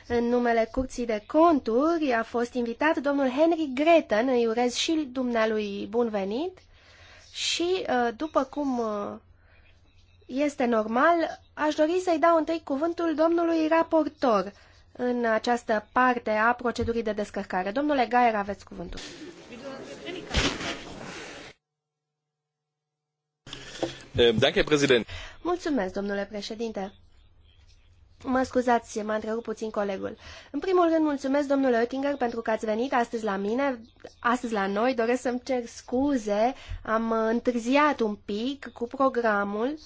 În numele Curții de Conturi a fost invitat domnul Henry Greten, îi urez și dumnealui bun venit și, uh, după cum uh, este normal. Aș dori să-i dau întâi cuvântul domnului raportor în această parte a procedurii de descărcare. Domnule Gaier, aveți cuvântul. Mulțumesc, domnule președinte. Mă scuzați, m-a întrerupt puțin colegul. În primul rând, mulțumesc domnule Oettinger pentru că ați venit astăzi la mine, astăzi la noi. Doresc să-mi cer scuze, am întârziat un pic cu programul. Uh,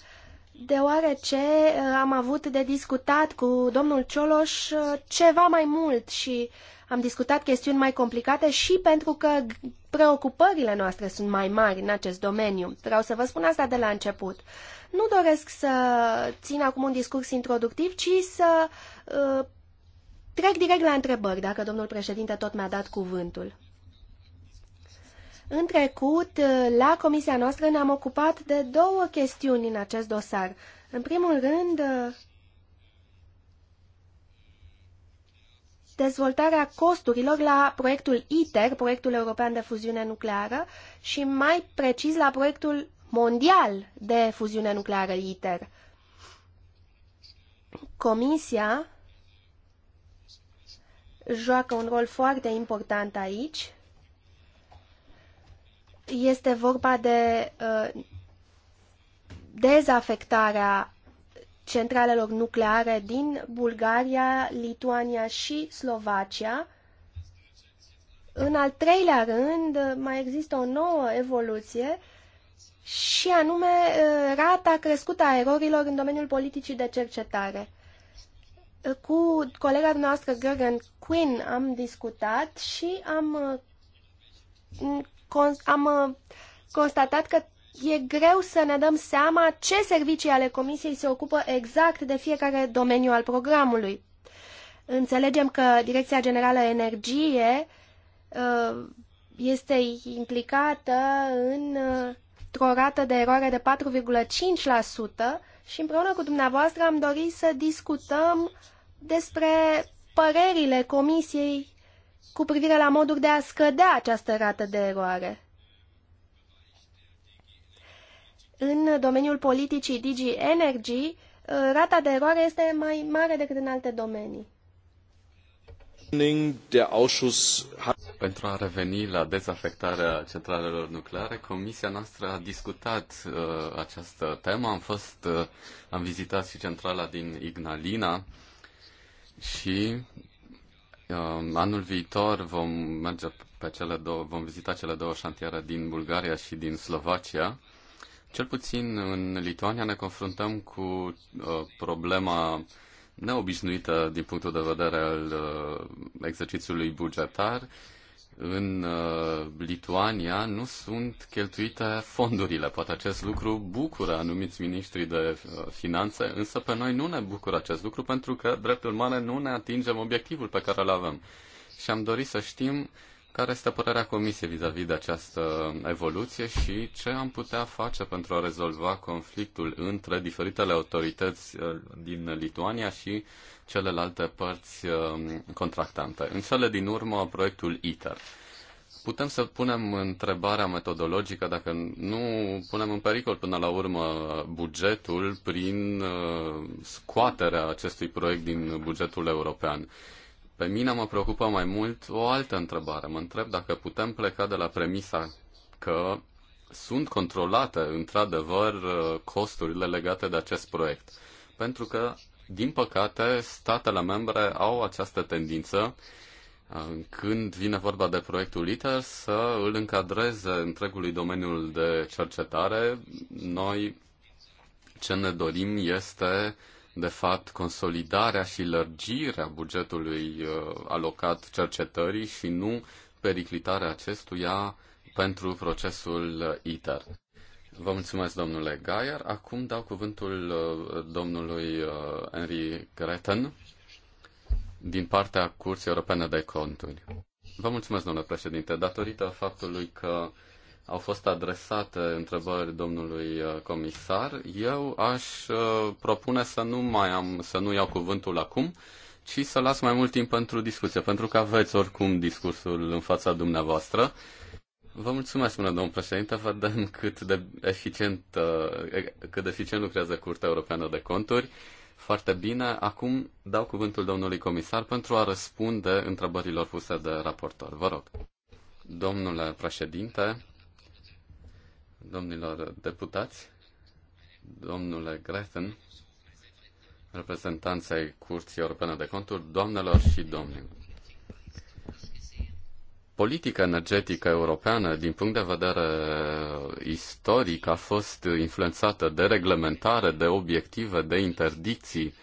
deoarece uh, am avut de discutat cu domnul Cioloș uh, ceva mai mult și am discutat chestiuni mai complicate și pentru că preocupările noastre sunt mai mari în acest domeniu. Vreau să vă spun asta de la început. Nu doresc să țin acum un discurs introductiv, ci să uh, trec direct la întrebări, dacă domnul președinte tot mi-a dat cuvântul. În trecut, uh, la comisia noastră ne-am ocupat de două chestiuni în acest dosar. În primul rând, uh, dezvoltarea costurilor la proiectul ITER, proiectul european de fuziune nucleară, și mai precis la proiectul mondial de fuziune nucleară ITER. Comisia joacă un rol foarte important aici este vorba de uh, dezafectarea centralelor nucleare din Bulgaria, Lituania și Slovacia. În al treilea rând, mai există o nouă evoluție și anume uh, rata crescută a erorilor în domeniul politicii de cercetare. Cu colega noastră Gergen Quinn am discutat și am uh, am uh, constatat că e greu să ne dăm seama ce servicii ale Comisiei se ocupă exact de fiecare domeniu al programului. Înțelegem că Direcția Generală Energie uh, este implicată în uh, o rată de eroare de 4,5% și împreună cu dumneavoastră am dorit să discutăm despre părerile Comisiei cu privire la moduri de a scădea această rată de eroare. În domeniul politicii Digi Energy, uh, rata de eroare este mai mare decât în alte domenii. Pentru a reveni la dezafectarea centralelor nucleare, comisia noastră a discutat uh, această temă. Am fost, uh, am vizitat și centrala din Ignalina și Um, anul viitor vom merge pe cele două, vom vizita cele două șantiere din Bulgaria și din Slovacia. Cel puțin în Lituania ne confruntăm cu uh, problema neobișnuită din punctul de vedere al uh, exercițiului bugetar în uh, Lituania nu sunt cheltuite fondurile. Poate acest lucru bucură anumiți miniștri de uh, finanțe, însă pe noi nu ne bucură acest lucru pentru că, drept urmare, nu ne atingem obiectivul pe care îl avem. Și am dorit să știm uh, care este părerea Comisiei vis-a-vis de această evoluție și ce am putea face pentru a rezolva conflictul între diferitele autorități uh, din Lituania și celelalte părți uh, contractante? În cele din urmă, proiectul ITER. Putem să punem întrebarea metodologică dacă nu punem în pericol până la urmă bugetul prin uh, scoaterea acestui proiect din bugetul european. Pe mine mă preocupă mai mult o altă întrebare. Mă întreb dacă putem pleca de la premisa că sunt controlate, într-adevăr, costurile legate de acest proiect. Pentru că, din păcate, statele membre au această tendință uh, când vine vorba de proiectul ITER, să îl încadreze întregului domeniul de cercetare. Noi ce ne dorim este uh, de fapt, consolidarea și lărgirea bugetului uh, alocat cercetării și nu periclitarea acestuia pentru procesul uh, ITER. Vă mulțumesc, domnule Gaier. Acum dau cuvântul uh, domnului Henry Greten din partea Curții Europene de Conturi. Vă mulțumesc, domnule președinte. Datorită faptului că au fost adresate întrebări domnului uh, comisar. Eu aș uh, propune să nu mai am, să nu iau cuvântul acum, ci să las mai mult timp pentru discuție, pentru că aveți oricum discursul în fața dumneavoastră. Vă mulțumesc, mână, domnul președinte. Vedem cât de eficient, uh, cât de eficient lucrează Curtea Europeană de Conturi. Foarte bine. Acum dau cuvântul domnului comisar pentru a răspunde întrebărilor puse de raportor. Vă rog. Domnule președinte, domnilor deputați, domnule Grethen, reprezentanței Curții Europene de Conturi, doamnelor și domnilor. Politica energetică europeană, din punct de vedere istoric, a fost influențată de reglementare, de obiective, de interdicții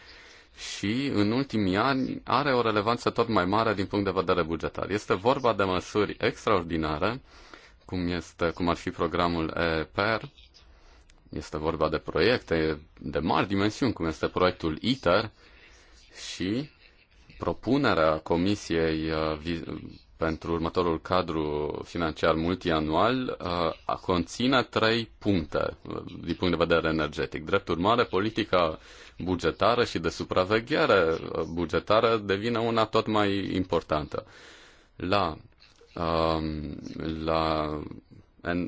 și în ultimii ani are o relevanță tot mai mare din punct de vedere bugetar. Este vorba de măsuri extraordinare cum, este, cum ar fi programul EPER. Este vorba de proiecte de mari dimensiuni, cum este proiectul ITER și propunerea Comisiei uh, pentru următorul cadru financiar multianual uh, conține trei puncte uh, din punct de vedere energetic. Drept urmare, politica bugetară și de supraveghere bugetară devine una tot mai importantă. La Um, la,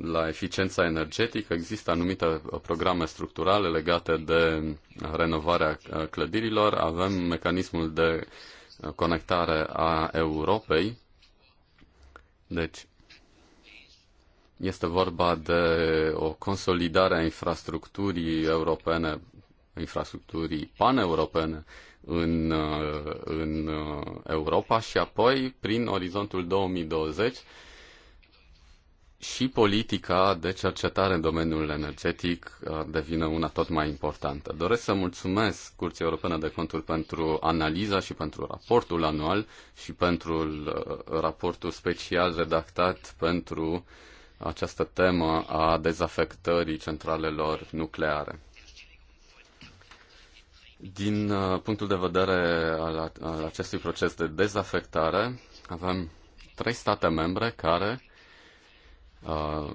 la eficiența energetică. Există anumite uh, programe structurale legate de uh, renovarea uh, clădirilor. Avem mecanismul de conectare a Europei. Deci, este vorba de o consolidare a infrastructurii europene, infrastructurii paneuropene în, uh, în uh, Europa și apoi, prin orizontul 2020, și politica de cercetare în domeniul energetic uh, devine una tot mai importantă. Doresc să mulțumesc Curții Europene de Conturi pentru analiza și pentru raportul anual și pentru raportul special redactat pentru această temă a dezafectării centralelor nucleare. Din uh, punctul de vedere al, al acestui proces de dezafectare, avem trei state membre care uh,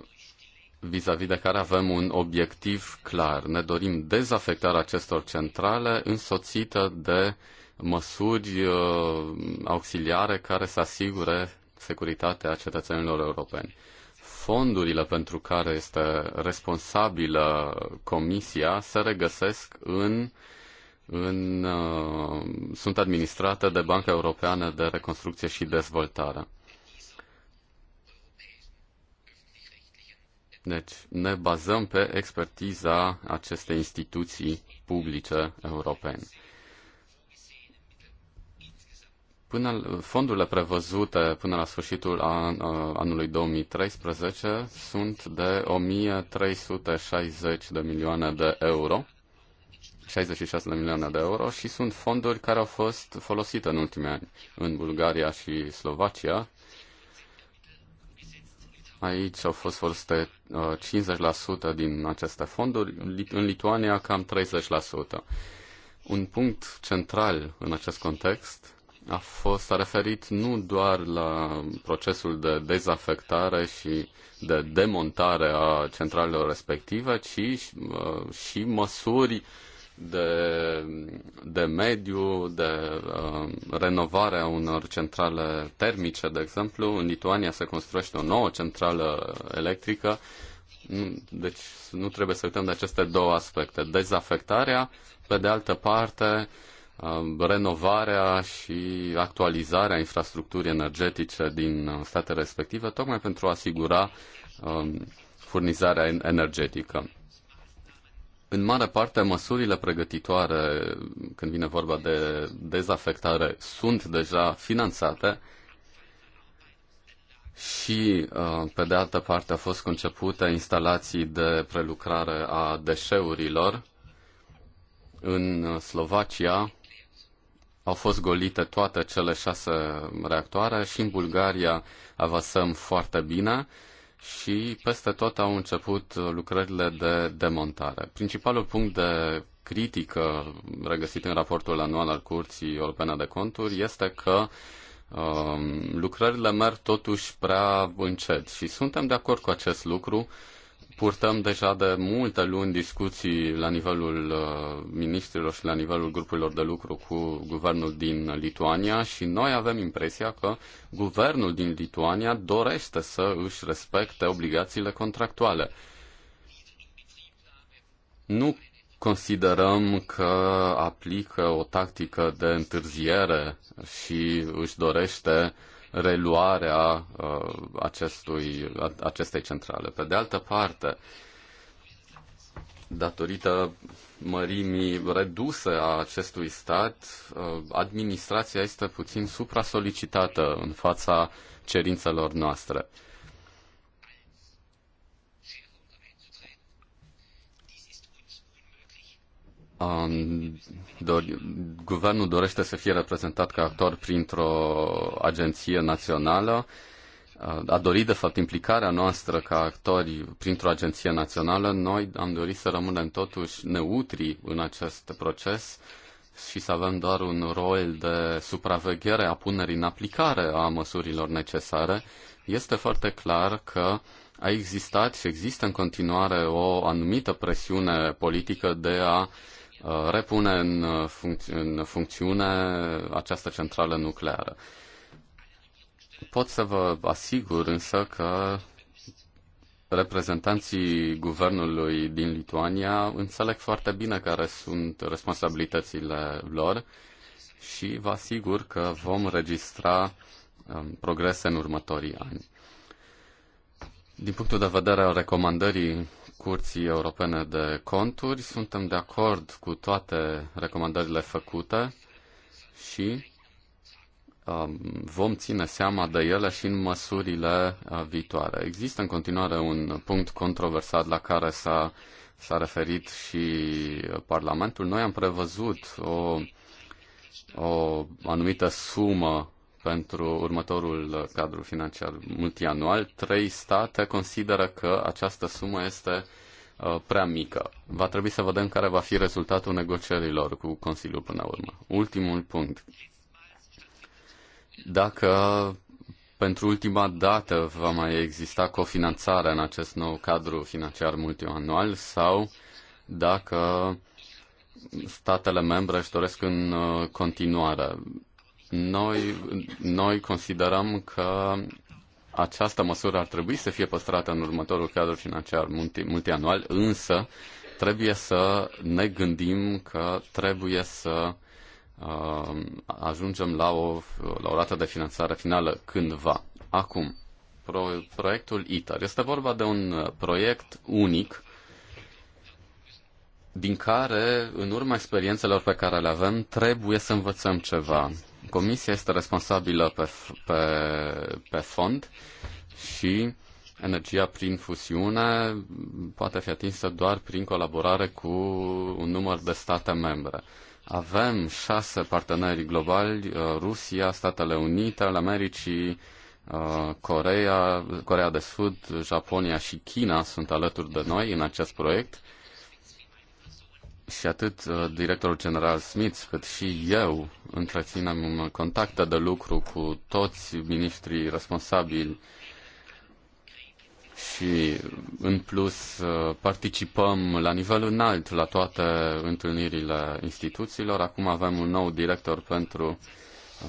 vis-a-vis -vis de care avem un obiectiv clar. Ne dorim dezafectarea acestor centrale însoțită de măsuri uh, auxiliare care să asigure securitatea cetățenilor europeni. Fondurile pentru care este responsabilă Comisia se regăsesc în uh, în, uh, sunt administrate de Banca Europeană de Reconstrucție și Dezvoltare. Deci ne bazăm pe expertiza acestei instituții publice europene. Până, fondurile prevăzute până la sfârșitul an, uh, anului 2013 sunt de 1360 de milioane de euro 66 de milioane de euro și sunt fonduri care au fost folosite în ultimii ani în Bulgaria și Slovacia. Aici au fost folosite 50% uh, din aceste fonduri, în Lituania cam 30%. Un punct central în acest context a fost a referit nu doar la procesul de dezafectare și de demontare a centralelor respective, ci și, uh, și măsuri de, de mediu, de uh, renovare a unor centrale termice, de exemplu. În Lituania se construiește o nouă centrală electrică. Mm, deci nu trebuie să uităm de aceste două aspecte. Dezafectarea, pe de altă parte, uh, renovarea și actualizarea infrastructurii energetice din uh, statele respective, tocmai pentru a asigura um, furnizarea energetică. În mare parte, măsurile pregătitoare, când vine vorba de dezafectare, sunt deja finanțate și, uh, pe de altă parte, au fost concepute instalații de prelucrare a deșeurilor. În uh, Slovacia au fost golite toate cele șase reactoare și în Bulgaria avasăm foarte bine și peste tot au început lucrările de demontare. Principalul punct de critică regăsit în raportul anual al Curții Europene de Conturi este că um, lucrările merg totuși prea încet și suntem de acord cu acest lucru purtăm deja de multe luni discuții la nivelul uh, ministrilor și la nivelul grupurilor de lucru cu guvernul din Lituania și noi avem impresia că guvernul din Lituania dorește să își respecte obligațiile contractuale. Nu considerăm că aplică o tactică de întârziere și își dorește uh, reluarea uh, acestui, acestei centrale. Pe de altă parte, datorită mărimii reduse a acestui stat, uh, administrația este puțin supra-solicitată în fața cerințelor noastre. um, dori, guvernul dorește să fie reprezentat ca actor printr-o agenție națională. A dorit, de fapt, implicarea noastră ca actori printr-o agenție națională. Noi am dorit să rămânem totuși neutri în acest proces și să avem doar un rol de supraveghere a punerii în aplicare a măsurilor necesare. Este foarte clar că a existat și există în continuare o anumită presiune politică de a uh, Uh, repune în, uh, func- în funcțiune această centrală nucleară. Pot să vă asigur însă că reprezentanții guvernului din Lituania înțeleg foarte bine care sunt responsabilitățile lor și vă asigur că vom registra um, progrese în următorii ani. Din punctul de vedere al recomandării Curții Europene de Conturi, suntem de acord cu toate recomandările făcute și um, vom ține seama de ele și în măsurile uh, viitoare. Există în continuare un punct controversat la care s-a, s-a referit și Parlamentul. Noi am prevăzut o, o anumită sumă pentru următorul cadru financiar multianual, trei state consideră că această sumă este uh, prea mică. Va trebui să vedem care va fi rezultatul negocierilor cu Consiliul până la urmă. Ultimul punct. Dacă pentru ultima dată va mai exista cofinanțare în acest nou cadru financiar multianual sau dacă statele membre își doresc în uh, continuare noi, noi considerăm că această măsură ar trebui să fie păstrată în următorul cadru financiar multi, multianual, însă trebuie să ne gândim că trebuie să uh, ajungem la o, la o rată de finanțare finală cândva. Acum, pro, proiectul ITER. Este vorba de un proiect unic din care, în urma experiențelor pe care le avem, trebuie să învățăm ceva. Comisia este responsabilă pe, pe, pe fond și energia prin fusiune poate fi atinsă doar prin colaborare cu un număr de state membre. Avem șase parteneri globali, uh, Rusia, Statele Unite ale Americii, uh, Corea, Corea de Sud, Japonia și China sunt alături de noi în acest proiect și atât uh, directorul general Smith, cât și eu întreținem contacte de lucru cu toți ministrii responsabili și, în plus, uh, participăm la nivel înalt la toate întâlnirile instituțiilor. Acum avem un nou director pentru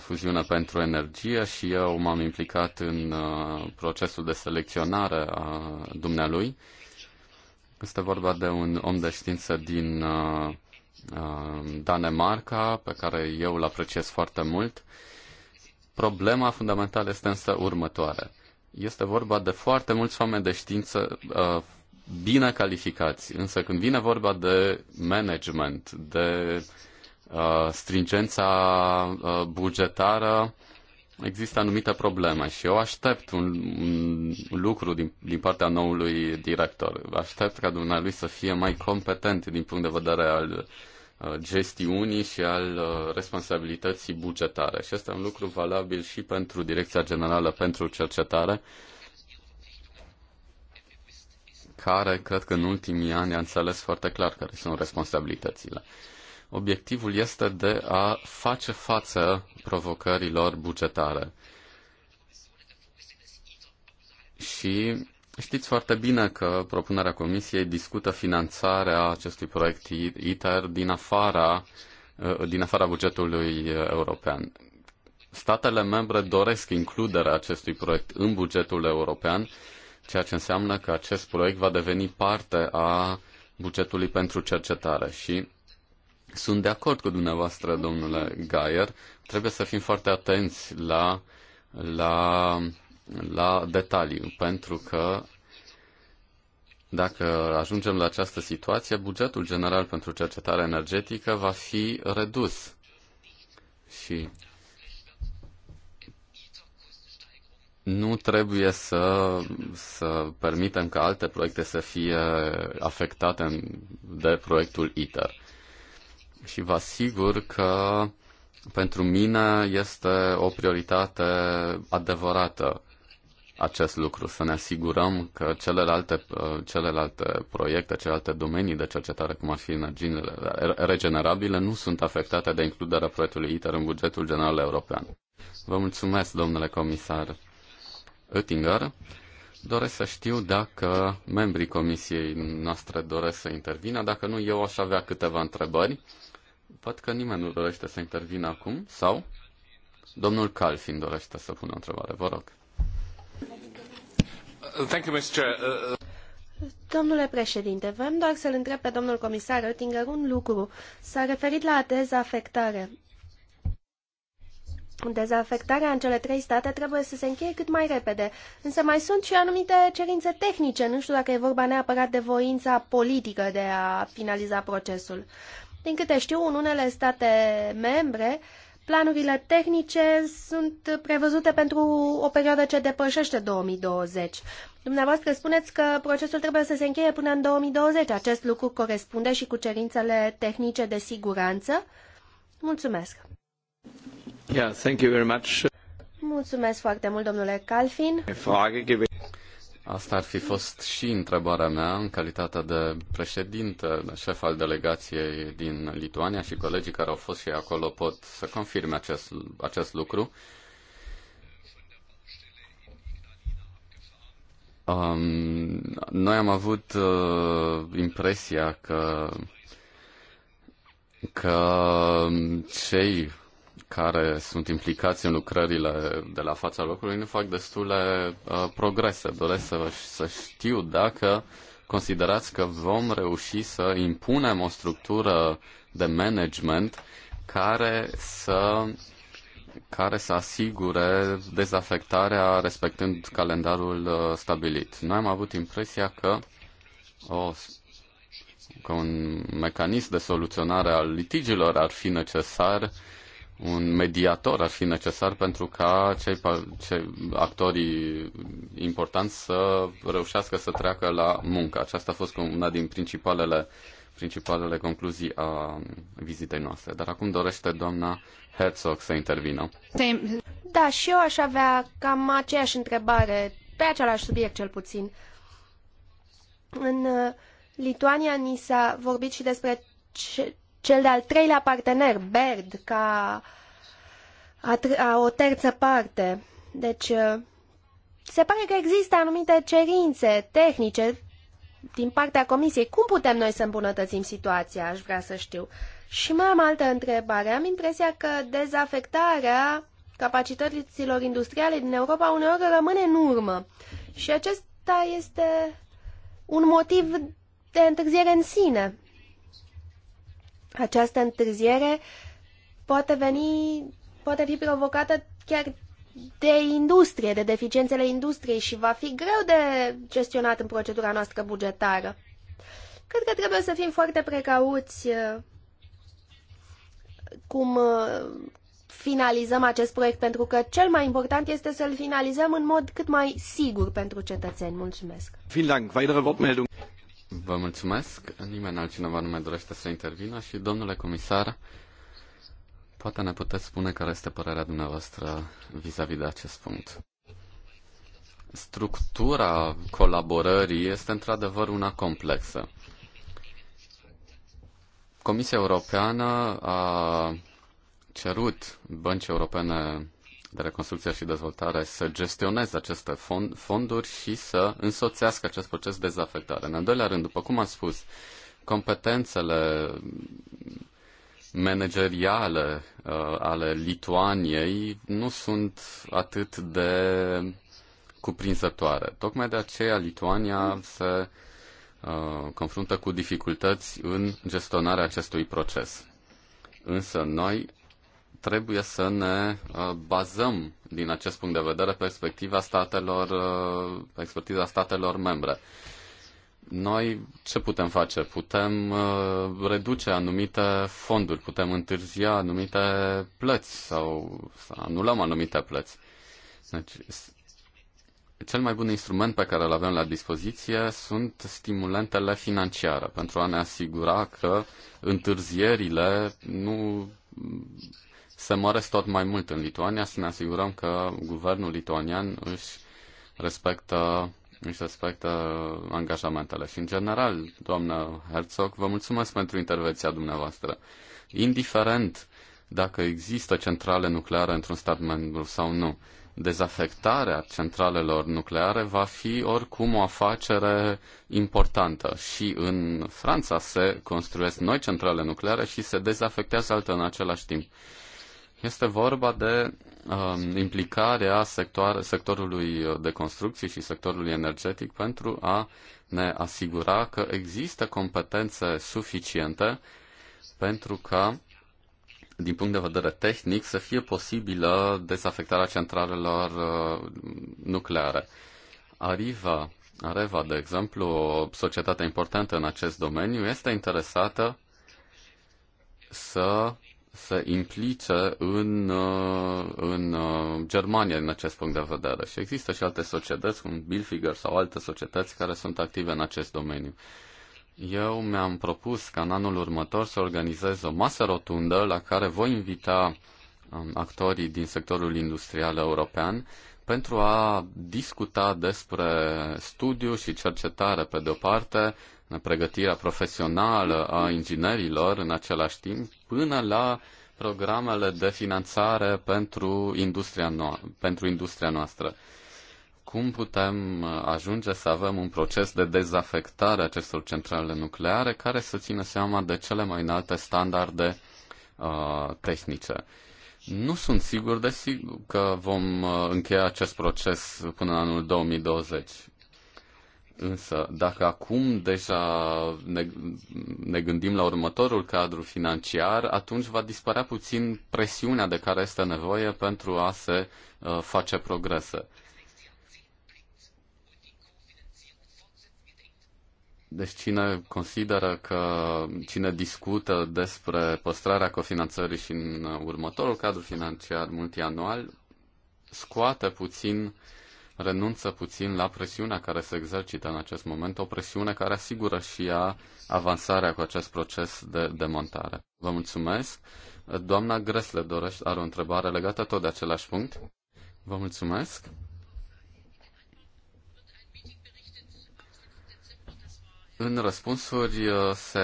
fuziunea pentru energie și eu m-am implicat în uh, procesul de selecționare a dumnealui este vorba de un om de știință din uh, uh, Danemarca, pe care eu îl apreciez foarte mult. Problema fundamentală este însă următoare. Este vorba de foarte mulți oameni de știință uh, bine calificați, însă când vine vorba de management, de stringența bugetară, există anumite probleme și eu aștept un, un lucru din, din partea noului director. Aștept ca dumnealui să fie mai competent din punct de vedere al uh, gestiunii și al uh, responsabilității bugetare. Și este un lucru valabil și pentru Direcția Generală pentru Cercetare, care cred că în ultimii ani a înțeles foarte clar care sunt responsabilitățile obiectivul este de a face față provocărilor bugetare. Și știți foarte bine că propunerea Comisiei discută finanțarea acestui proiect ITER din afara, eh, din afara bugetului european. Statele membre doresc includerea acestui proiect în bugetul european, ceea ce înseamnă că acest proiect va deveni parte a bugetului pentru cercetare și sunt de acord cu dumneavoastră, domnule Gaier. Trebuie să fim foarte atenți la, la, la detaliu, pentru că dacă ajungem la această situație, bugetul general pentru cercetare energetică va fi redus. Și nu trebuie să, să permitem ca alte proiecte să fie afectate de proiectul ITER și vă asigur că pentru mine este o prioritate adevărată acest lucru, să ne asigurăm că celelalte, uh, celelalte proiecte, celelalte domenii de cercetare, cum ar fi energiile regenerabile, nu sunt afectate de includerea proiectului ITER în bugetul general european. Vă mulțumesc, domnule comisar Oettinger. Doresc să știu dacă membrii comisiei noastre doresc să intervină. Dacă nu, eu aș avea câteva întrebări Văd că nimeni nu dorește să intervină acum, sau? Domnul Calfin dorește să pună o întrebare, vă rog. Thank you, Mr. Chair. Uh, uh, Domnule președinte, vreau doar să-l întreb pe domnul comisar Oettinger un lucru. S-a referit la dezafectare. Dezafectarea în cele trei state trebuie să se încheie cât mai repede, însă mai sunt și anumite cerințe tehnice, nu știu dacă e vorba neapărat de voința politică de a finaliza procesul. Din câte știu, în unele state membre, planurile tehnice sunt prevăzute pentru o perioadă ce depășește 2020. Dumneavoastră spuneți că procesul trebuie să se încheie până în 2020. Acest lucru corespunde și cu cerințele tehnice de siguranță? Mulțumesc! Yeah, thank you very much. Mulțumesc foarte mult, domnule Calfin. Asta ar fi fost și întrebarea mea în calitate de președinte, de șef al delegației din Lituania și colegii care au fost și acolo pot să confirme acest, acest lucru. Um, noi am avut uh, impresia că că cei care sunt implicați în lucrările de la fața locului nu fac destule uh, progrese. Doresc să, să știu dacă considerați că vom reuși să impunem o structură de management care să care să asigure dezafectarea respectând calendarul uh, stabilit. Noi am avut impresia că o că un mecanism de soluționare al litigiilor ar fi necesar un mediator ar fi necesar pentru ca cei, cei actorii importanți să reușească să treacă la muncă. Aceasta a fost una din principalele, principalele concluzii a vizitei noastre. Dar acum dorește doamna Herzog să intervină. Da, și eu aș avea cam aceeași întrebare, pe același subiect cel puțin. În uh, Lituania ni s-a vorbit și despre ce, cel de-al treilea partener, BERD, ca a, a o terță parte. Deci, uh, se pare că există anumite cerințe tehnice din partea Comisiei. Cum putem noi să îmbunătățim situația, aș vrea să știu. Și mai am altă întrebare. Am impresia că dezafectarea capacităților industriale din Europa uneori rămâne în urmă. Și acesta este un motiv de întârziere în sine. Această întârziere poate, veni, poate fi provocată chiar de industrie, de deficiențele industriei și va fi greu de gestionat în procedura noastră bugetară. Cred că trebuie să fim foarte precauți uh, cum uh, finalizăm acest proiect, pentru că cel mai important este să-l finalizăm în mod cât mai sigur pentru cetățeni. Mulțumesc! Vă mulțumesc. Nimeni altcineva nu mai dorește să intervină și, domnule comisar, poate ne puteți spune care este părerea dumneavoastră vis-a-vis de acest punct. Structura colaborării este într-adevăr una complexă. Comisia Europeană a cerut băncii europene de reconstrucție și dezvoltare să gestioneze aceste fond, fonduri și să însoțească acest proces de dezafectare. În al doilea rând, după cum am spus, competențele manageriale uh, ale Lituaniei nu sunt atât de cuprinzătoare. Tocmai de aceea Lituania se uh, confruntă cu dificultăți în gestionarea acestui proces. Însă noi trebuie să ne uh, bazăm din acest punct de vedere perspectiva statelor, uh, expertiza statelor membre. Noi ce putem face? Putem uh, reduce anumite fonduri, putem întârzia anumite plăți sau să anulăm anumite plăți. Deci, cel mai bun instrument pe care îl avem la dispoziție sunt stimulentele financiare pentru a ne asigura că întârzierile nu se măresc tot mai mult în Lituania, să ne asigurăm că guvernul lituanian își respectă își respectă angajamentele. Și, în general, doamnă Herzog, vă mulțumesc pentru intervenția dumneavoastră. Indiferent dacă există centrale nucleare într-un stat membru sau nu, dezafectarea centralelor nucleare va fi oricum o afacere importantă și în Franța se construiesc noi centrale nucleare și se dezafectează altă în același timp. Este vorba de uh, implicarea sectoare, sectorului de construcții și sectorului energetic pentru a ne asigura că există competențe suficiente pentru ca, din punct de vedere tehnic, să fie posibilă dezafectarea centralelor uh, nucleare. Ariva, Areva, de exemplu, o societate importantă în acest domeniu, este interesată să se implice în, uh, în uh, Germania în acest punct de vedere. Și există și alte societăți, cum Bilfiger sau alte societăți care sunt active în acest domeniu. Eu mi-am propus ca în anul următor să organizez o masă rotundă la care voi invita um, actorii din sectorul industrial european pentru a discuta despre studiu și cercetare pe de-o parte, pregătirea profesională a inginerilor în același timp, până la programele de finanțare pentru industria, no- pentru industria noastră. Cum putem uh, ajunge să avem un proces de dezafectare a acestor centrale nucleare care să țină seama de cele mai înalte standarde uh, tehnice? Nu sunt sigur de sigur că vom uh, încheia acest proces până în anul 2020. Însă, dacă acum deja ne, ne gândim la următorul cadru financiar, atunci va dispărea puțin presiunea de care este nevoie pentru a se uh, face progrese. Deci cine consideră că, cine discută despre păstrarea cofinanțării și în următorul cadru financiar multianual, scoate puțin uh, renunță puțin la presiunea care se exercită în acest moment, o presiune care asigură și ea avansarea cu acest proces de demontare. Vă mulțumesc. Doamna Gresle dorește, are o întrebare legată tot de același punct. Vă mulțumesc. În răspunsuri uh, se,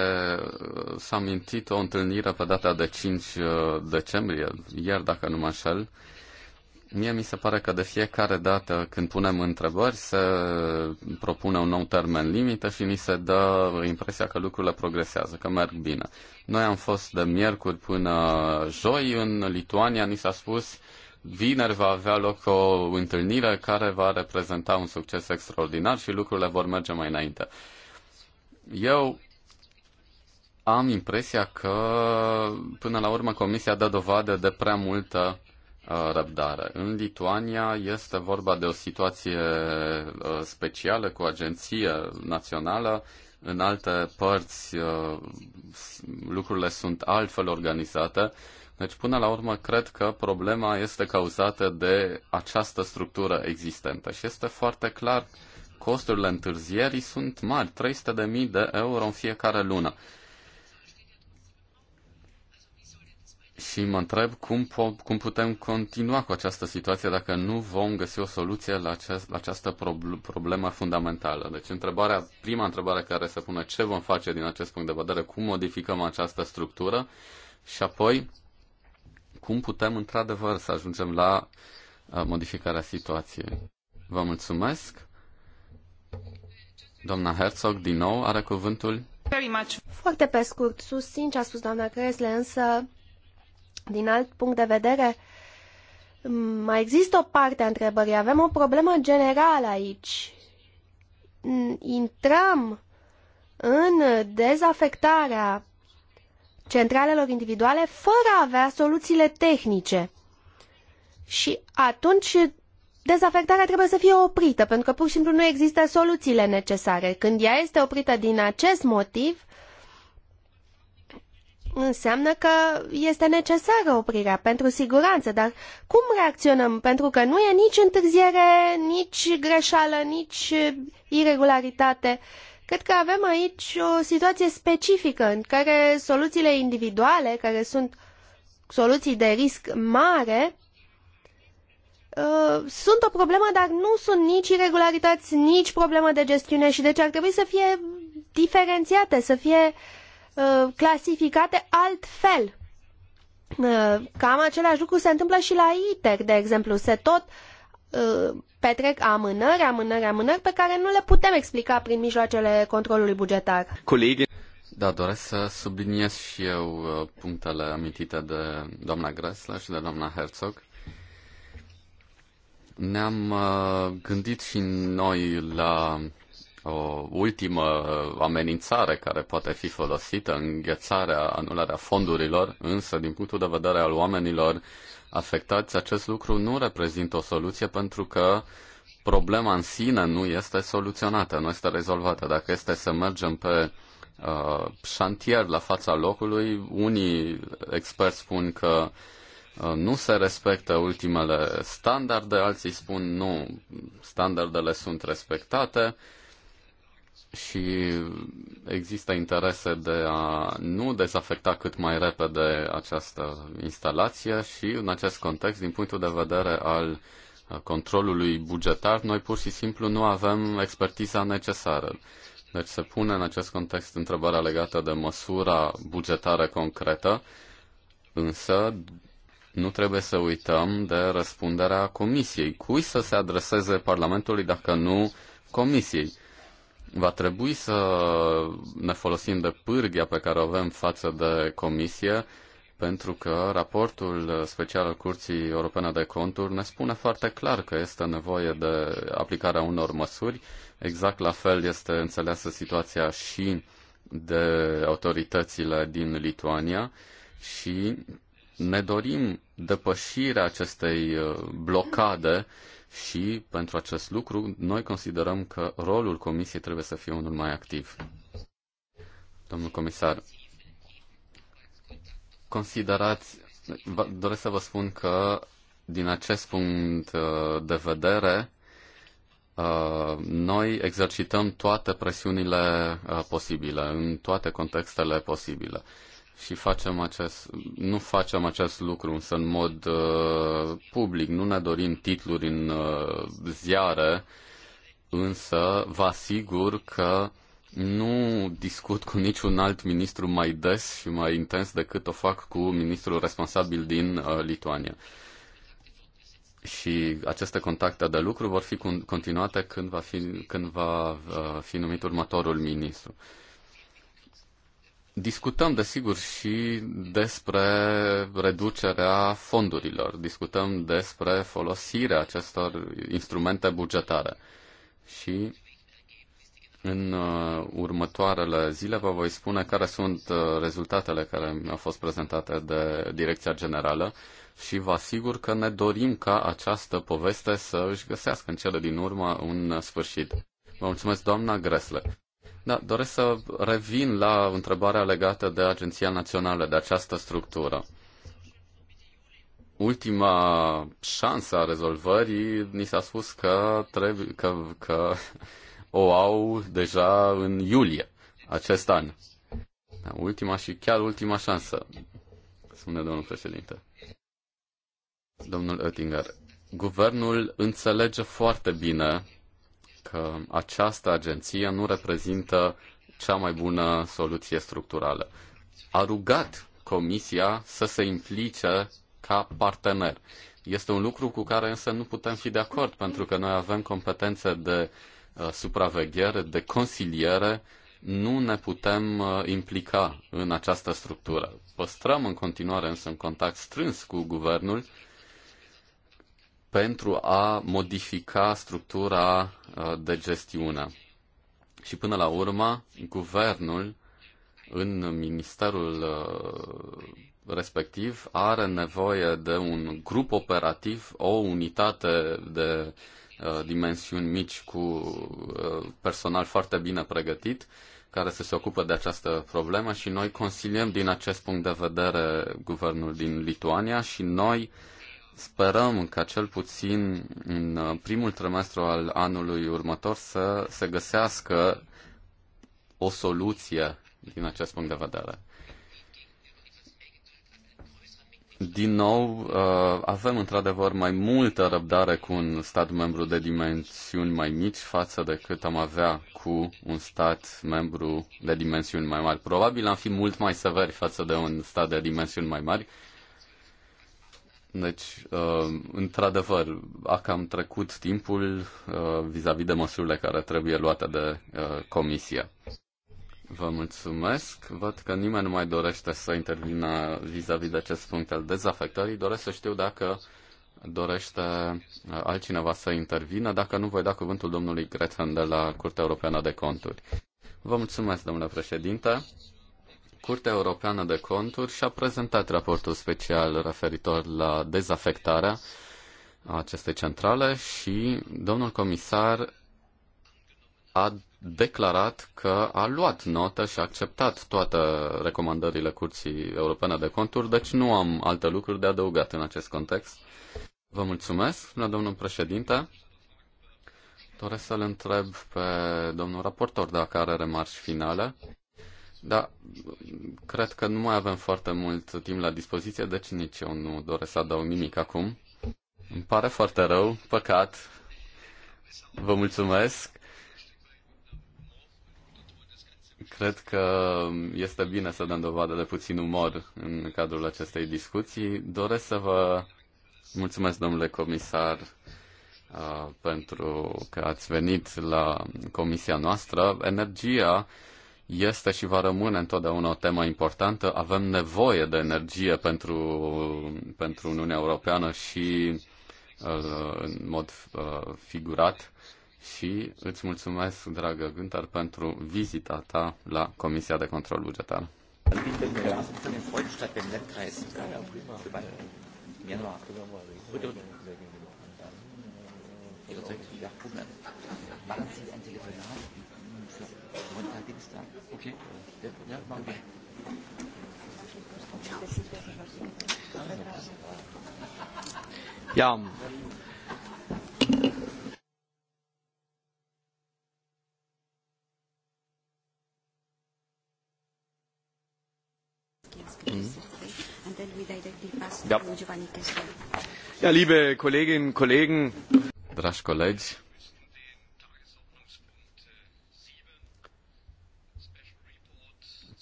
uh, s-a mintit o întâlnire pe data de 5 uh, decembrie, ieri dacă nu mă înșel, Mie mi se pare că de fiecare dată când punem întrebări se propune un nou termen limită și ni se dă impresia că lucrurile progresează, că merg bine. Noi am fost de miercuri până joi în Lituania, ni s-a spus vineri va avea loc o întâlnire care va reprezenta un succes extraordinar și lucrurile vor merge mai înainte. Eu am impresia că, până la urmă, Comisia dă dovadă de prea multă Uh, răbdare. În Lituania este vorba de o situație uh, specială cu agenție națională. În alte părți uh, lucrurile sunt altfel organizate. Deci, până la urmă, cred că problema este cauzată de această structură existentă și este foarte clar costurile întârzierii sunt mari, 300.000 de euro în fiecare lună. Și mă întreb cum, po- cum putem continua cu această situație dacă nu vom găsi o soluție la, la această prob- problemă fundamentală. Deci întrebarea, prima întrebare care se pune, ce vom face din acest punct de vedere, cum modificăm această structură și apoi cum putem într-adevăr să ajungem la uh, modificarea situației. Vă mulțumesc. Doamna Herzog, din nou, are cuvântul. Foarte pe scurt, susțin ce a spus doamna Cresle, însă din alt punct de vedere, mai există o parte a întrebării. Avem o problemă generală aici. Intrăm în dezafectarea centralelor individuale fără a avea soluțiile tehnice. Și atunci dezafectarea trebuie să fie oprită, pentru că pur și simplu nu există soluțiile necesare. Când ea este oprită din acest motiv, înseamnă că este necesară oprirea pentru siguranță, dar cum reacționăm? Pentru că nu e nici întârziere, nici greșeală, nici irregularitate. Cred că avem aici o situație specifică în care soluțiile individuale, care sunt soluții de risc mare, uh, sunt o problemă, dar nu sunt nici irregularități, nici problemă de gestiune și deci ar trebui să fie diferențiate, să fie uh, Uh, clasificate altfel. Uh, cam același lucru se întâmplă și la ITER, de exemplu. Se tot uh, petrec amânări, amânări, amânări pe care nu le putem explica prin mijloacele controlului bugetar. Colegi. Da, doresc să subliniez și eu punctele amintite de doamna Gresla și de doamna Herzog. Ne-am gândit și noi la o ultimă amenințare care poate fi folosită, înghețarea, anularea fondurilor, însă din punctul de vedere al oamenilor afectați, acest lucru nu reprezintă o soluție pentru că problema în sine nu este soluționată, nu este rezolvată. Dacă este să mergem pe uh, șantier la fața locului, unii experți spun că uh, nu se respectă ultimele standarde, alții spun nu, standardele sunt respectate și există interese de a nu dezafecta cât mai repede această instalație și în acest context, din punctul de vedere al controlului bugetar, noi pur și simplu nu avem expertiza necesară. Deci se pune în acest context întrebarea legată de măsura bugetară concretă, însă nu trebuie să uităm de răspunderea Comisiei. Cui să se adreseze Parlamentului dacă nu Comisiei? va trebui să ne folosim de pârghia pe care o avem față de comisie, pentru că raportul special al Curții Europene de Conturi ne spune foarte clar că este nevoie de aplicarea unor măsuri. Exact la fel este înțeleasă situația și de autoritățile din Lituania și ne dorim depășirea acestei uh, blocade uh, și pentru acest lucru noi considerăm că rolul Comisiei trebuie să fie unul mai activ. Domnul comisar, considerați, doresc să vă spun că din acest punct uh, de vedere, uh, noi exercităm toate presiunile uh, posibile, în toate contextele posibile și facem acest, nu facem acest lucru însă în mod uh, public, nu ne dorim titluri în uh, ziare, însă vă asigur că nu discut cu niciun alt ministru mai des și mai intens decât o fac cu ministrul responsabil din uh, Lituania. Și aceste contacte de lucru vor fi continuate când va fi, când va uh, fi numit următorul ministru. Uh, Discutăm, desigur, și despre reducerea fondurilor, discutăm despre folosirea acestor instrumente bugetare. Și în uh, următoarele zile vă voi spune care sunt uh, rezultatele care mi-au fost prezentate de Direcția Generală și vă asigur că ne dorim ca această poveste să își găsească în cele din urmă un sfârșit. Vă mulțumesc, doamna Gresle. Da, doresc să revin la întrebarea legată de Agenția Națională, de această structură. Ultima șansă a rezolvării, ni s-a spus că, trebuie, că, că o au deja în iulie acest an. Da, ultima și chiar ultima șansă, spune domnul președinte. Domnul Oettinger, guvernul înțelege foarte bine că această agenție nu reprezintă cea mai bună soluție structurală. A rugat Comisia să se implice ca partener. Este un lucru cu care însă nu putem fi de acord, pentru că noi avem competențe de uh, supraveghere, de consiliere, nu ne putem uh, implica în această structură. Păstrăm în continuare însă un contact strâns cu guvernul pentru a modifica structura uh, de gestiune. Și până la urmă, guvernul în ministerul uh, respectiv are nevoie de un grup operativ, o unitate de uh, dimensiuni mici cu personal foarte bine pregătit care să se ocupe de această problemă și noi consiliem din acest punct de vedere guvernul din Lituania și noi uh, Sperăm ca cel puțin în uh, primul trimestru al anului următor să se găsească o soluție din acest punct de vedere. Din nou, uh, avem într-adevăr mai multă răbdare cu un stat membru de dimensiuni mai mici față de cât am avea cu un stat membru de dimensiuni mai mari. Probabil am fi mult mai severi față de un stat de dimensiuni mai mari, deci, uh, într-adevăr, a cam trecut timpul uh, vis-a-vis de măsurile care trebuie luate de uh, comisie. Vă mulțumesc. Văd că nimeni nu mai dorește să intervină vis-a-vis -vis de acest punct al dezafectării. Doresc să știu dacă dorește altcineva să intervină. Dacă nu, voi da cuvântul domnului Gretchen de la Curtea Europeană de Conturi. Vă mulțumesc, domnule președinte. Curtea Europeană de Conturi și-a prezentat raportul special referitor la dezafectarea acestei centrale și domnul comisar a declarat că a luat notă și a acceptat toate recomandările Curții Europene de Conturi, deci nu am alte lucruri de adăugat în acest context. Vă mulțumesc, la domnul președinte. Doresc să-l întreb pe domnul raportor dacă are remarci finale. Da, cred că nu mai avem foarte mult timp la dispoziție, deci nici eu nu doresc să adaug nimic acum. Îmi pare foarte rău, păcat. Vă mulțumesc. Cred că este bine să dăm dovadă de puțin umor în cadrul acestei discuții. Doresc să vă mulțumesc, domnule comisar, pentru că ați venit la comisia noastră. Energia este și va rămâne întotdeauna o temă importantă. Avem nevoie de energie pentru, pentru Uniunea Europeană și uh, în mod uh, figurat și îți mulțumesc, dragă Gântar, pentru vizita ta la Comisia de Control Bugetar. Ja. Ja. Ja. Ja. Ja. Ja. Ja. Ja. Ja. Ja, liebe Kolleginnen und Kollegen, dragi colegi,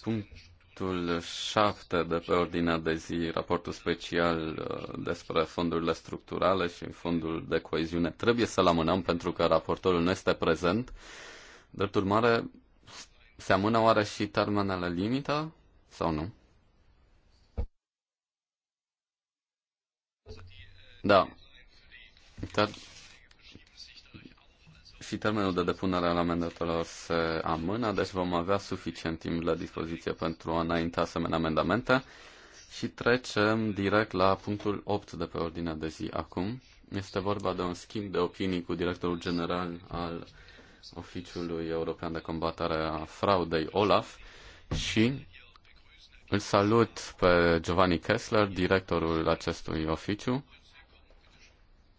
Punctul 7 de pe ordinea de zi, raportul special uh, despre fondurile structurale și fondul de coeziune, trebuie să-l amânăm pentru că raportorul nu este prezent. Drept urmare, se amână oare și termenele limită sau nu? Da și termenul de depunere al amendatelor se amână, deci vom avea suficient timp la dispoziție pentru a înainta asemenea amendamente. Și trecem direct la punctul 8 de pe ordinea de zi acum. Este vorba de un schimb de opinii cu directorul general al Oficiului European de Combatere a Fraudei, OLAF, și îl salut pe Giovanni Kessler, directorul acestui oficiu.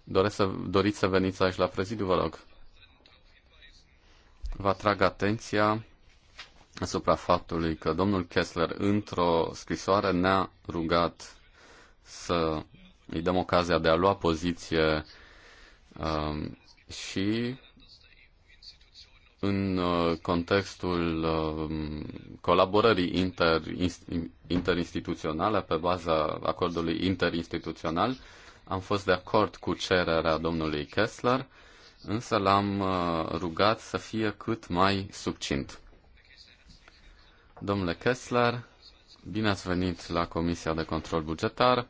Doresc să, doriți să veniți aici la prezidiu, vă rog. Vă atrag atenția asupra faptului că domnul Kessler, într-o scrisoare, ne-a rugat să îi dăm ocazia de a lua poziție um, și în uh, contextul um, colaborării inter, interinstituționale pe baza acordului interinstituțional, am fost de acord cu cererea domnului Kessler însă l-am uh, rugat să fie cât mai succint. Domnule Kessler, bine ați venit la Comisia de Control Bugetar.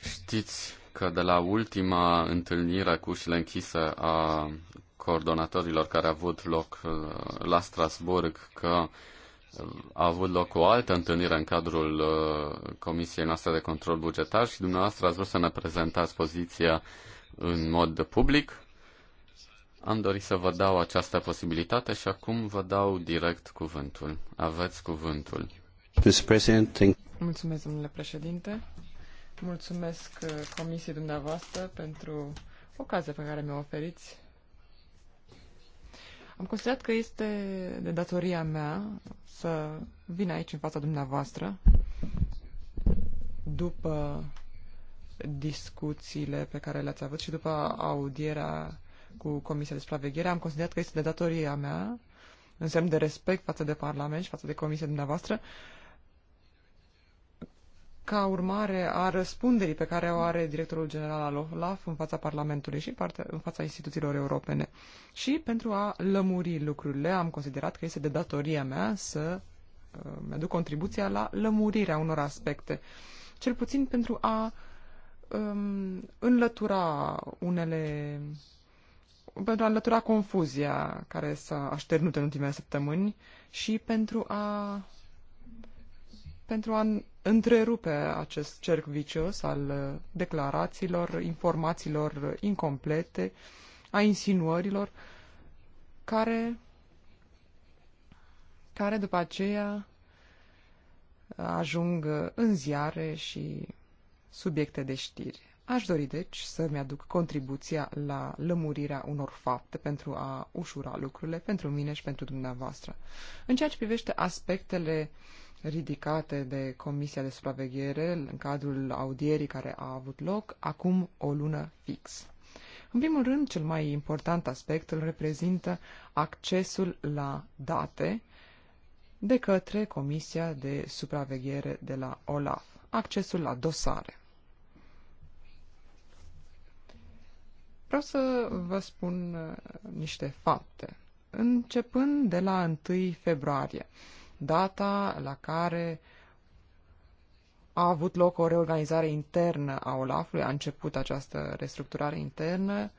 Știți că de la ultima întâlnire cu ușile închise a coordonatorilor care a avut loc uh, la Strasburg, că a avut loc o altă întâlnire în cadrul uh, Comisiei noastre de control bugetar și dumneavoastră ați vrut să ne prezentați poziția în mod public. Am dorit să vă dau această posibilitate și acum vă dau direct cuvântul. Aveți cuvântul. Mulțumesc, domnule președinte. Mulțumesc uh, comisiei dumneavoastră pentru ocazia pe care mi-o oferiți am considerat că este de datoria mea să vin aici în fața dumneavoastră după discuțiile pe care le-ați avut și după audierea cu Comisia de Supraveghere, am considerat că este de datoria mea, în semn de respect față de Parlament și față de Comisia dumneavoastră, uh, ca urmare a răspunderii pe care o are directorul general al OLAF în fața Parlamentului și în fața instituțiilor europene. Și pentru a lămuri lucrurile, am considerat că este de datoria mea să uh, mă aduc contribuția la lămurirea unor aspecte, cel puțin pentru a um, înlătura unele pentru a înlătura confuzia care s-a așternut în ultimele săptămâni și pentru a pentru a întrerupe acest cerc vicios al uh, declarațiilor, informațiilor uh, incomplete, a insinuărilor, care, care după aceea uh, ajung în ziare și subiecte de știri. Aș dori, deci, să-mi aduc contribuția la lămurirea unor fapte pentru a ușura lucrurile pentru mine și pentru dumneavoastră. În ceea ce privește aspectele uh, ridicate de Comisia de Supraveghere în cadrul audierii care a avut loc acum o lună fix. În primul rând, cel mai important aspect îl reprezintă accesul la date de către Comisia de Supraveghere de la OLAF, accesul la dosare. Vreau să vă spun uh, niște fapte. Începând de la 1 februarie, data la care a avut loc o reorganizare internă a Olafului, a început această restructurare internă,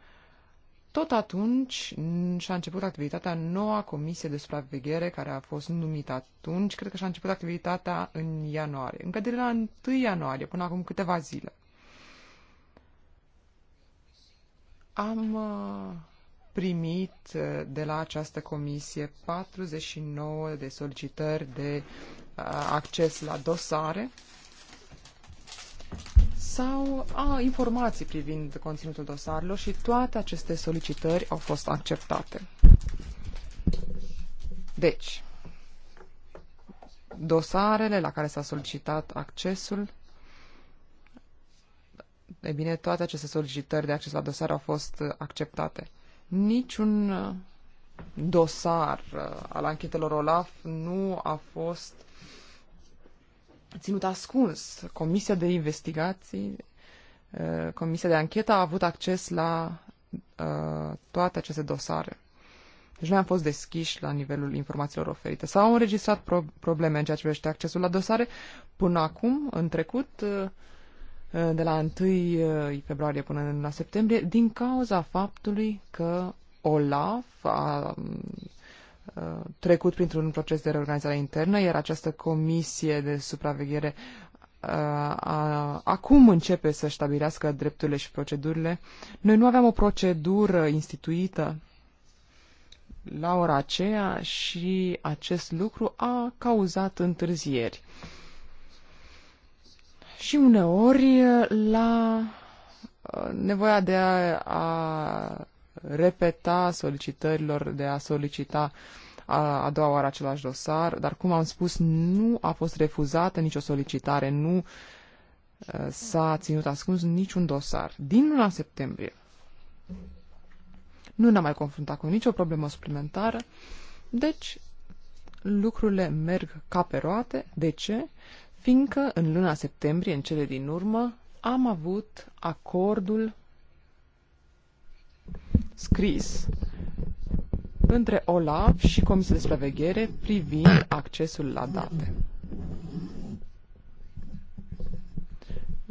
tot atunci și-a început activitatea noua comisie de supraveghere care a fost numită atunci, cred că și-a început activitatea în ianuarie, încă de la 1 ianuarie, până acum câteva zile. Am uh, primit uh, de la această comisie 49 de solicitări de uh, acces la dosare sau a, uh, informații privind conținutul dosarelor și toate aceste solicitări au fost acceptate. Deci, dosarele la care s-a solicitat accesul E bine, toate aceste solicitări de acces la dosar au fost acceptate niciun uh, dosar uh, al anchetelor OLAF nu a fost ținut ascuns. Comisia de investigații, uh, comisia de anchetă a avut acces la toate aceste dosare. Deci noi am fost deschiși la nivelul informațiilor oferite. S-au înregistrat pro- probleme în ceea ce privește accesul la dosare. Până acum, în trecut, Uh, de la 1 uh, februarie până la septembrie din cauza faptului că OLAF a um, uh, trecut printr-un proces de reorganizare internă, iar această comisie de supraveghere a, a, acum începe să stabilească drepturile și procedurile. Noi nu aveam o procedură instituită la ora aceea și acest lucru a cauzat întârzieri și uneori la nevoia de a, a repeta solicitărilor, de a solicita a, a doua oară același dosar, dar cum am spus, nu a fost refuzată nicio solicitare, nu s-a ținut ascuns niciun dosar. Din luna septembrie nu ne-am mai confruntat cu nicio problemă suplimentară, deci lucrurile merg ca pe roate. De ce? fiindcă în luna septembrie, în cele din urmă, am avut acordul scris între OLAF și Comisia de Supraveghere privind accesul la date.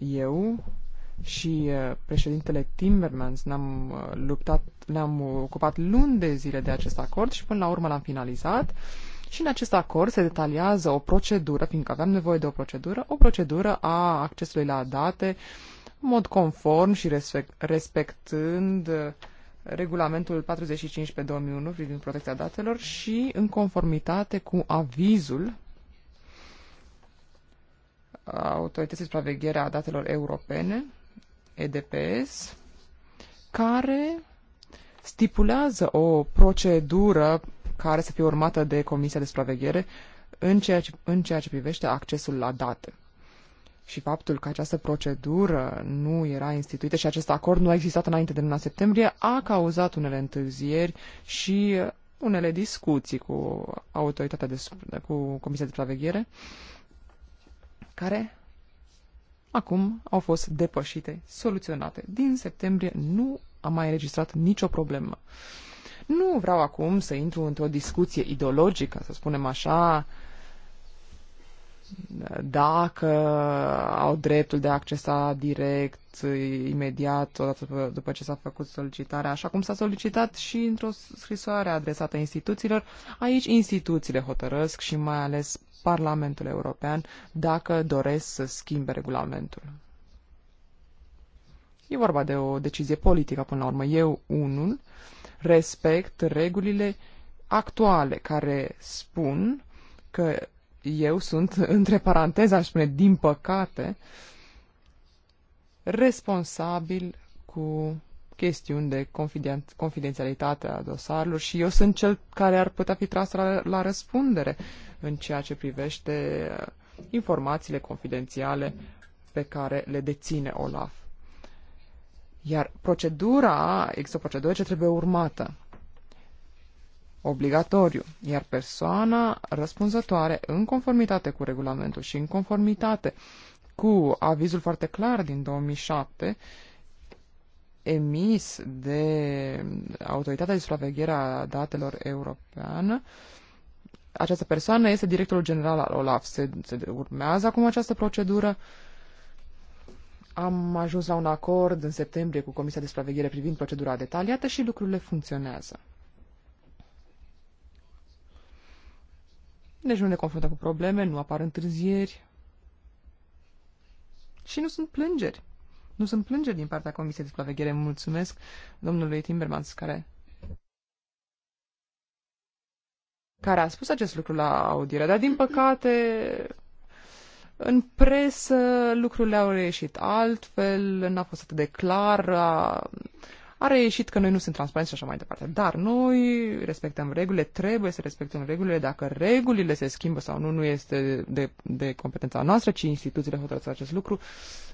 Eu și uh, președintele Timmermans ne-am uh, luptat, ne-am ocupat luni de zile de acest acord și până la urmă l-am finalizat și în acest acord se detaliază o procedură, fiindcă aveam nevoie de o procedură, o procedură a accesului la date în mod conform și respectând uh, regulamentul 45 pe 2001 privind protecția datelor și în conformitate cu avizul Autorității Supraveghere a Datelor Europene, EDPS, care stipulează o procedură care să fie urmată de Comisia de Supraveghere în ceea ce, în ceea ce privește accesul la date. Și faptul că această procedură nu era instituită și acest acord nu a existat înainte de luna septembrie a cauzat unele întârzieri și unele discuții cu autoritatea de, cu Comisia de Supraveghere care acum au fost depășite, soluționate. Din septembrie nu a mai înregistrat nicio problemă. Uh, nu vreau acum să intru într-o discuție ideologică, să spunem așa, dacă au dreptul de a accesa direct, imediat, odată după ce s-a făcut solicitarea, așa cum s-a solicitat și într-o scrisoare adresată instituțiilor. Aici instituțiile hotărăsc și mai ales Parlamentul European dacă doresc să schimbe regulamentul. E vorba de o decizie politică, până la urmă. Eu, unul, uh, respect regulile actuale care spun că eu sunt, [LAUGHS] între paranteze, aș spune, din păcate, responsabil cu chestiuni de confidențialitate a dosarelor și eu sunt cel care ar putea fi tras la, la răspundere în ceea ce privește uh, informațiile confidențiale pe care le deține Olaf. Iar procedura, există o procedură ce trebuie urmată, obligatoriu, iar persoana răspunzătoare, în conformitate cu regulamentul și în conformitate cu avizul foarte clar din 2007, emis de Autoritatea de Supraveghere a Datelor Europeană, această persoană este directorul general al OLAF. Se, se urmează acum această procedură uh, am ajuns la un acord în septembrie cu Comisia de Supraveghere privind procedura detaliată și lucrurile funcționează. Deci nu ne confruntăm cu probleme, nu apar întârzieri și nu sunt plângeri. Nu sunt plângeri din partea Comisiei de Supraveghere. Mulțumesc domnului Timbermans care care a spus acest lucru la audiere, dar din păcate în presă lucrurile au reieșit altfel, n-a fost atât de clar, a, a reieșit că noi nu suntem transparenți și așa mai departe. Dar noi respectăm regulile, trebuie să respectăm regulile. Dacă regulile se schimbă sau nu, nu este de, de competența noastră, ci instituțiile hotărăsc acest lucru.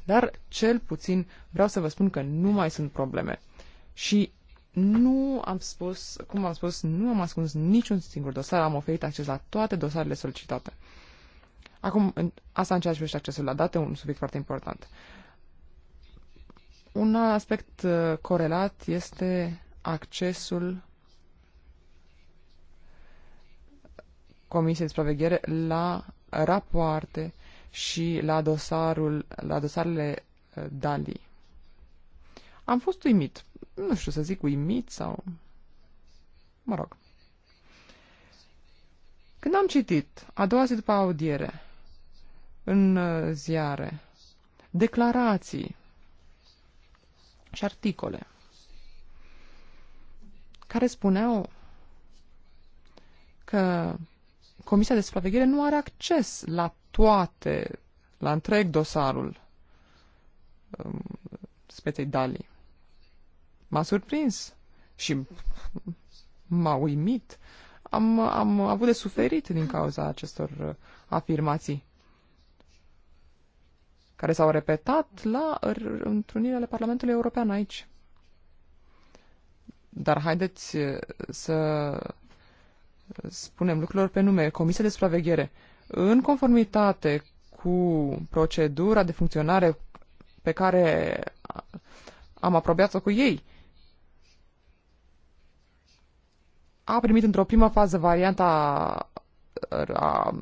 Dar cel puțin vreau să vă spun că nu mai sunt probleme. Și nu am spus, cum am spus, nu am ascuns niciun singur dosar, am oferit acces la toate dosarele solicitate. Acum, în, asta în ceea ce privește accesul la date, un subiect foarte important. Un aspect uh, corelat este accesul Comisiei de Supraveghere la rapoarte și la, dosarul, la dosarele uh, DALI. Am fost uimit. Nu știu să zic uimit sau... Mă rog. Când am citit, a doua zi după audiere, în uh, ziare, declarații și articole care spuneau că Comisia de Supraveghere nu are acces la toate, la întreg dosarul um, speței Dali. M-a surprins și m-a uimit. Uh, am, am avut de suferit din cauza acestor uh, afirmații care s-au repetat la întrunirile Parlamentului European aici. Dar haideți uh, să spunem lucrurilor pe nume. Comisia de supraveghere, în conformitate cu procedura de funcționare pe care am aprobat-o cu ei, a primit într-o primă fază varianta uh, a,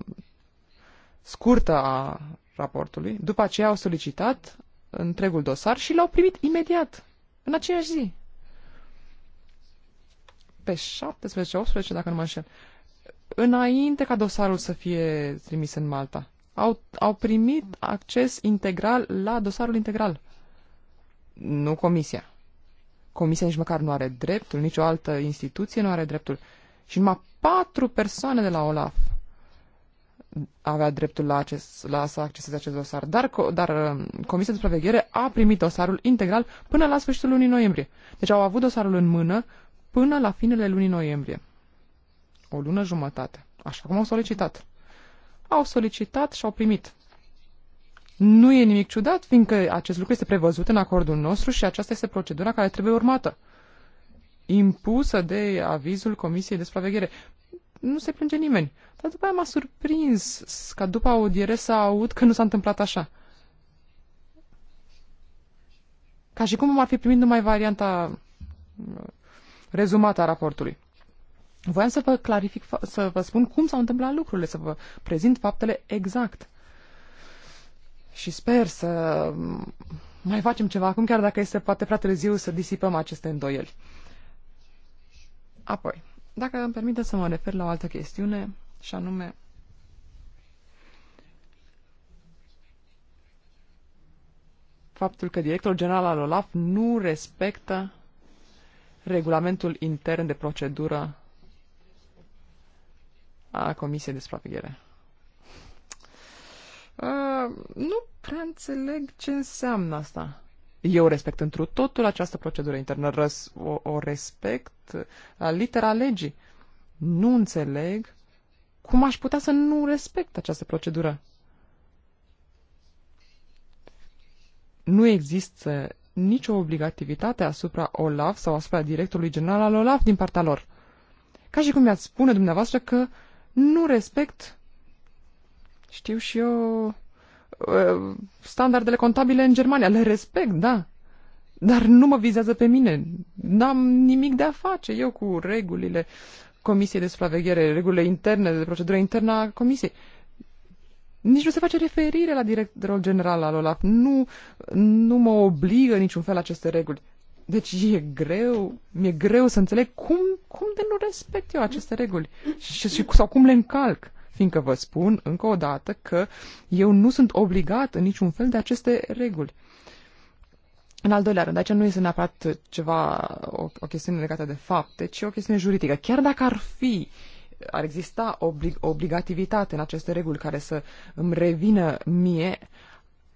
scurtă a raportului, după aceea au solicitat întregul dosar și l-au primit imediat, în aceeași zi. Pe 17-18, dacă nu mă înșel. Înainte ca dosarul să fie trimis în Malta. Au, au primit acces integral la dosarul integral. Nu comisia. Comisia nici măcar nu are dreptul, nicio altă instituție nu are dreptul. Și numai patru persoane de la OLAF avea dreptul la, acest, la să acceseze acest dosar. Dar, dar um, Comisia de Supraveghere a primit dosarul integral până la sfârșitul lunii noiembrie. Deci au avut dosarul în mână până la finele lunii noiembrie. O lună jumătate. Așa cum au solicitat. Au solicitat și au primit nu e nimic ciudat, fiindcă acest lucru este prevăzut în acordul nostru și aceasta este procedura care trebuie urmată, impusă de avizul Comisiei de Supraveghere. Nu se plânge nimeni. Dar după aia m-a surprins ca după audiere să aud că nu s-a întâmplat așa. Ca și cum ar fi primit numai varianta uh, rezumată a raportului. Voiam să vă clarific, să vă spun cum s-au întâmplat lucrurile, să vă prezint faptele exact și sper să mai facem ceva acum, chiar dacă este poate prea târziu să disipăm aceste îndoieli. Apoi, dacă îmi permite să mă refer la o altă chestiune, și anume faptul că directorul general al OLAF nu respectă regulamentul intern de procedură a Comisiei de Supraveghere nu prea înțeleg ce înseamnă asta. Eu respect întru totul această procedură internă, răs, o, o respect la litera legii. Nu înțeleg cum aș putea să nu respect această procedură. Nu există nicio obligativitate asupra OLAF sau asupra directorului general al OLAF din partea lor. Ca și cum mi-ați spune dumneavoastră că nu respect știu și eu ă, standardele contabile în Germania. Le respect, da. Dar nu mă vizează pe mine. N-am nimic de a face eu cu regulile Comisiei de Supraveghere, regulile interne, de procedură internă a Comisiei. Nici nu se face referire la directorul general al OLAF. Nu, nu mă obligă niciun fel aceste reguli. Deci e greu, mi-e greu să înțeleg cum, cum de nu respect eu aceste reguli și, și, sau cum le încalc fiindcă vă spun încă o dată că eu nu sunt obligat în niciun fel de aceste reguli. În al doilea rând, aceea nu este neapărat ceva, o, o chestiune legată de fapte, ci o chestiune juridică. Chiar dacă ar fi ar exista oblig, obligativitate în aceste reguli care să îmi revină mie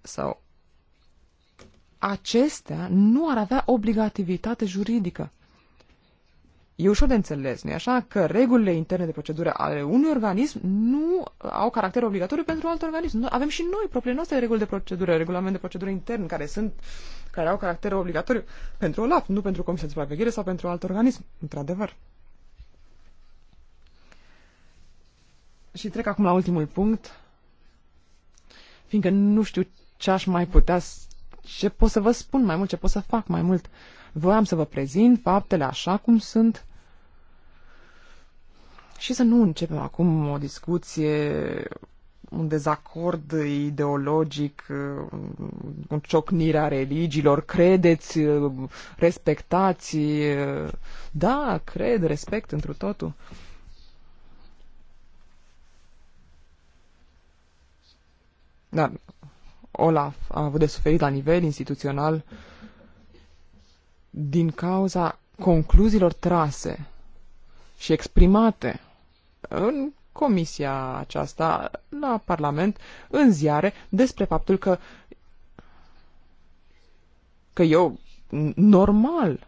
sau acestea nu ar avea obligativitate juridică. E ușor de înțeles, nu-i așa? Că regulile interne de procedură ale unui organism nu au caracter obligatoriu pentru alt organism. Avem și noi propriile noastre reguli de procedură, regulament de procedură intern, care sunt care au caracter obligatoriu pentru OLAF, nu pentru Comisia de Supraveghere sau pentru alt organism, într-adevăr. Și trec acum la ultimul punct, fiindcă nu știu ce aș mai putea, ce pot să vă spun mai mult, ce pot să fac mai mult. Voiam să vă prezint faptele așa cum sunt și să nu începem acum o discuție, un dezacord ideologic, uh, un a religiilor, credeți, uh, respectați, uh, da, cred, respect întru totul. Da, Olaf a avut de suferit la nivel instituțional din cauza concluziilor trase și exprimate în comisia aceasta, la Parlament, în ziare, despre faptul că că eu, normal,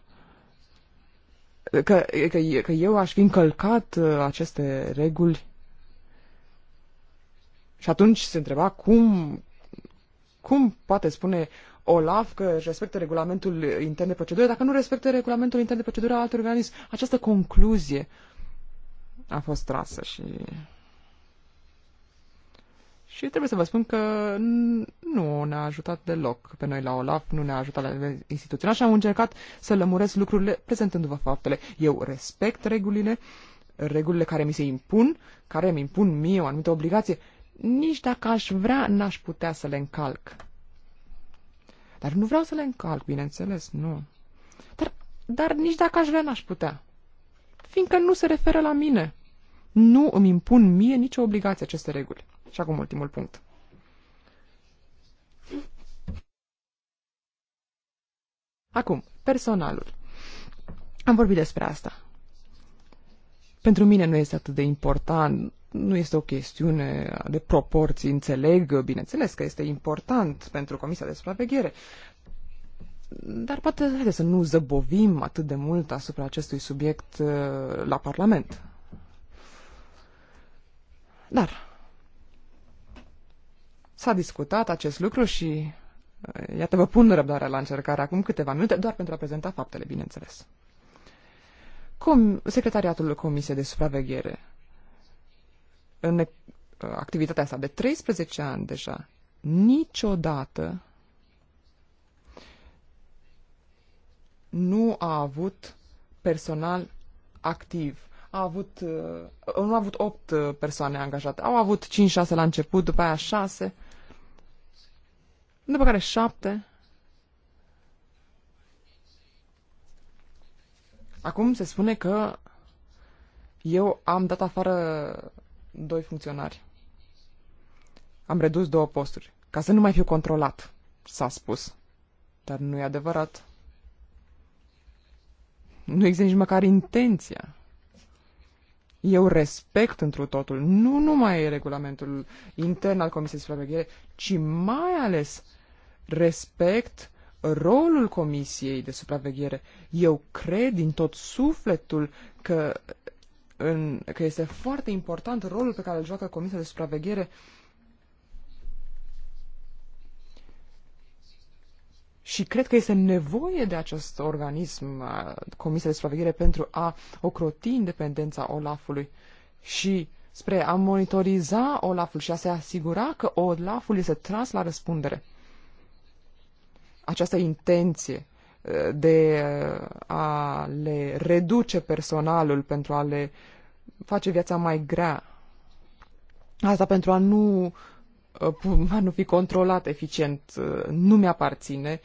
că, că, că eu aș fi încălcat uh, aceste reguli. Și atunci se întreba cum, cum poate spune Olaf că își respectă regulamentul intern de procedură dacă nu respectă regulamentul intern de procedură al altor organism. Această concluzie uh, a fost trasă și... Și trebuie să vă spun că nu ne-a ajutat deloc pe noi la OLAF, nu ne-a ajutat la instituțional și am încercat să lămuresc lucrurile prezentându-vă faptele. Eu respect regulile, regulile care mi se impun, care mi impun mie o anumită obligație. Nici dacă aș vrea, n-aș putea să le încalc. Dar nu vreau să le încalc, bineînțeles, nu. Dar, dar nici dacă aș vrea, n-aș putea. Fiindcă nu se referă la mine nu îmi impun mie nicio obligație aceste reguli. Și acum ultimul punct. Acum, personalul. Am vorbit despre asta. Pentru mine nu este atât de important, nu este o chestiune de proporții, înțeleg, bineînțeles că este important pentru Comisia de Supraveghere, dar poate, haide să nu zăbovim atât de mult asupra acestui subiect uh, la Parlament. Dar s-a discutat acest lucru și uh, iată vă pun răbdarea la încercare acum câteva minute, doar pentru a prezenta faptele, bineînțeles. Com- Secretariatul Comisiei de Supraveghere, în uh, activitatea sa de 13 ani deja, niciodată nu a avut personal activ a avut, uh, nu a avut 8 uh, persoane angajate, au avut 5-6 la început, după aia 6, după care 7. Acum se spune că eu am dat afară doi funcționari. Am redus două posturi, ca să nu mai fiu controlat, s-a spus. Dar nu e adevărat. Nu există nici măcar intenția eu respect întru totul nu numai regulamentul intern al Comisiei de Supraveghere, ci mai ales respect rolul Comisiei de Supraveghere. Eu cred din tot sufletul că, în, că este foarte important rolul pe care îl joacă Comisia de Supraveghere uh, și cred că este nevoie de acest organism, uh, Comisia de Supraveghere, pentru a ocroti independența Olafului și spre a monitoriza Olaful și a se asigura că Olaful este tras la răspundere. Această intenție uh, de uh, a le reduce personalul pentru a le face viața mai grea. Asta pentru a nu, a nu fi controlat eficient nu mi-aparține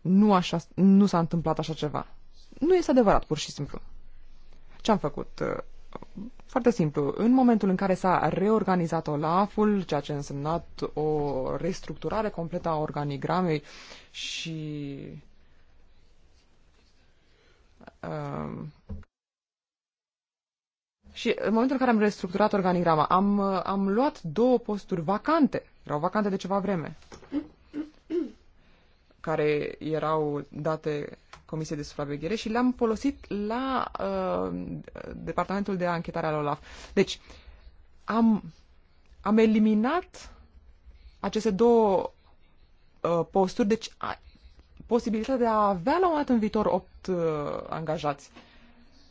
nu, așa, nu s-a întâmplat așa ceva. Nu este adevărat, pur și simplu. Ce am făcut? Uh, foarte simplu. În momentul în care s-a reorganizat OLAF-ul, ceea ce a însemnat o restructurare completă a organigramei și uh, și în momentul în care am restructurat organigrama, am, uh, am luat două posturi vacante. Erau vacante de ceva vreme care erau date Comisiei de Supraveghere și le-am folosit la uh, Departamentul de Anchetare al OLAF. Deci, am, am eliminat aceste două uh, posturi, deci a, posibilitatea de a avea la un moment în viitor opt uh, angajați.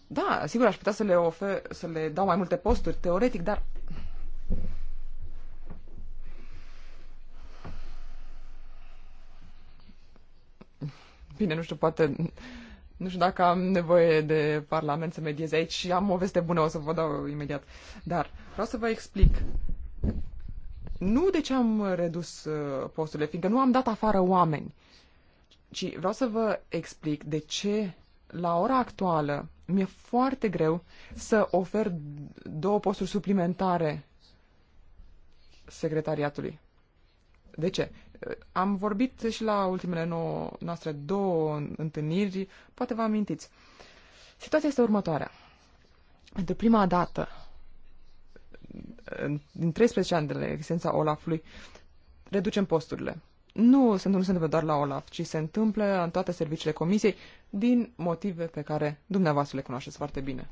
Da, sigur, aș putea să le, ofer, să le dau mai multe posturi, teoretic, dar Bine, nu știu, poate... Nu știu dacă am nevoie de Parlament să mediez aici și am o veste bună, o să vă dau imediat. Dar vreau să vă explic. Nu de ce am redus uh, posturile, fiindcă nu am dat afară oameni, ci vreau să vă explic de ce la ora actuală mi-e foarte greu să ofer două posturi suplimentare secretariatului. De ce? Am vorbit și la ultimele nou, noastre două întâlniri, poate vă amintiți. Situația este următoarea. Pentru prima dată, din 13 ani de la existența Olafului, reducem posturile. Nu se, nu se întâmplă doar la Olaf, ci se întâmplă în toate serviciile comisiei din motive pe care dumneavoastră le cunoașteți foarte bine.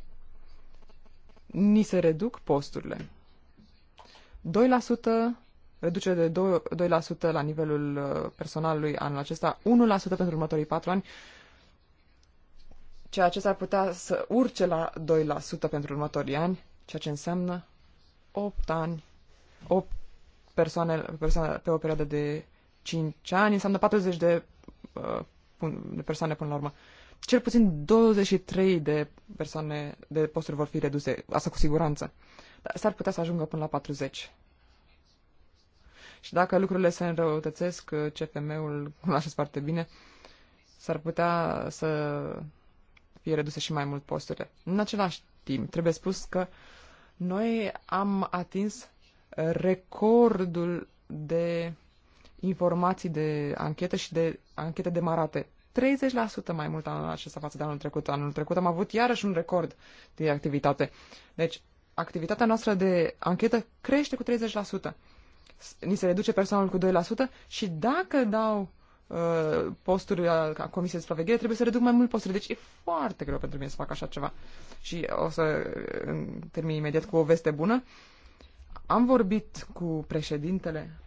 Ni se reduc posturile reducere de 2%, 2 la nivelul uh, personalului anul acesta, 1% pentru următorii 4 ani, ceea ce s-ar putea să urce la 2% pentru următorii ani, ceea ce înseamnă 8 ani, 8 persoane, persoane pe o perioadă de 5 ani, înseamnă 40 de, uh, de persoane până la urmă. Cel puțin 23 de persoane de posturi vor fi reduse, asta cu siguranță. Dar s-ar putea să ajungă până la 40. Și dacă lucrurile se înrăutățesc, uh, CFM-ul, cunoașteți foarte bine, s-ar putea să fie reduse și mai mult posturile. În același timp, trebuie spus că noi am atins recordul de informații de anchete și de anchete demarate. 30% mai mult anul acesta față de anul trecut. Anul trecut am avut iarăși un record de activitate. Deci, activitatea noastră de anchetă crește cu 30% ni se reduce personalul cu 2% și dacă dau uh, posturi a, a Comisiei de Supraveghere, trebuie să reduc mai mult posturi. Deci e foarte greu pentru mine să fac așa ceva. Și o să termin imediat cu o veste bună. Am vorbit cu președintele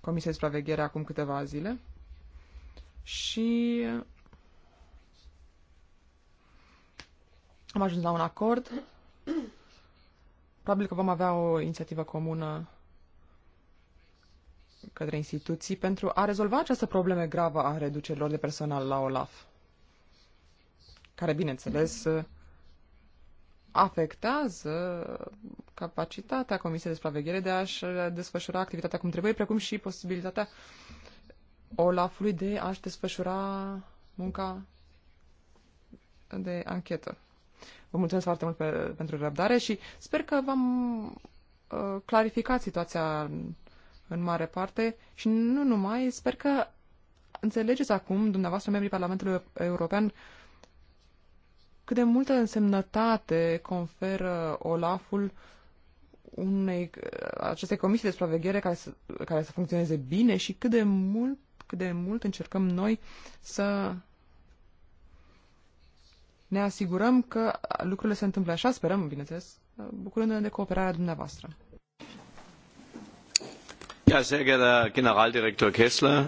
Comisiei de Supraveghere acum câteva zile și am ajuns la un acord. Probabil că vom avea o inițiativă comună către instituții pentru a rezolva această problemă gravă a reducerilor de personal la OLAF, care, bineînțeles, afectează capacitatea Comisiei de Supraveghere de a-și desfășura activitatea cum trebuie, precum și posibilitatea OLAF-ului de a-și desfășura munca de anchetă. Vă mulțumesc foarte mult pe, pentru răbdare și sper că v-am uh, clarificat situația în mare parte și nu numai, sper că înțelegeți acum, dumneavoastră, membrii Parlamentului European, cât de multă însemnătate conferă Olaful unei, acestei comisii de supraveghere care să, care să funcționeze bine și cât de mult, cât de mult încercăm noi să ne asigurăm că lucrurile se întâmplă așa, sperăm, bineînțeles, bucurându-ne de cooperarea dumneavoastră. Ja, sehr geehrter Generaldirektor Kessler.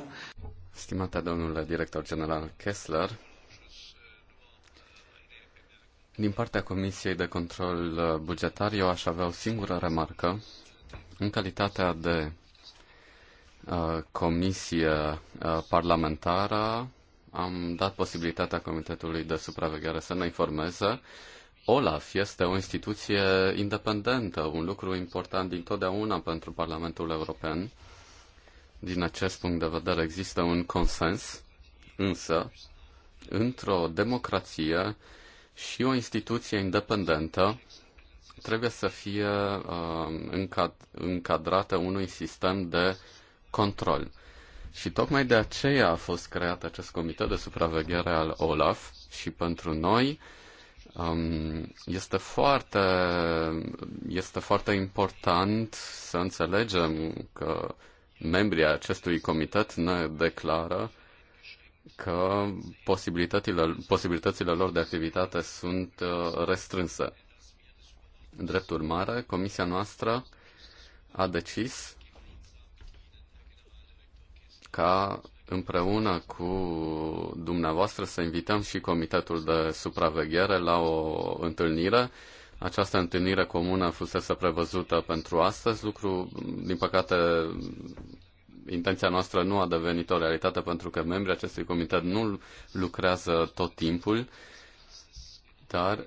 Stimata domnule director general Kessler, din partea Comisiei de Control Bugetar, eu aș avea o singură remarcă. În calitatea de uh, comisie uh, parlamentară, am dat posibilitatea Comitetului de Supraveghere să ne informeze uh, Olaf este o instituție independentă, un lucru important dintotdeauna pentru Parlamentul European. Din acest punct de vedere există un consens, însă, într-o democrație și o instituție independentă trebuie să fie uh, încadrată unui sistem de control. Și tocmai de aceea a fost creat acest comitet de supraveghere al OLAF și pentru noi uh, Um, este foarte, este foarte important să înțelegem că membrii acestui comitet ne declară că posibilitățile, posibilitățile lor de activitate sunt uh, restrânse. Drept urmare, comisia noastră a decis ca împreună cu dumneavoastră să invităm și Comitetul de Supraveghere la o întâlnire. Această întâlnire comună fusese prevăzută pentru astăzi, lucru, din păcate, intenția noastră nu a devenit o realitate pentru că membrii acestui comitet nu lucrează tot timpul, dar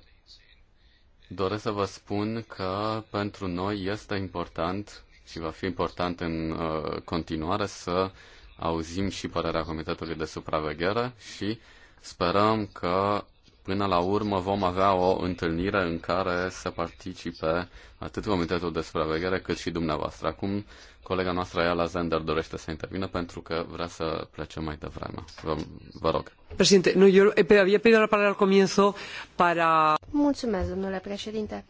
doresc să vă spun că pentru noi este important și va fi important în uh, continuare să auzim și părerea Comitetului de Supraveghere și sperăm că până la urmă vom avea o întâlnire în care să participe atât Comitetul de Supraveghere cât și dumneavoastră. Acum colega noastră, Ayala Zender, dorește să intervină pentru că vrea să plece mai devreme. Vă, vă rog. Președinte, nu, eu eh, había pedido la palabra comienzo para... Mulțumesc, domnule președinte.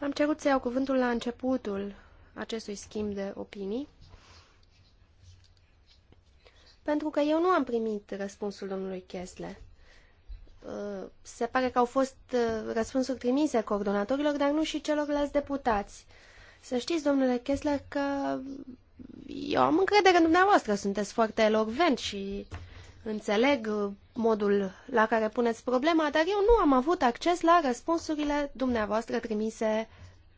Am cerut să iau cuvântul la începutul acestui schimb de opinii pentru că eu nu am primit răspunsul domnului Chesle. Uh, se pare că au fost uh, răspunsuri trimise coordonatorilor, dar nu și celorlalți deputați. Să știți, domnule Kessler, că eu am încredere în dumneavoastră, sunteți foarte elogvent și înțeleg uh, modul la care puneți problema, dar eu nu am avut acces la răspunsurile dumneavoastră trimise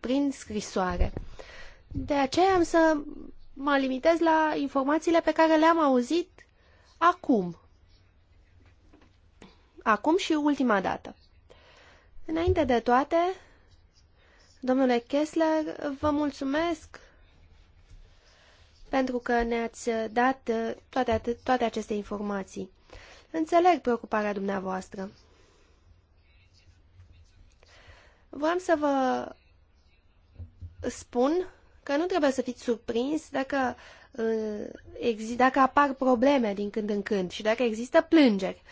prin scrisoare. De aceea am să mă limitez la informațiile pe care le-am auzit acum. Acum și ultima dată. Înainte de toate, domnule Kessler, vă mulțumesc pentru că ne-ați dat uh, toate, toate aceste informații. Înțeleg preocuparea dumneavoastră. Vreau să vă spun că nu trebuie să fiți surprins dacă, uh, dacă apar probleme din când în când și dacă există plângeri.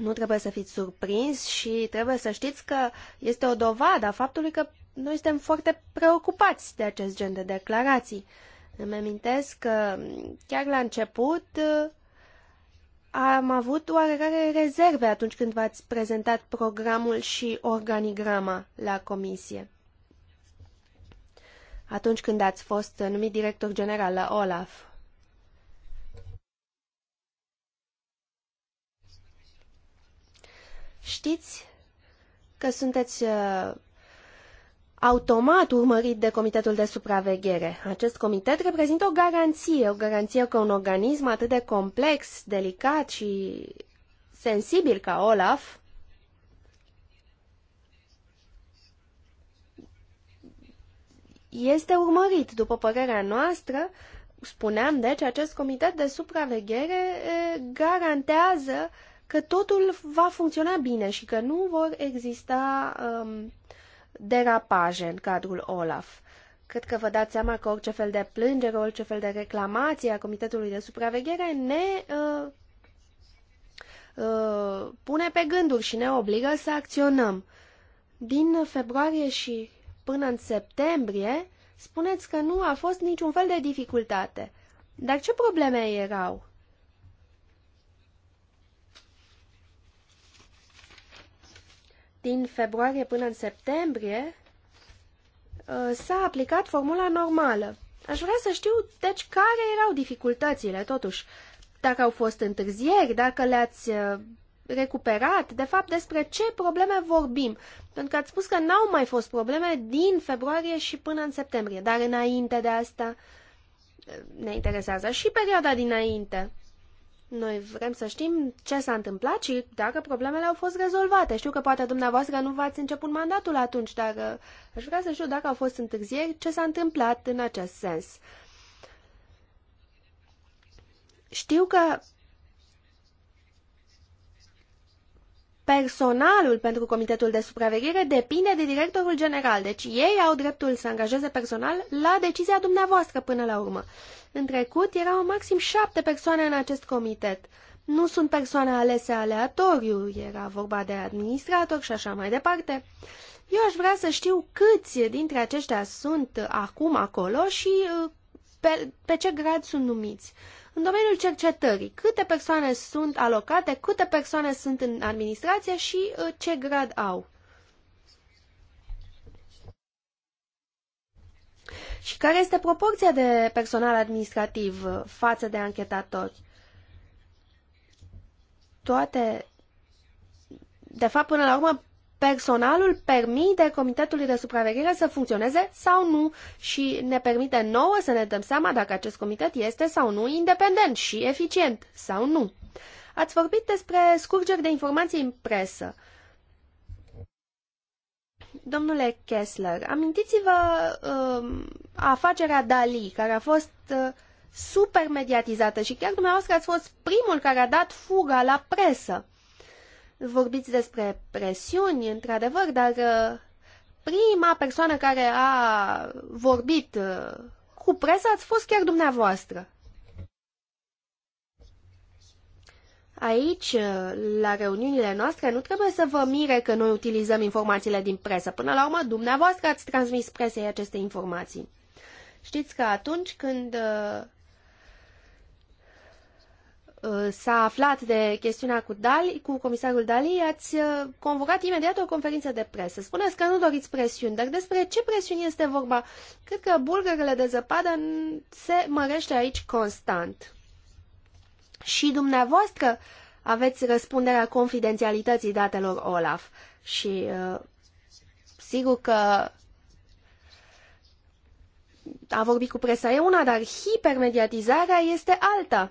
Nu trebuie să fiți surprins și trebuie să știți că este o dovadă a faptului că noi suntem foarte preocupați de acest gen de declarații. Îmi amintesc că chiar la început uh, am avut oarecare rezerve atunci când v-ați prezentat programul și organigrama la comisie atunci când ați fost numit director general la OLAF. Știți că sunteți uh, automat urmărit de Comitetul de Supraveghere. Acest comitet reprezintă o garanție, o garanție că un organism atât de complex, delicat și sensibil ca OLAF este urmărit. După părerea noastră, spuneam deci, acest comitet de supraveghere garantează că totul va funcționa bine și că nu vor exista um, derapaje în cadrul OLAF. Cred că vă dați seama că orice fel de plângere, orice fel de reclamație a Comitetului de Supraveghere ne uh, uh, pune pe gânduri și ne obligă să acționăm. Din februarie și până în septembrie, spuneți că nu a fost niciun fel de dificultate. Dar ce probleme erau? Din februarie până în septembrie uh, s-a aplicat formula normală. Aș vrea să știu, deci, care erau dificultățile, totuși. Dacă au fost întârzieri, dacă le-ați uh, recuperat, de fapt despre ce probleme vorbim. Pentru că ați spus că n-au mai fost probleme din februarie și până în septembrie, dar înainte de asta eh, ne interesează și perioada dinainte. Noi vrem să știm ce s-a întâmplat și dacă problemele au fost rezolvate. Știu că poate dumneavoastră nu v-ați început mandatul atunci, dar eh, aș vrea să știu dacă au fost întârzieri, ce s-a întâmplat în acest sens. Știu că personalul pentru Comitetul de Supraveghere depinde de directorul general, deci ei au dreptul să angajeze personal la decizia dumneavoastră până la urmă. În trecut erau maxim șapte persoane în acest comitet. Nu sunt persoane alese aleatoriu, era vorba de administrator și așa mai departe. Eu aș vrea să știu câți dintre aceștia sunt acum acolo și uh, pe, pe ce grad sunt numiți. În domeniul cercetării, câte persoane sunt alocate, câte persoane sunt în administrație și uh, ce grad au? Și care este proporția de personal administrativ uh, față de anchetatori? Toate de fapt, până la urmă, personalul permite Comitetului de Supraveghere să funcționeze sau nu și ne permite nouă să ne dăm seama dacă acest comitet este sau nu independent și eficient sau nu. Ați vorbit despre scurgeri de informații în presă. Domnule Kessler, amintiți-vă uh, afacerea Dali, care a fost uh, super mediatizată și chiar dumneavoastră ați fost primul care a dat fuga la presă. Vorbiți despre presiuni, într-adevăr, dar uh, prima persoană care a vorbit uh, cu presa ați fost chiar dumneavoastră. Aici, uh, la reuniunile noastre, nu trebuie să vă mire că noi utilizăm informațiile din presă. Până la urmă, dumneavoastră ați transmis presei aceste informații. Știți că atunci când Uh, s-a aflat de chestiunea cu, Dali, cu comisarul Dali, ați uh, convocat imediat o conferință de presă. Spuneți că nu doriți presiuni, dar despre ce presiuni este vorba? Cred că bulgările de zăpadă se mărește aici constant. Și dumneavoastră aveți răspunderea confidențialității datelor OLAF și uh, sigur că a vorbi cu presa e una, dar hipermediatizarea este alta.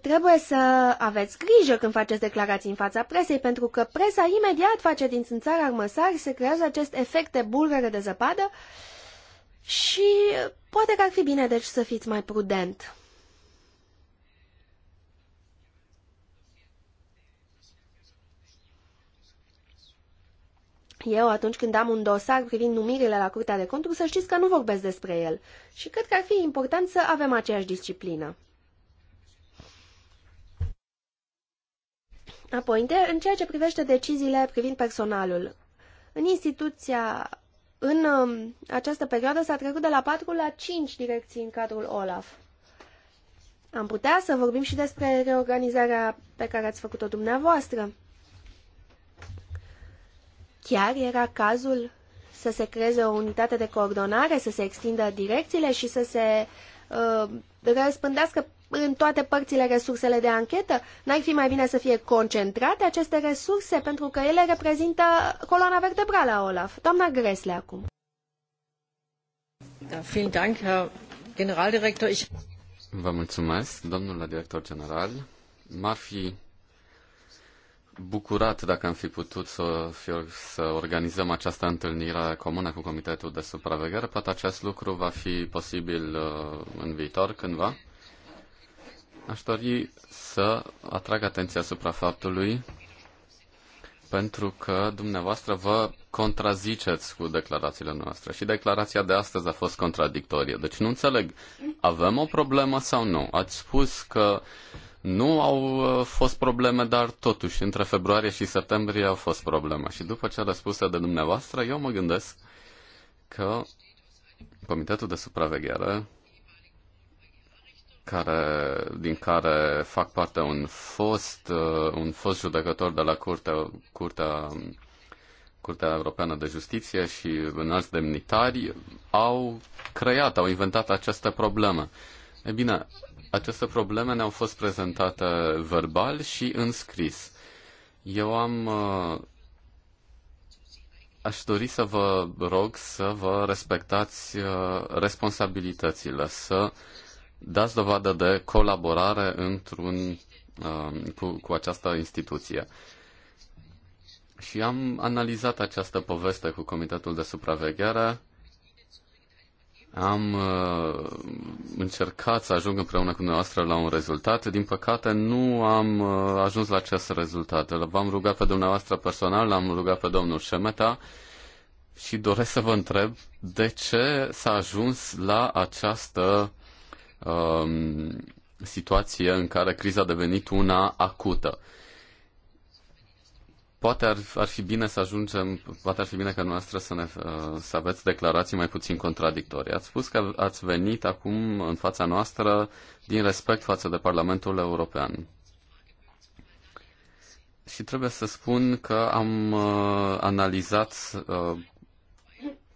Trebuie să aveți grijă când faceți declarații în fața presei, pentru că presa imediat face din țânțar armăsari, se creează acest efect de bulgăre de zăpadă și poate că ar fi bine deci să fiți mai prudent. Eu, atunci când am un dosar privind numirile la Curtea de Conturi, să știți că nu vorbesc despre el și cred că ar fi important să avem aceeași disciplină. Apoi, în ceea ce privește deciziile privind personalul, în instituția, în um, această perioadă s-a trecut de la 4 la 5 direcții în cadrul OLAF. Am putea să vorbim și despre reorganizarea pe care ați făcut-o dumneavoastră. Chiar era cazul să se creeze o unitate de coordonare, să se extindă direcțiile și să se uh, răspândească în toate părțile resursele de anchetă? N-ar fi mai bine să fie concentrate aceste resurse pentru că ele reprezintă coloana vertebrală a OLAF? Doamna Gresle acum. Da, vielen Dank, Herr Generaldirektor. Ich... Vă mulțumesc, domnule director general. M-ar fi bucurat dacă am fi putut să, fi, să organizăm această întâlnire comună cu Comitetul de Supraveghere. Poate acest lucru va fi posibil uh, în viitor, cândva. Aș dori să atrag atenția asupra faptului pentru că dumneavoastră vă contraziceți cu declarațiile noastre și declarația de astăzi a fost contradictorie. Deci nu înțeleg, avem o problemă sau nu? Ați spus că nu au uh, fost probleme, dar totuși între februarie și septembrie au fost probleme. Și după ce răspuns de dumneavoastră, eu mă gândesc că Comitetul de Supraveghere care, din care fac parte un fost, uh, un fost judecător de la Curtea, Curtea, Curtea Europeană de Justiție și alți demnitari, au creat, au inventat această problemă. E bine, aceste probleme ne-au fost prezentate verbal și în scris. Eu am uh, aș dori să vă rog să vă respectați uh, responsabilitățile, să dați dovadă de colaborare într-un, um, cu, cu această instituție. Și am analizat această poveste cu Comitetul de Supraveghere. Am uh, încercat să ajung împreună cu dumneavoastră la un rezultat. Din păcate, nu am uh, ajuns la acest rezultat. V-am rugat pe dumneavoastră personal, l-am rugat pe domnul Șemeta și doresc să vă întreb de ce s-a ajuns la această um, situație în care criza a devenit una acută. Poate ar, ar fi bine să ajungem, poate ar fi bine ca noastră să, ne, uh, să aveți declarații mai puțin contradictorii. Ați spus că ați venit acum în fața noastră din respect față de Parlamentul European. Și trebuie să spun că am uh, analizat uh,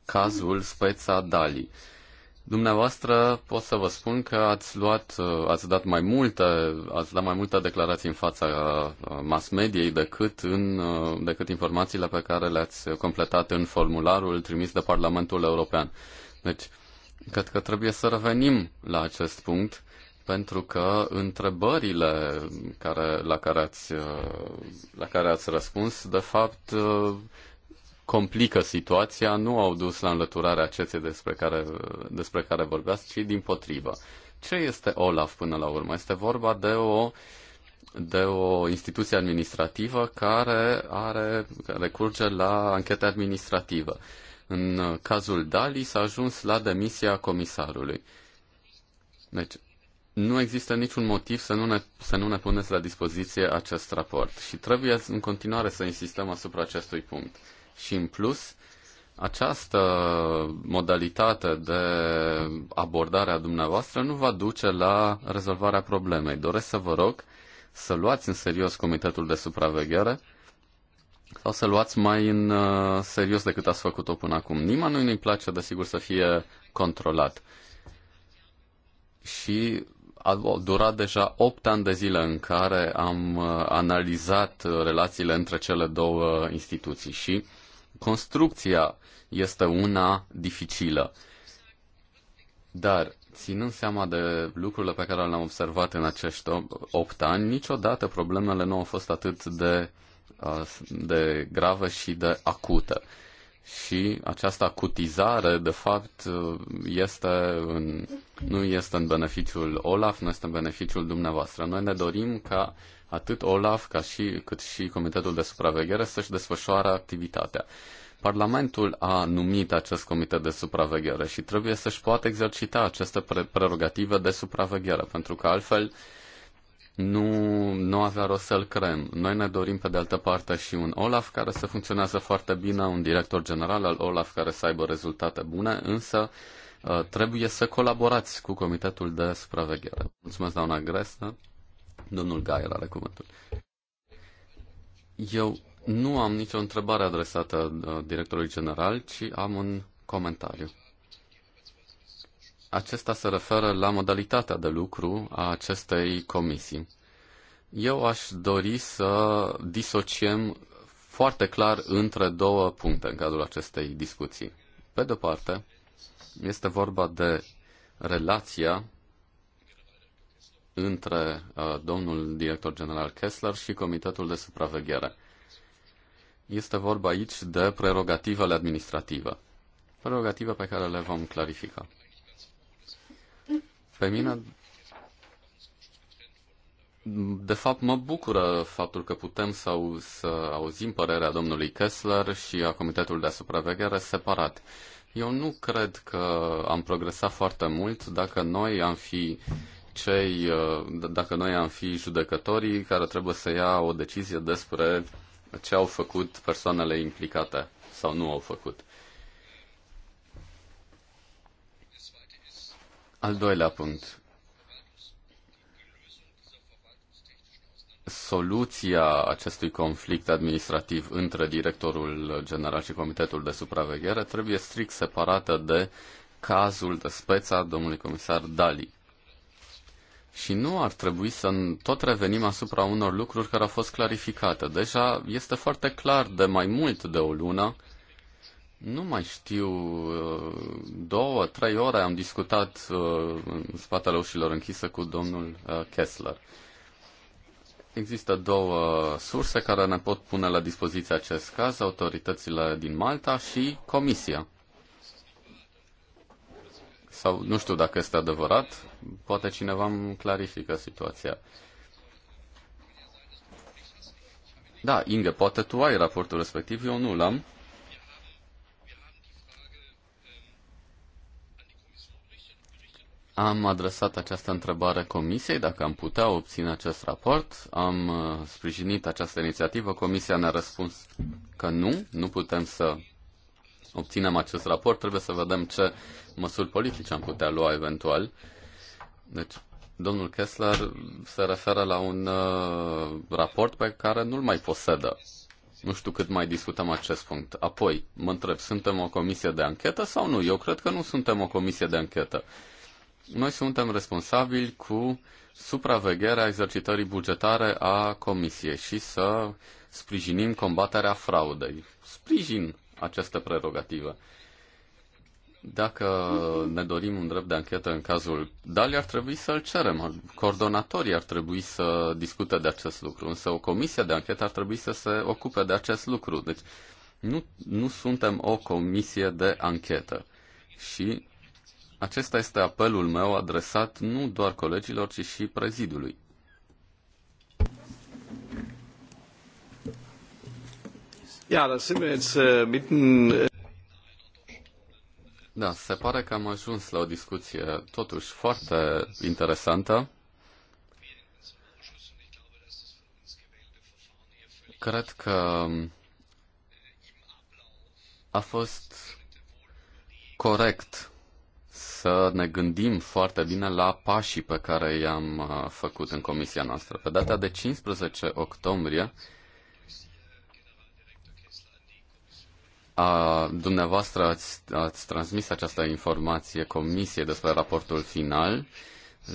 cazul Speța Dali. Uh, Dumneavoastră pot să vă spun că ați luat, uh, ați dat mai multe, ați dat mai multe declarații în fața uh, mass mediei decât, în, uh, decât informațiile pe care le-ați completat în formularul trimis de Parlamentul European. Deci, cred că trebuie să revenim la acest punct pentru că întrebările care, la, care ați, la care ați răspuns, de fapt, complică situația nu au dus la înlăturarea acestei despre care, despre care vorbeați, ci din potrivă. Ce este OLAF până la urmă? Este vorba de o, de o instituție administrativă care, are, care recurge la anchete administrativă. În cazul Dali s-a ajuns la demisia comisarului. Deci, nu există niciun motiv să nu, ne, să nu ne puneți la dispoziție acest raport și trebuie în continuare să insistăm asupra acestui punct. Și în plus, această modalitate de abordare a dumneavoastră nu va duce la rezolvarea problemei. Doresc să vă rog să luați în serios Comitetul de Supraveghere sau să luați mai în uh, serios decât ați făcut-o până acum. Nimănui nu-i place, desigur, să fie controlat. Și a durat deja 8 ani de zile în care am uh, analizat relațiile între cele două instituții și uh, construcția este una dificilă. Dar, ținând seama de lucrurile pe care le-am observat în acești 8 ani, niciodată problemele nu au fost atât de, uh, de grave și de acute. Și această acutizare, de fapt, uh, este în, nu este în beneficiul Olaf, nu este în beneficiul dumneavoastră. Noi ne dorim ca uh, atât OLAF ca și, cât și Comitetul de Supraveghere să-și desfășoare activitatea. Parlamentul a numit acest comitet de supraveghere și trebuie să-și poată exercita aceste pre- prerogative de supraveghere, pentru că altfel nu, nu avea rost să-l creăm. Noi ne dorim, pe de altă parte, și un Olaf care să funcționează foarte bine, un director general al Olaf care să aibă rezultate bune, însă uh, trebuie să colaborați cu Comitetul de Supraveghere. Mulțumesc, doamna Gresă. Domnul Gaier are cuvântul. Eu nu am nicio întrebare adresată uh, directorului general, ci am un comentariu. Acesta se referă la modalitatea de lucru a acestei comisii. Eu aș dori să disociem foarte clar între două puncte în cadrul acestei discuții. Pe de-o parte, este vorba de relația între uh, domnul director general Kessler și Comitetul de Supraveghere. Este vorba aici de prerogativele administrative, prerogative pe care le vom clarifica. Pe mine, de fapt, mă bucură faptul că putem să, au, să auzim părerea domnului Kessler și a Comitetului de Supraveghere separat. Eu nu cred că am progresat foarte mult dacă noi am fi uh, cei, uh, dacă noi am fi judecătorii care trebuie să ia o decizie despre ce au făcut persoanele implicate sau nu au făcut. Al doilea punct. Soluția acestui conflict administrativ între directorul general și comitetul de supraveghere trebuie strict separată de cazul de speța domnului comisar Dali. Și nu ar trebui să tot revenim asupra unor lucruri care au fost clarificate. Deja este foarte clar de mai mult de o lună. Nu mai știu, uh, două, trei ore am discutat uh, în spatele ușilor închise cu domnul uh, Kessler. Există două surse care ne pot pune la dispoziție acest caz, autoritățile din Malta și Comisia sau nu știu dacă este adevărat, poate cineva îmi clarifică situația. Da, Inge, poate tu ai raportul respectiv, eu nu l-am. Am adresat această întrebare comisiei, dacă am putea obține acest raport. Am uh, sprijinit această inițiativă, comisia ne-a răspuns că nu, nu putem să obținem acest raport, trebuie să vedem ce măsuri politice am putea lua eventual. Deci, domnul Kessler se referă la un uh, raport pe care nu-l mai posedă. Nu știu cât mai discutăm acest punct. Apoi, mă întreb, suntem o comisie de anchetă sau nu? Eu cred că nu suntem o comisie de anchetă. Noi suntem responsabili cu supravegherea exercitării bugetare a comisiei și să sprijinim combaterea fraudei. Sprijin această prerogativă. Dacă ne dorim un drept de anchetă în cazul Dali, ar trebui să-l cerem. Coordonatorii ar trebui să discute de acest lucru, însă o comisie de anchetă ar trebui să se ocupe de acest lucru. Deci nu, nu suntem o comisie de anchetă. Și acesta este apelul meu adresat nu doar colegilor, ci și prezidiului. da sind wir äh, mitten äh da, se pare că am ajuns la o discuție totuși foarte interesantă. Cred că a fost corect să ne gândim foarte bine la pașii pe care i-am uh, făcut în comisia noastră. Pe data de 15 octombrie, a, dumneavoastră ați, ați transmis această informație comisiei despre raportul final.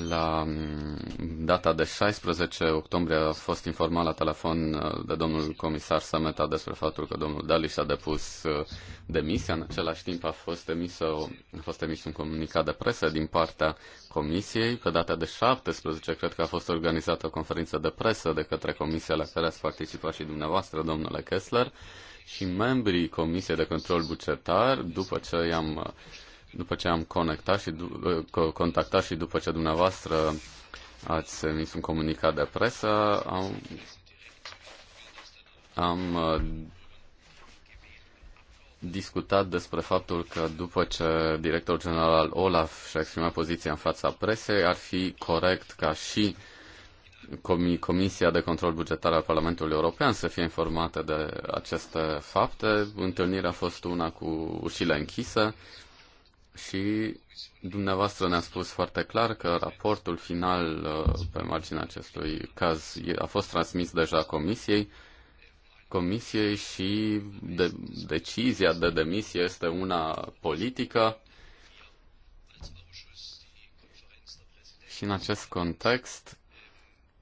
La mm, data de 16 octombrie a fost informat la telefon uh, de domnul comisar Sameta despre faptul că domnul Dali și-a depus uh, demisia. În același timp a fost, emisă, a fost emis un comunicat de presă din partea comisiei. Pe data de 17 cred că a fost organizată o conferință de presă de către comisia la care ați participat și dumneavoastră, domnule Kessler. Uh, și membrii Comisiei de Control Bugetar, după ce i-am după ce am conectat și eh, contactat și după ce dumneavoastră ați emis un comunicat de presă, am, am eh, discutat despre faptul că după ce directorul general Olaf și-a exprimat poziția în fața presei, ar fi corect ca și uh, Comisia de Control Bugetar al Parlamentului European să fie informată de aceste fapte. Întâlnirea a fost una cu ușile închise și dumneavoastră ne-a spus foarte clar că raportul final uh, pe marginea acestui caz a fost transmis deja Comisiei. Comisiei și de, decizia de demisie este una politică. Și în acest context,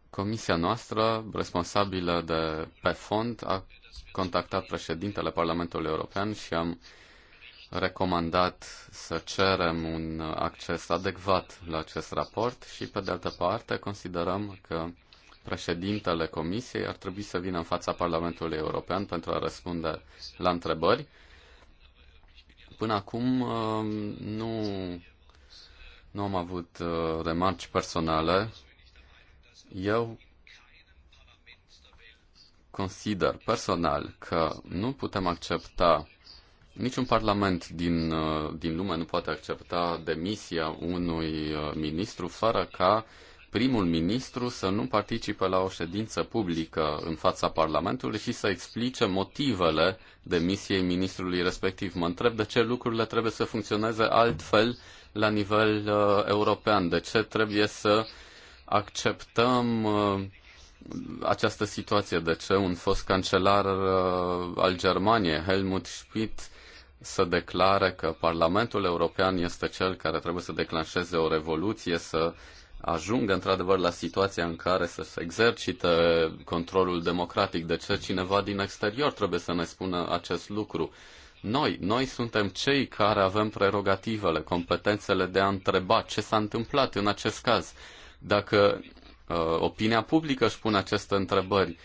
Comisia noastră, responsabilă de pe fond, a contactat președintele Parlamentului European și am recomandat să cerem un acces adecvat la acest raport și, pe de altă parte, considerăm că președintele Comisiei ar trebui să vină în fața Parlamentului European pentru a răspunde la întrebări. Până acum uh, nu, nu am avut uh, remarci personale eu consider personal că nu putem accepta Niciun parlament din, uh, din lume nu poate accepta demisia unui uh, ministru fără ca primul ministru să nu participe la o ședință publică în fața Parlamentului și să explice motivele demisiei ministrului respectiv. Mă întreb de ce lucrurile trebuie să funcționeze altfel la nivel uh, european, de ce trebuie să uh, acceptăm uh, această situație. De ce un fost cancelar uh, al Germaniei, Helmut Schmidt, să declare că Parlamentul European este cel care trebuie să declanșeze o revoluție, să ajungă într-adevăr la situația în care să se exercite controlul democratic. De ce cineva din exterior trebuie să ne spună acest lucru? Noi, noi suntem cei care avem prerogativele, competențele de a întreba ce s-a întâmplat în acest caz. Dacă uh, opinia publică își pune aceste întrebări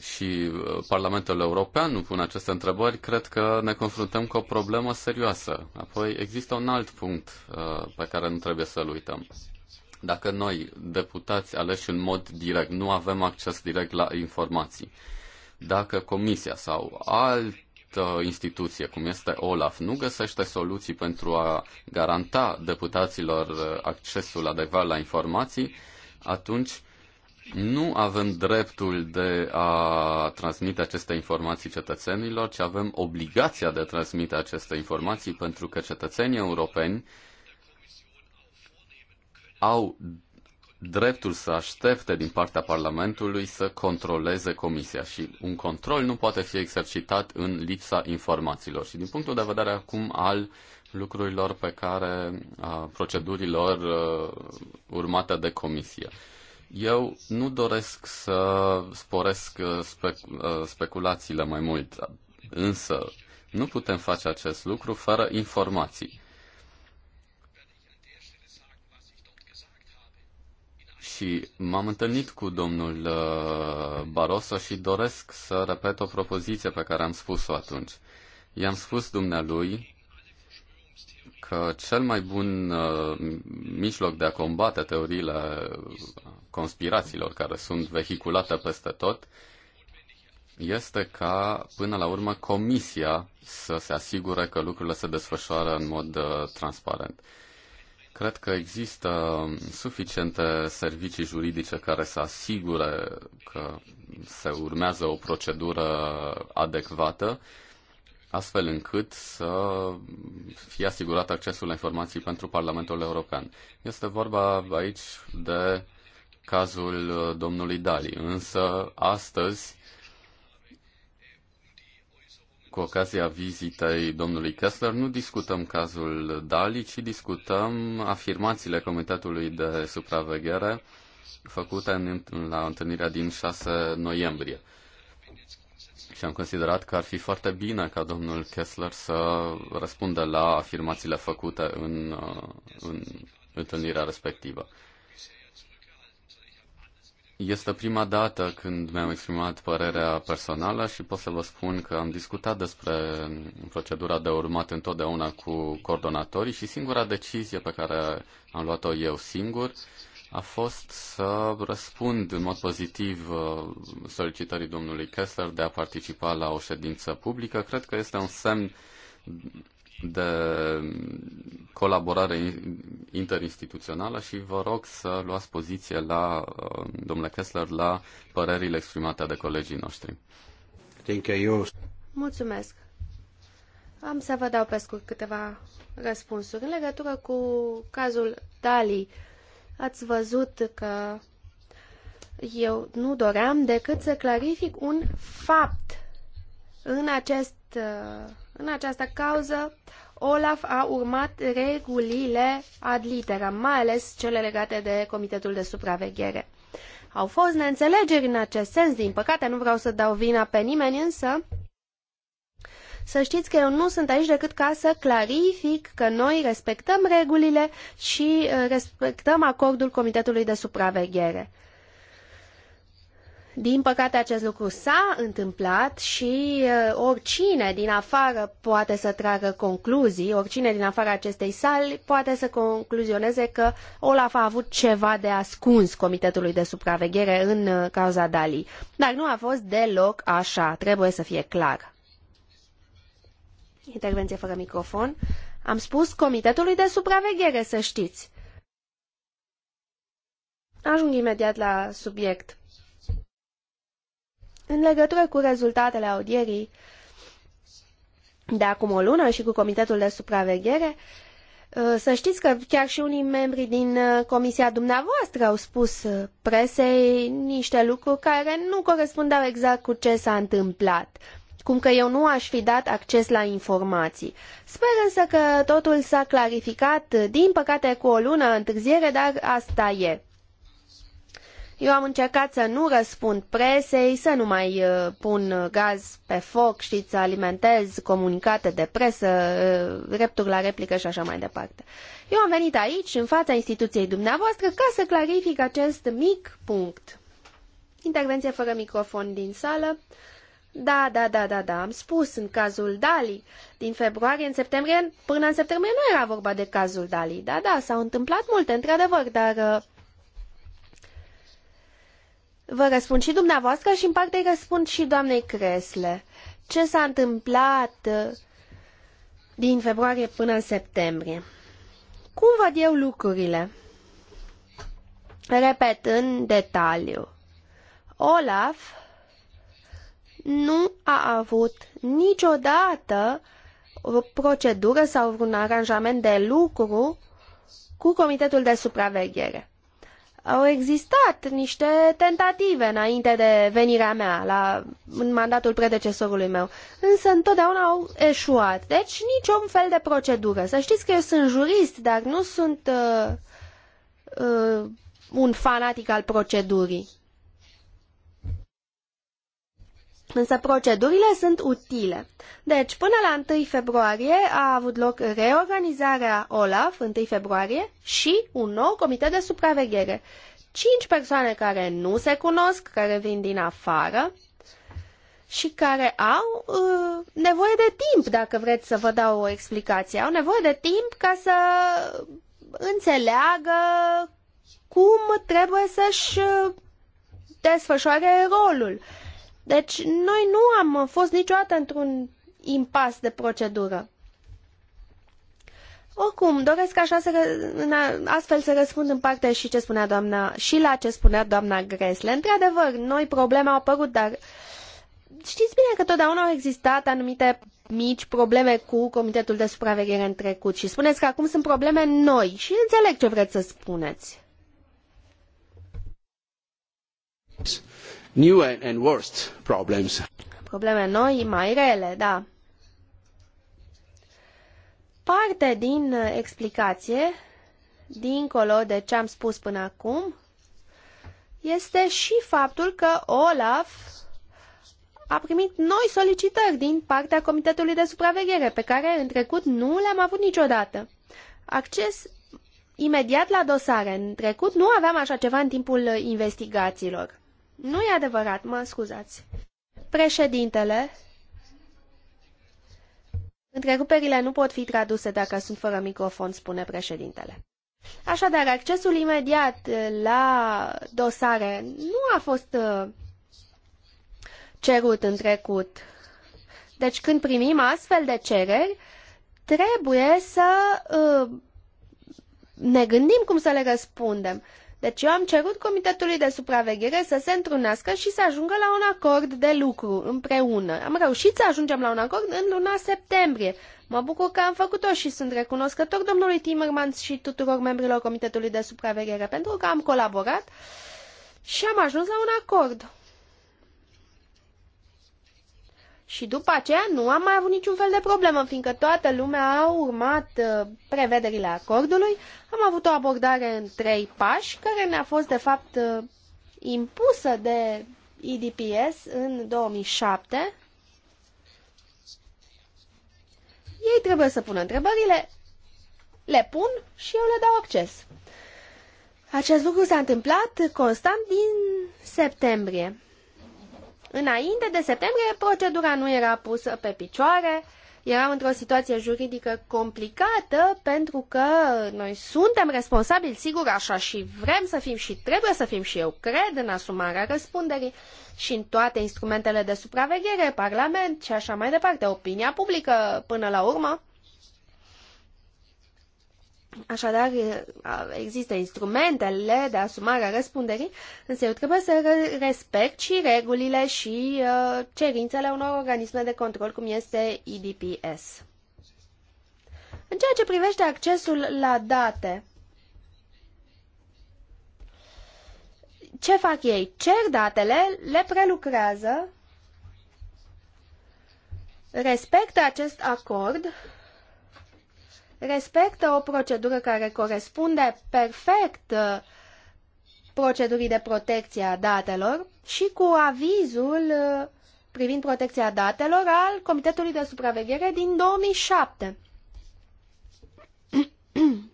și uh, Parlamentul European nu pune aceste întrebări, cred că ne confruntăm cu o problemă serioasă. Apoi există un alt punct uh, pe care nu trebuie să-l uităm. Dacă noi, deputați aleși în mod direct, nu avem acces direct la informații, dacă Comisia sau alt această instituție, cum este OLAF, nu găsește soluții pentru a garanta deputaților accesul adecvat la informații, atunci nu avem dreptul de a transmite aceste informații cetățenilor, ci avem obligația de a transmite aceste informații pentru că cetățenii europeni au dreptul să aștepte din partea Parlamentului să controleze Comisia și un control nu poate fi exercitat în lipsa informațiilor. Și din punctul de vedere acum al lucrurilor pe care, a procedurilor urmate de Comisie. Eu nu doresc să sporesc spec- speculațiile mai mult, însă nu putem face acest lucru fără informații. Și m-am întâlnit cu domnul uh, Barroso și doresc să repet o propoziție pe care am spus-o atunci. I-am spus dumnealui că cel mai bun uh, mijloc de a combate teoriile conspirațiilor care sunt vehiculate peste tot este ca, până la urmă, comisia să se asigure că lucrurile se desfășoară în mod uh, transparent. Cred că există suficiente servicii juridice care să asigure că se urmează o procedură adecvată, astfel încât să fie asigurat accesul la informații pentru Parlamentul European. Este vorba aici de cazul domnului Dali, însă astăzi cu ocazia vizitei domnului Kessler, nu discutăm cazul Dali, ci discutăm afirmațiile Comitetului de Supraveghere făcute în, la întâlnirea din 6 noiembrie. Și am considerat că ar fi foarte bine ca domnul Kessler să răspundă la afirmațiile făcute în, în întâlnirea respectivă. Este prima dată când mi-am exprimat părerea personală și pot să vă spun că am discutat despre procedura de urmat întotdeauna cu coordonatorii și singura decizie pe care am luat-o eu singur a fost să răspund în mod pozitiv uh, solicitării domnului Kessler de a participa la o ședință publică. Cred că este un semn de colaborare interinstituțională și vă rog să luați poziție la, uh, domnule Kessler, la părerile exprimate de colegii noștri. Mulțumesc. Am să vă dau pe scurt câteva răspunsuri. În legătură cu cazul Dali, ați văzut că eu nu doream decât să clarific un fapt. În acest uh, în această cauză, Olaf a urmat regulile ad litera, mai ales cele legate de Comitetul de Supraveghere. Au fost neînțelegeri în acest sens, din păcate nu vreau să dau vina pe nimeni, însă să știți că eu nu sunt aici decât ca să clarific că noi respectăm regulile și uh, respectăm acordul Comitetului de Supraveghere. Din păcate, acest lucru s-a întâmplat și uh, oricine din afară poate să tragă concluzii, oricine din afara acestei sali poate să concluzioneze că Olaf a avut ceva de ascuns Comitetului de Supraveghere în uh, cauza Dali. Dar nu a fost deloc așa, trebuie să fie clar. Intervenție fără microfon. Am spus Comitetului de Supraveghere, să știți. Ajung imediat la subiect. În legătură cu rezultatele audierii de acum o lună și cu Comitetul de Supraveghere, uh, să știți că chiar și unii membri din uh, comisia dumneavoastră au spus uh, presei niște lucruri care nu corespundeau exact cu ce s-a întâmplat cum că eu nu aș fi dat acces la informații. Sper însă că totul s-a clarificat, din păcate cu o lună întârziere, dar asta e. Eu am încercat să nu răspund presei, să nu mai uh, pun uh, gaz pe foc, știți, să alimentez comunicate de presă, uh, drepturi la replică și așa mai departe. Eu am venit aici, în fața instituției dumneavoastră, ca să clarific acest mic punct. Intervenție fără microfon din sală. Da, da, da, da, da, am spus în cazul Dali. Din februarie în septembrie, până în septembrie nu era vorba de cazul Dali. Da, da, s-au întâmplat multe, într-adevăr, dar Vă răspund și dumneavoastră și în parte îi răspund și doamnei Cresle. Ce s-a întâmplat uh, din februarie până în septembrie? Cum văd eu lucrurile? Repet, în detaliu. Olaf nu a avut niciodată o procedură sau un aranjament de lucru cu Comitetul de Supraveghere. Au existat niște tentative înainte de venirea mea la, în mandatul predecesorului meu, însă întotdeauna au eșuat. Deci niciun fel de procedură. Să știți că eu sunt jurist, dar nu sunt uh, uh, un fanatic al procedurii. Însă procedurile sunt utile. Deci, până la 1 februarie a avut loc reorganizarea OLAF, 1 februarie, și un nou comitet de supraveghere. Cinci persoane care nu se cunosc, care vin din afară și care au uh, nevoie de timp, dacă vreți să vă dau o explicație. Au nevoie de timp ca să înțeleagă cum trebuie să-și uh, desfășoare rolul. Uh, deci noi nu am fost niciodată într-un impas de procedură. Oricum, doresc așa să, astfel să răspund în parte și, ce spunea doamna, și la ce spunea doamna Gresle. Într-adevăr, noi probleme au apărut, dar știți bine că totdeauna au existat anumite mici probleme cu Comitetul de Supraveghere în trecut și spuneți că acum sunt probleme noi și înțeleg ce vreți să spuneți new and, worst problems. Probleme noi, mai rele, da. Parte din uh, explicație, dincolo de ce am spus până acum, este și faptul că Olaf a primit noi solicitări din partea Comitetului de Supraveghere, pe care în trecut nu le-am avut niciodată. Acces imediat la dosare. În trecut nu aveam așa ceva în timpul uh, investigațiilor. Nu e adevărat, mă scuzați. Președintele, întreruperile nu pot fi traduse dacă sunt fără microfon, spune președintele. Așadar, accesul imediat la dosare nu a fost uh, cerut în trecut. Deci când primim astfel de cereri, trebuie să uh, ne gândim cum să le răspundem. Deci eu am cerut Comitetului de Supraveghere să se întrunească și să ajungă la un acord de lucru împreună. Am reușit să ajungem la un acord în luna septembrie. Mă bucur că am făcut-o și sunt recunoscător domnului Timmermans și tuturor membrilor Comitetului de Supraveghere pentru că am colaborat și am ajuns la un acord. Și după aceea nu am mai avut niciun fel de problemă, fiindcă toată lumea a urmat uh, prevederile acordului. Am avut o abordare în trei pași, care ne-a fost de fapt uh, impusă de IDPS în 2007. Ei trebuie să pună întrebările, le pun și eu le dau acces. Acest lucru s-a întâmplat constant din septembrie. Înainte de septembrie, procedura nu era pusă pe picioare, eram într-o situație juridică complicată pentru că noi suntem responsabili, sigur, așa și vrem să fim și trebuie să fim și eu cred în asumarea răspunderii și în toate instrumentele de supraveghere, parlament și așa mai departe, opinia publică până la urmă. Așadar, există instrumentele de asumare a răspunderii, însă eu trebuie să respect și regulile și cerințele unor organisme de control, cum este IDPS. În ceea ce privește accesul la date, ce fac ei? Cer datele, le prelucrează, respectă acest acord respectă o procedură care corespunde perfect uh, procedurii de protecție a datelor și cu avizul uh, privind protecția datelor al Comitetului de Supraveghere din 2007. [CLEARS THROAT]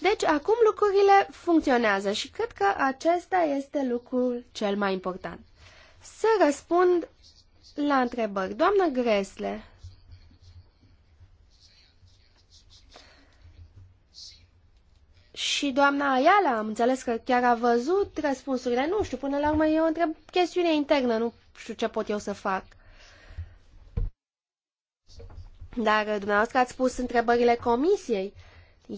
Deci, acum lucrurile funcționează și cred că acesta este lucrul cel mai important. Să răspund la întrebări. Doamnă Gresle, Și doamna Ayala, am înțeles că chiar a văzut răspunsurile. Nu știu, până la urmă e o întreb chestiune internă, nu știu ce pot eu să fac. Dar dumneavoastră ați spus întrebările comisiei.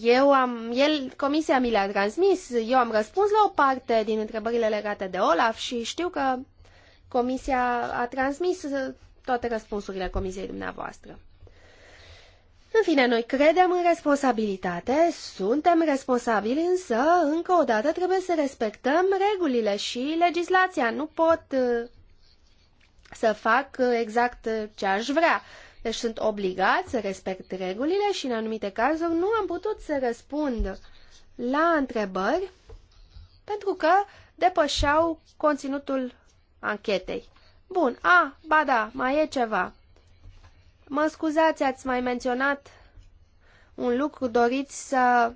Eu am, el, comisia mi le-a transmis, eu am răspuns la o parte din întrebările legate de Olaf și știu că comisia a transmis toate răspunsurile comisiei dumneavoastră. În fine, noi credem în responsabilitate, suntem responsabili, însă, încă o dată, trebuie să respectăm regulile și legislația. Nu pot uh, să fac uh, exact uh, ce aș vrea. Deci sunt obligat să respect regulile și, în anumite cazuri, nu am putut să răspund la întrebări pentru că depășeau conținutul anchetei. Bun, a, ba da, mai e ceva. Mă scuzați, ați mai menționat un lucru, doriți să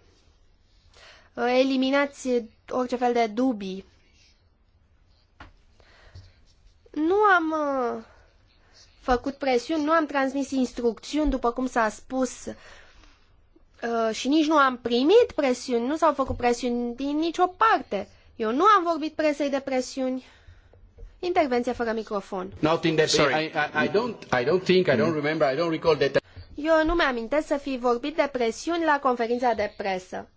uh, eliminați orice fel de dubii. Nu am uh, făcut presiuni, nu am transmis instrucțiuni, după cum s-a spus, uh, și nici nu am primit presiuni, nu s-au făcut presiuni din nicio parte. Eu nu am vorbit presei de presiuni. Intervenție fără microfon. Sorry. I, don't, I don't think, I don't remember, I don't recall that. Eu nu mi-amintesc să fi vorbit de presiuni la conferința de presă.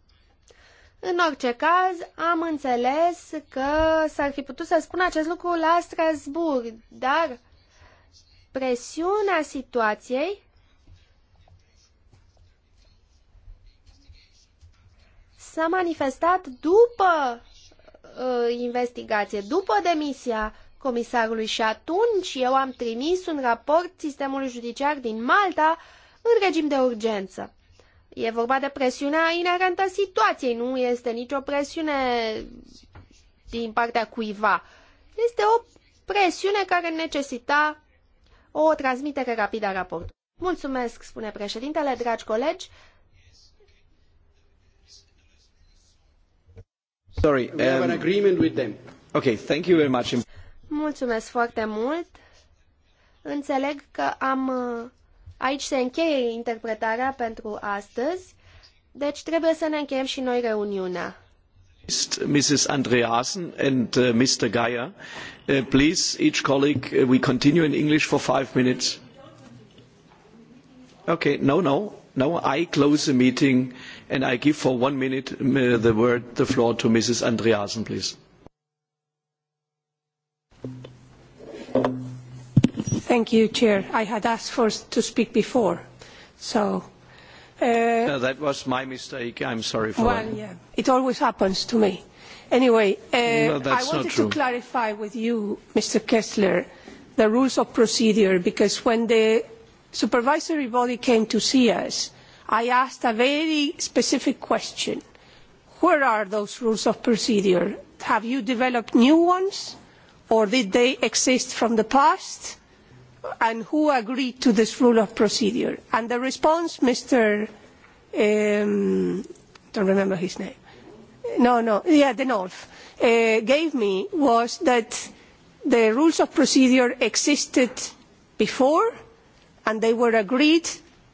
În orice caz, am înțeles că s-ar fi putut să spun acest lucru la Strasburg, dar presiunea situației s-a manifestat după uh, investigație, după demisia comisarului și atunci eu am trimis un raport sistemului judiciar din Malta în regim de urgență. E vorba de presiunea inerentă situației, nu este nicio presiune din partea cuiva. Este o presiune care necesita o transmitere rapidă a raportului. Mulțumesc, spune președintele, dragi colegi. Sorry, um, we have an um, agreement with them. Okay, thank you very much. Mulțumesc foarte mult. Înțeleg că am... Aici se încheie interpretarea pentru astăzi, deci trebuie să ne încheiem și noi reuniunea. Mrs. Andreasen and uh, Mr. Geyer, uh, please, each colleague, uh, we continue in English for five minutes. Okay, no, no, no, I close the meeting and I give for one minute uh, the word, the floor to Mrs. Andreasen, please. Thank you, Chair. I had asked for to speak before, so. Uh, no, that was my mistake. I'm sorry for well, that. yeah, it always happens to me. Anyway, uh, no, I wanted to clarify with you, Mr. Kessler, the rules of procedure because when the supervisory body came to see us, I asked a very specific question. Where are those rules of procedure? Have you developed new ones? or did they exist from the past and who agreed to this rule of procedure? And the response, Mr. Um, don't remember his name. No, no, yeah, Denolf uh, gave me was that the rules of procedure existed before and they were agreed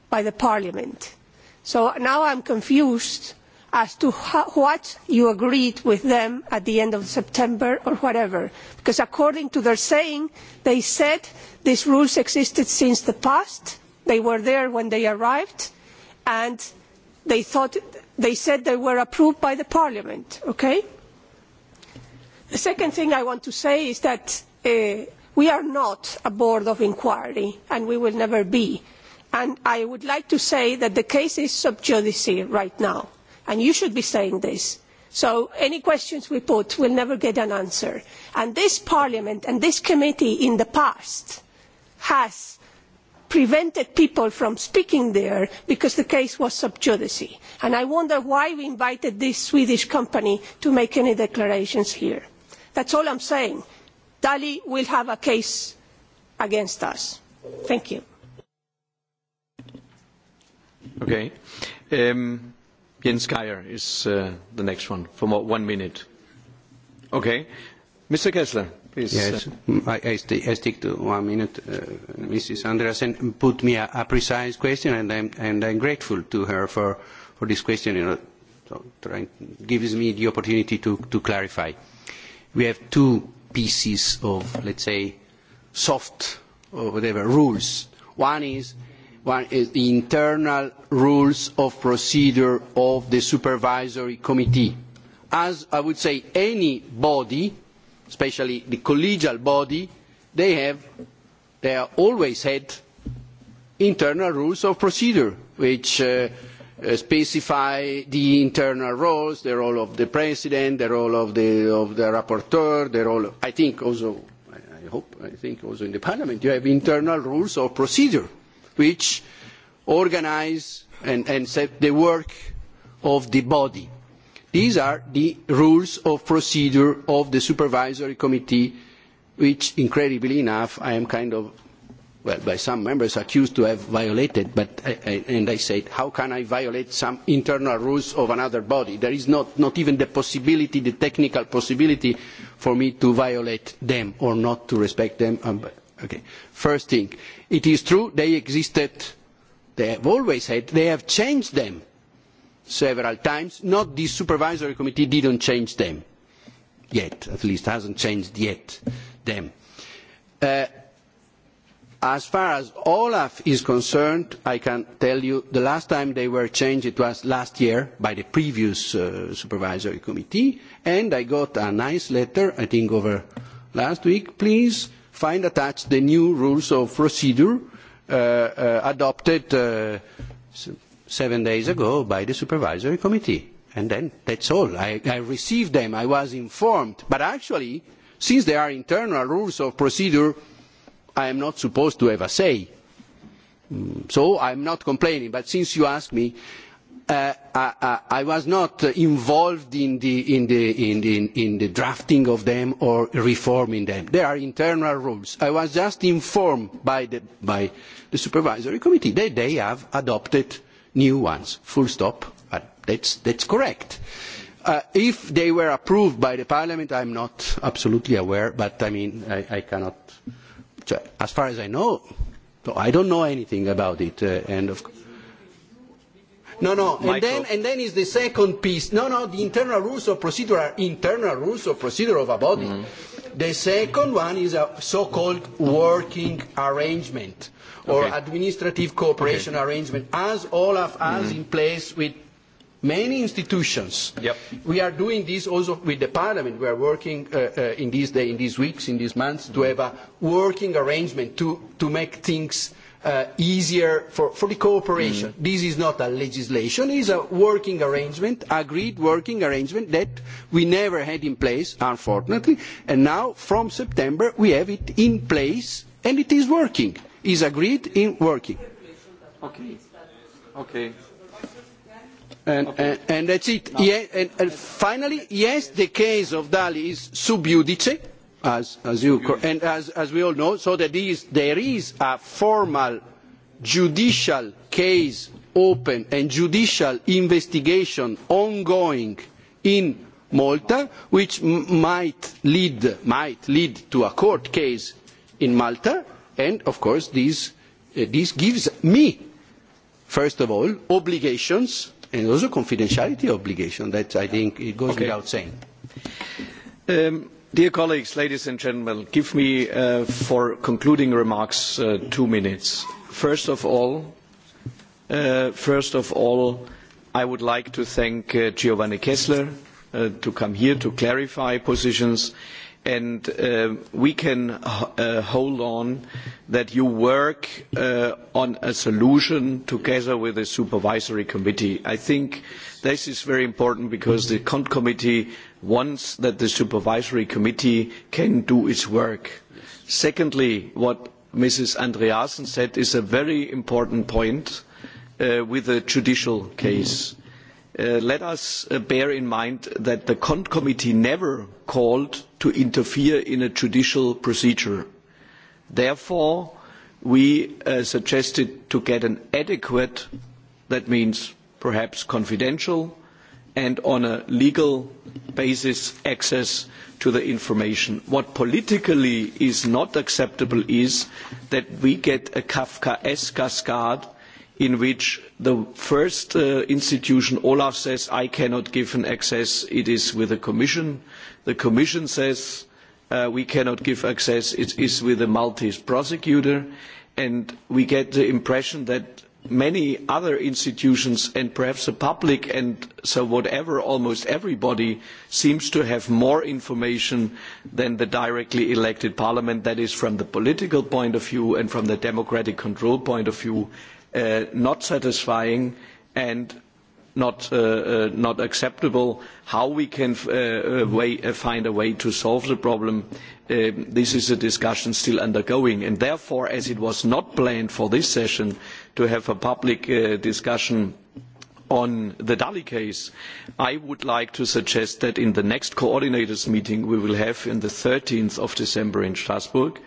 by the parliament. So now I'm confused as to what you agreed with them at the end of September or whatever. Because according to their saying, they said these rules existed since the past, they were there when they arrived, and they, thought, they said they were approved by the Parliament. Okay? The second thing I want to say is that uh, we are not a board of inquiry, and we will never be. And I would like to say that the case is sub judice right now and you should be saying this so any questions we put will never get an answer and this parliament and this committee in the past has prevented people from speaking there because the case was sub judice and i wonder why we invited this swedish company to make any declarations here that's all i'm saying dali will have a case against us thank you okay um Jens Geier is uh, the next one for more, one minute. Okay. Mr. Kessler, please. Yes, uh. I, I, st I stick to one minute. Uh, Mrs. Andreasen put me a, a precise question, and I'm, and I'm grateful to her for, for this question. You know, so trying, gives me the opportunity to, to clarify. We have two pieces of, let's say, soft or whatever rules. One is One is the internal rules of procedure of the supervisory committee. As I would say, any body, especially the collegial body, they have, they are always had internal rules of procedure, which uh, uh, specify the internal roles, the role of the president, the role of the, of the rapporteur, the role. Of, I think also, I, I hope, I think also in the parliament, you have internal rules of procedure which organise and, and set the work of the body. These are the rules of procedure of the supervisory committee, which, incredibly enough, I am kind of, well, by some members accused to have violated, but I, I, and I said, how can I violate some internal rules of another body? There is not, not even the possibility, the technical possibility for me to violate them or not to respect them. Um, Okay. First thing, it is true they existed, they have always had, they have changed them several times. Not the supervisory committee didn't change them yet, at least hasn't changed yet them. Uh, as far as Olaf is concerned, I can tell you the last time they were changed, it was last year by the previous uh, supervisory committee, and I got a nice letter, I think over last week, please, find attached the new rules of procedure uh, uh, adopted uh, seven days ago by the supervisory committee. And then that's all. I, I received them. I was informed. But actually, since they are internal rules of procedure, I am not supposed to have a say. Mm, so I'm not complaining. But since you ask me, Uh, I, I, was not involved in the, in, the, in, the, in the, drafting of them or reforming them. There are internal rules. I was just informed by the, by supervisory committee that they have adopted new ones. Full stop. Uh, that's, that's correct. Uh, if they were approved by the parliament, I'm not absolutely aware, but I mean, I, I cannot, as far as I know, I don't know anything about it. Uh, and of course, No, no. Micro. And then, and then is the second piece. No, no. The internal rules of procedure are internal rules of procedure of a body. Mm. The second one is a so-called working arrangement or okay. administrative cooperation okay. arrangement, as Olaf has mm. Mm-hmm. in place with many institutions. Yep. We are doing this also with the Parliament. We are working uh, uh, in these days, in these weeks, in these months, to mm-hmm. have a working arrangement to, to make things uh, easier for, for, the cooperation. Mm. This is not a legislation, It is a working arrangement, agreed working arrangement that we never had in place, unfortunately, and now from September we have it in place and it is working, It is agreed in working. Okay. Okay. And, okay. and, and that's it. No. Yeah, and, and finally, yes, the case of Dali is sub judice As, you and as, as we all know, so that is, there is a formal judicial case open and judicial investigation ongoing in Malta, which might lead, might lead to a court case in Malta, and of course this, uh, this gives me, first of all, obligations and also confidentiality obligation that I think it goes okay. without saying. Um, Dear colleagues, ladies and gentlemen, give me uh, for concluding remarks uh, two minutes. First of all, uh, first of all, I would like to thank uh, Giovanni Kessler uh, to come here to clarify positions, and uh, we can hold on that you work on a solution together with the supervisory committee. I think this is very important because the Cont Committee once that the supervisory committee can do its work. Secondly, what Mrs. Andreasen said is a very important point uh, with the judicial case. Mm-hmm. Uh, let us uh, bear in mind that the Cont Committee never called to interfere in a judicial procedure. Therefore, we uh, suggested to get an adequate, that means perhaps confidential, and on a legal basis access to the information. What politically is not acceptable is that we get a Kafkaesque cascade in which the first uh, institution, Olaf, says, I cannot give an access, it is with the Commission. The Commission says, uh, we cannot give access, it is with the Maltese prosecutor. And we get the impression that many other institutions and perhaps the public and so whatever almost everybody seems to have more information than the directly elected parliament that is from the political point of view and from the democratic control point of view uh, not satisfying and not, uh, uh, not acceptable how we can uh, uh, way, uh, find a way to solve the problem um, this is a discussion still undergoing and therefore as it was not planned for this session to have a public uh, discussion on the Dali case, I would like to suggest that in the next coordinators meeting we will have on the 13th of December in Strasbourg,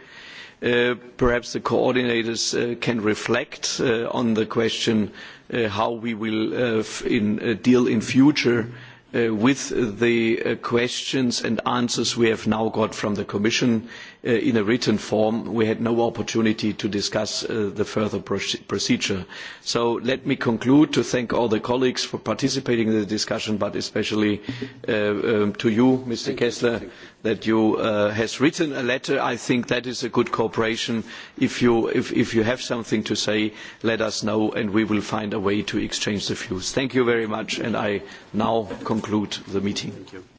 uh, perhaps the coordinators uh, can reflect uh, on the question uh, how we will uh, in, uh, deal in future with the questions and answers we have now got from the Commission Uh, in a written form, we had no opportunity to discuss uh, the further procedure. So let me conclude to thank all the colleagues for participating in the discussion, but especially uh, um, to you, Mr. Kessler, that you uh, has written a letter. I think that is a good cooperation. If you, if, if you have something to say, let us know, and we will find a way to exchange the views. Thank you very much, and I now conclude the meeting.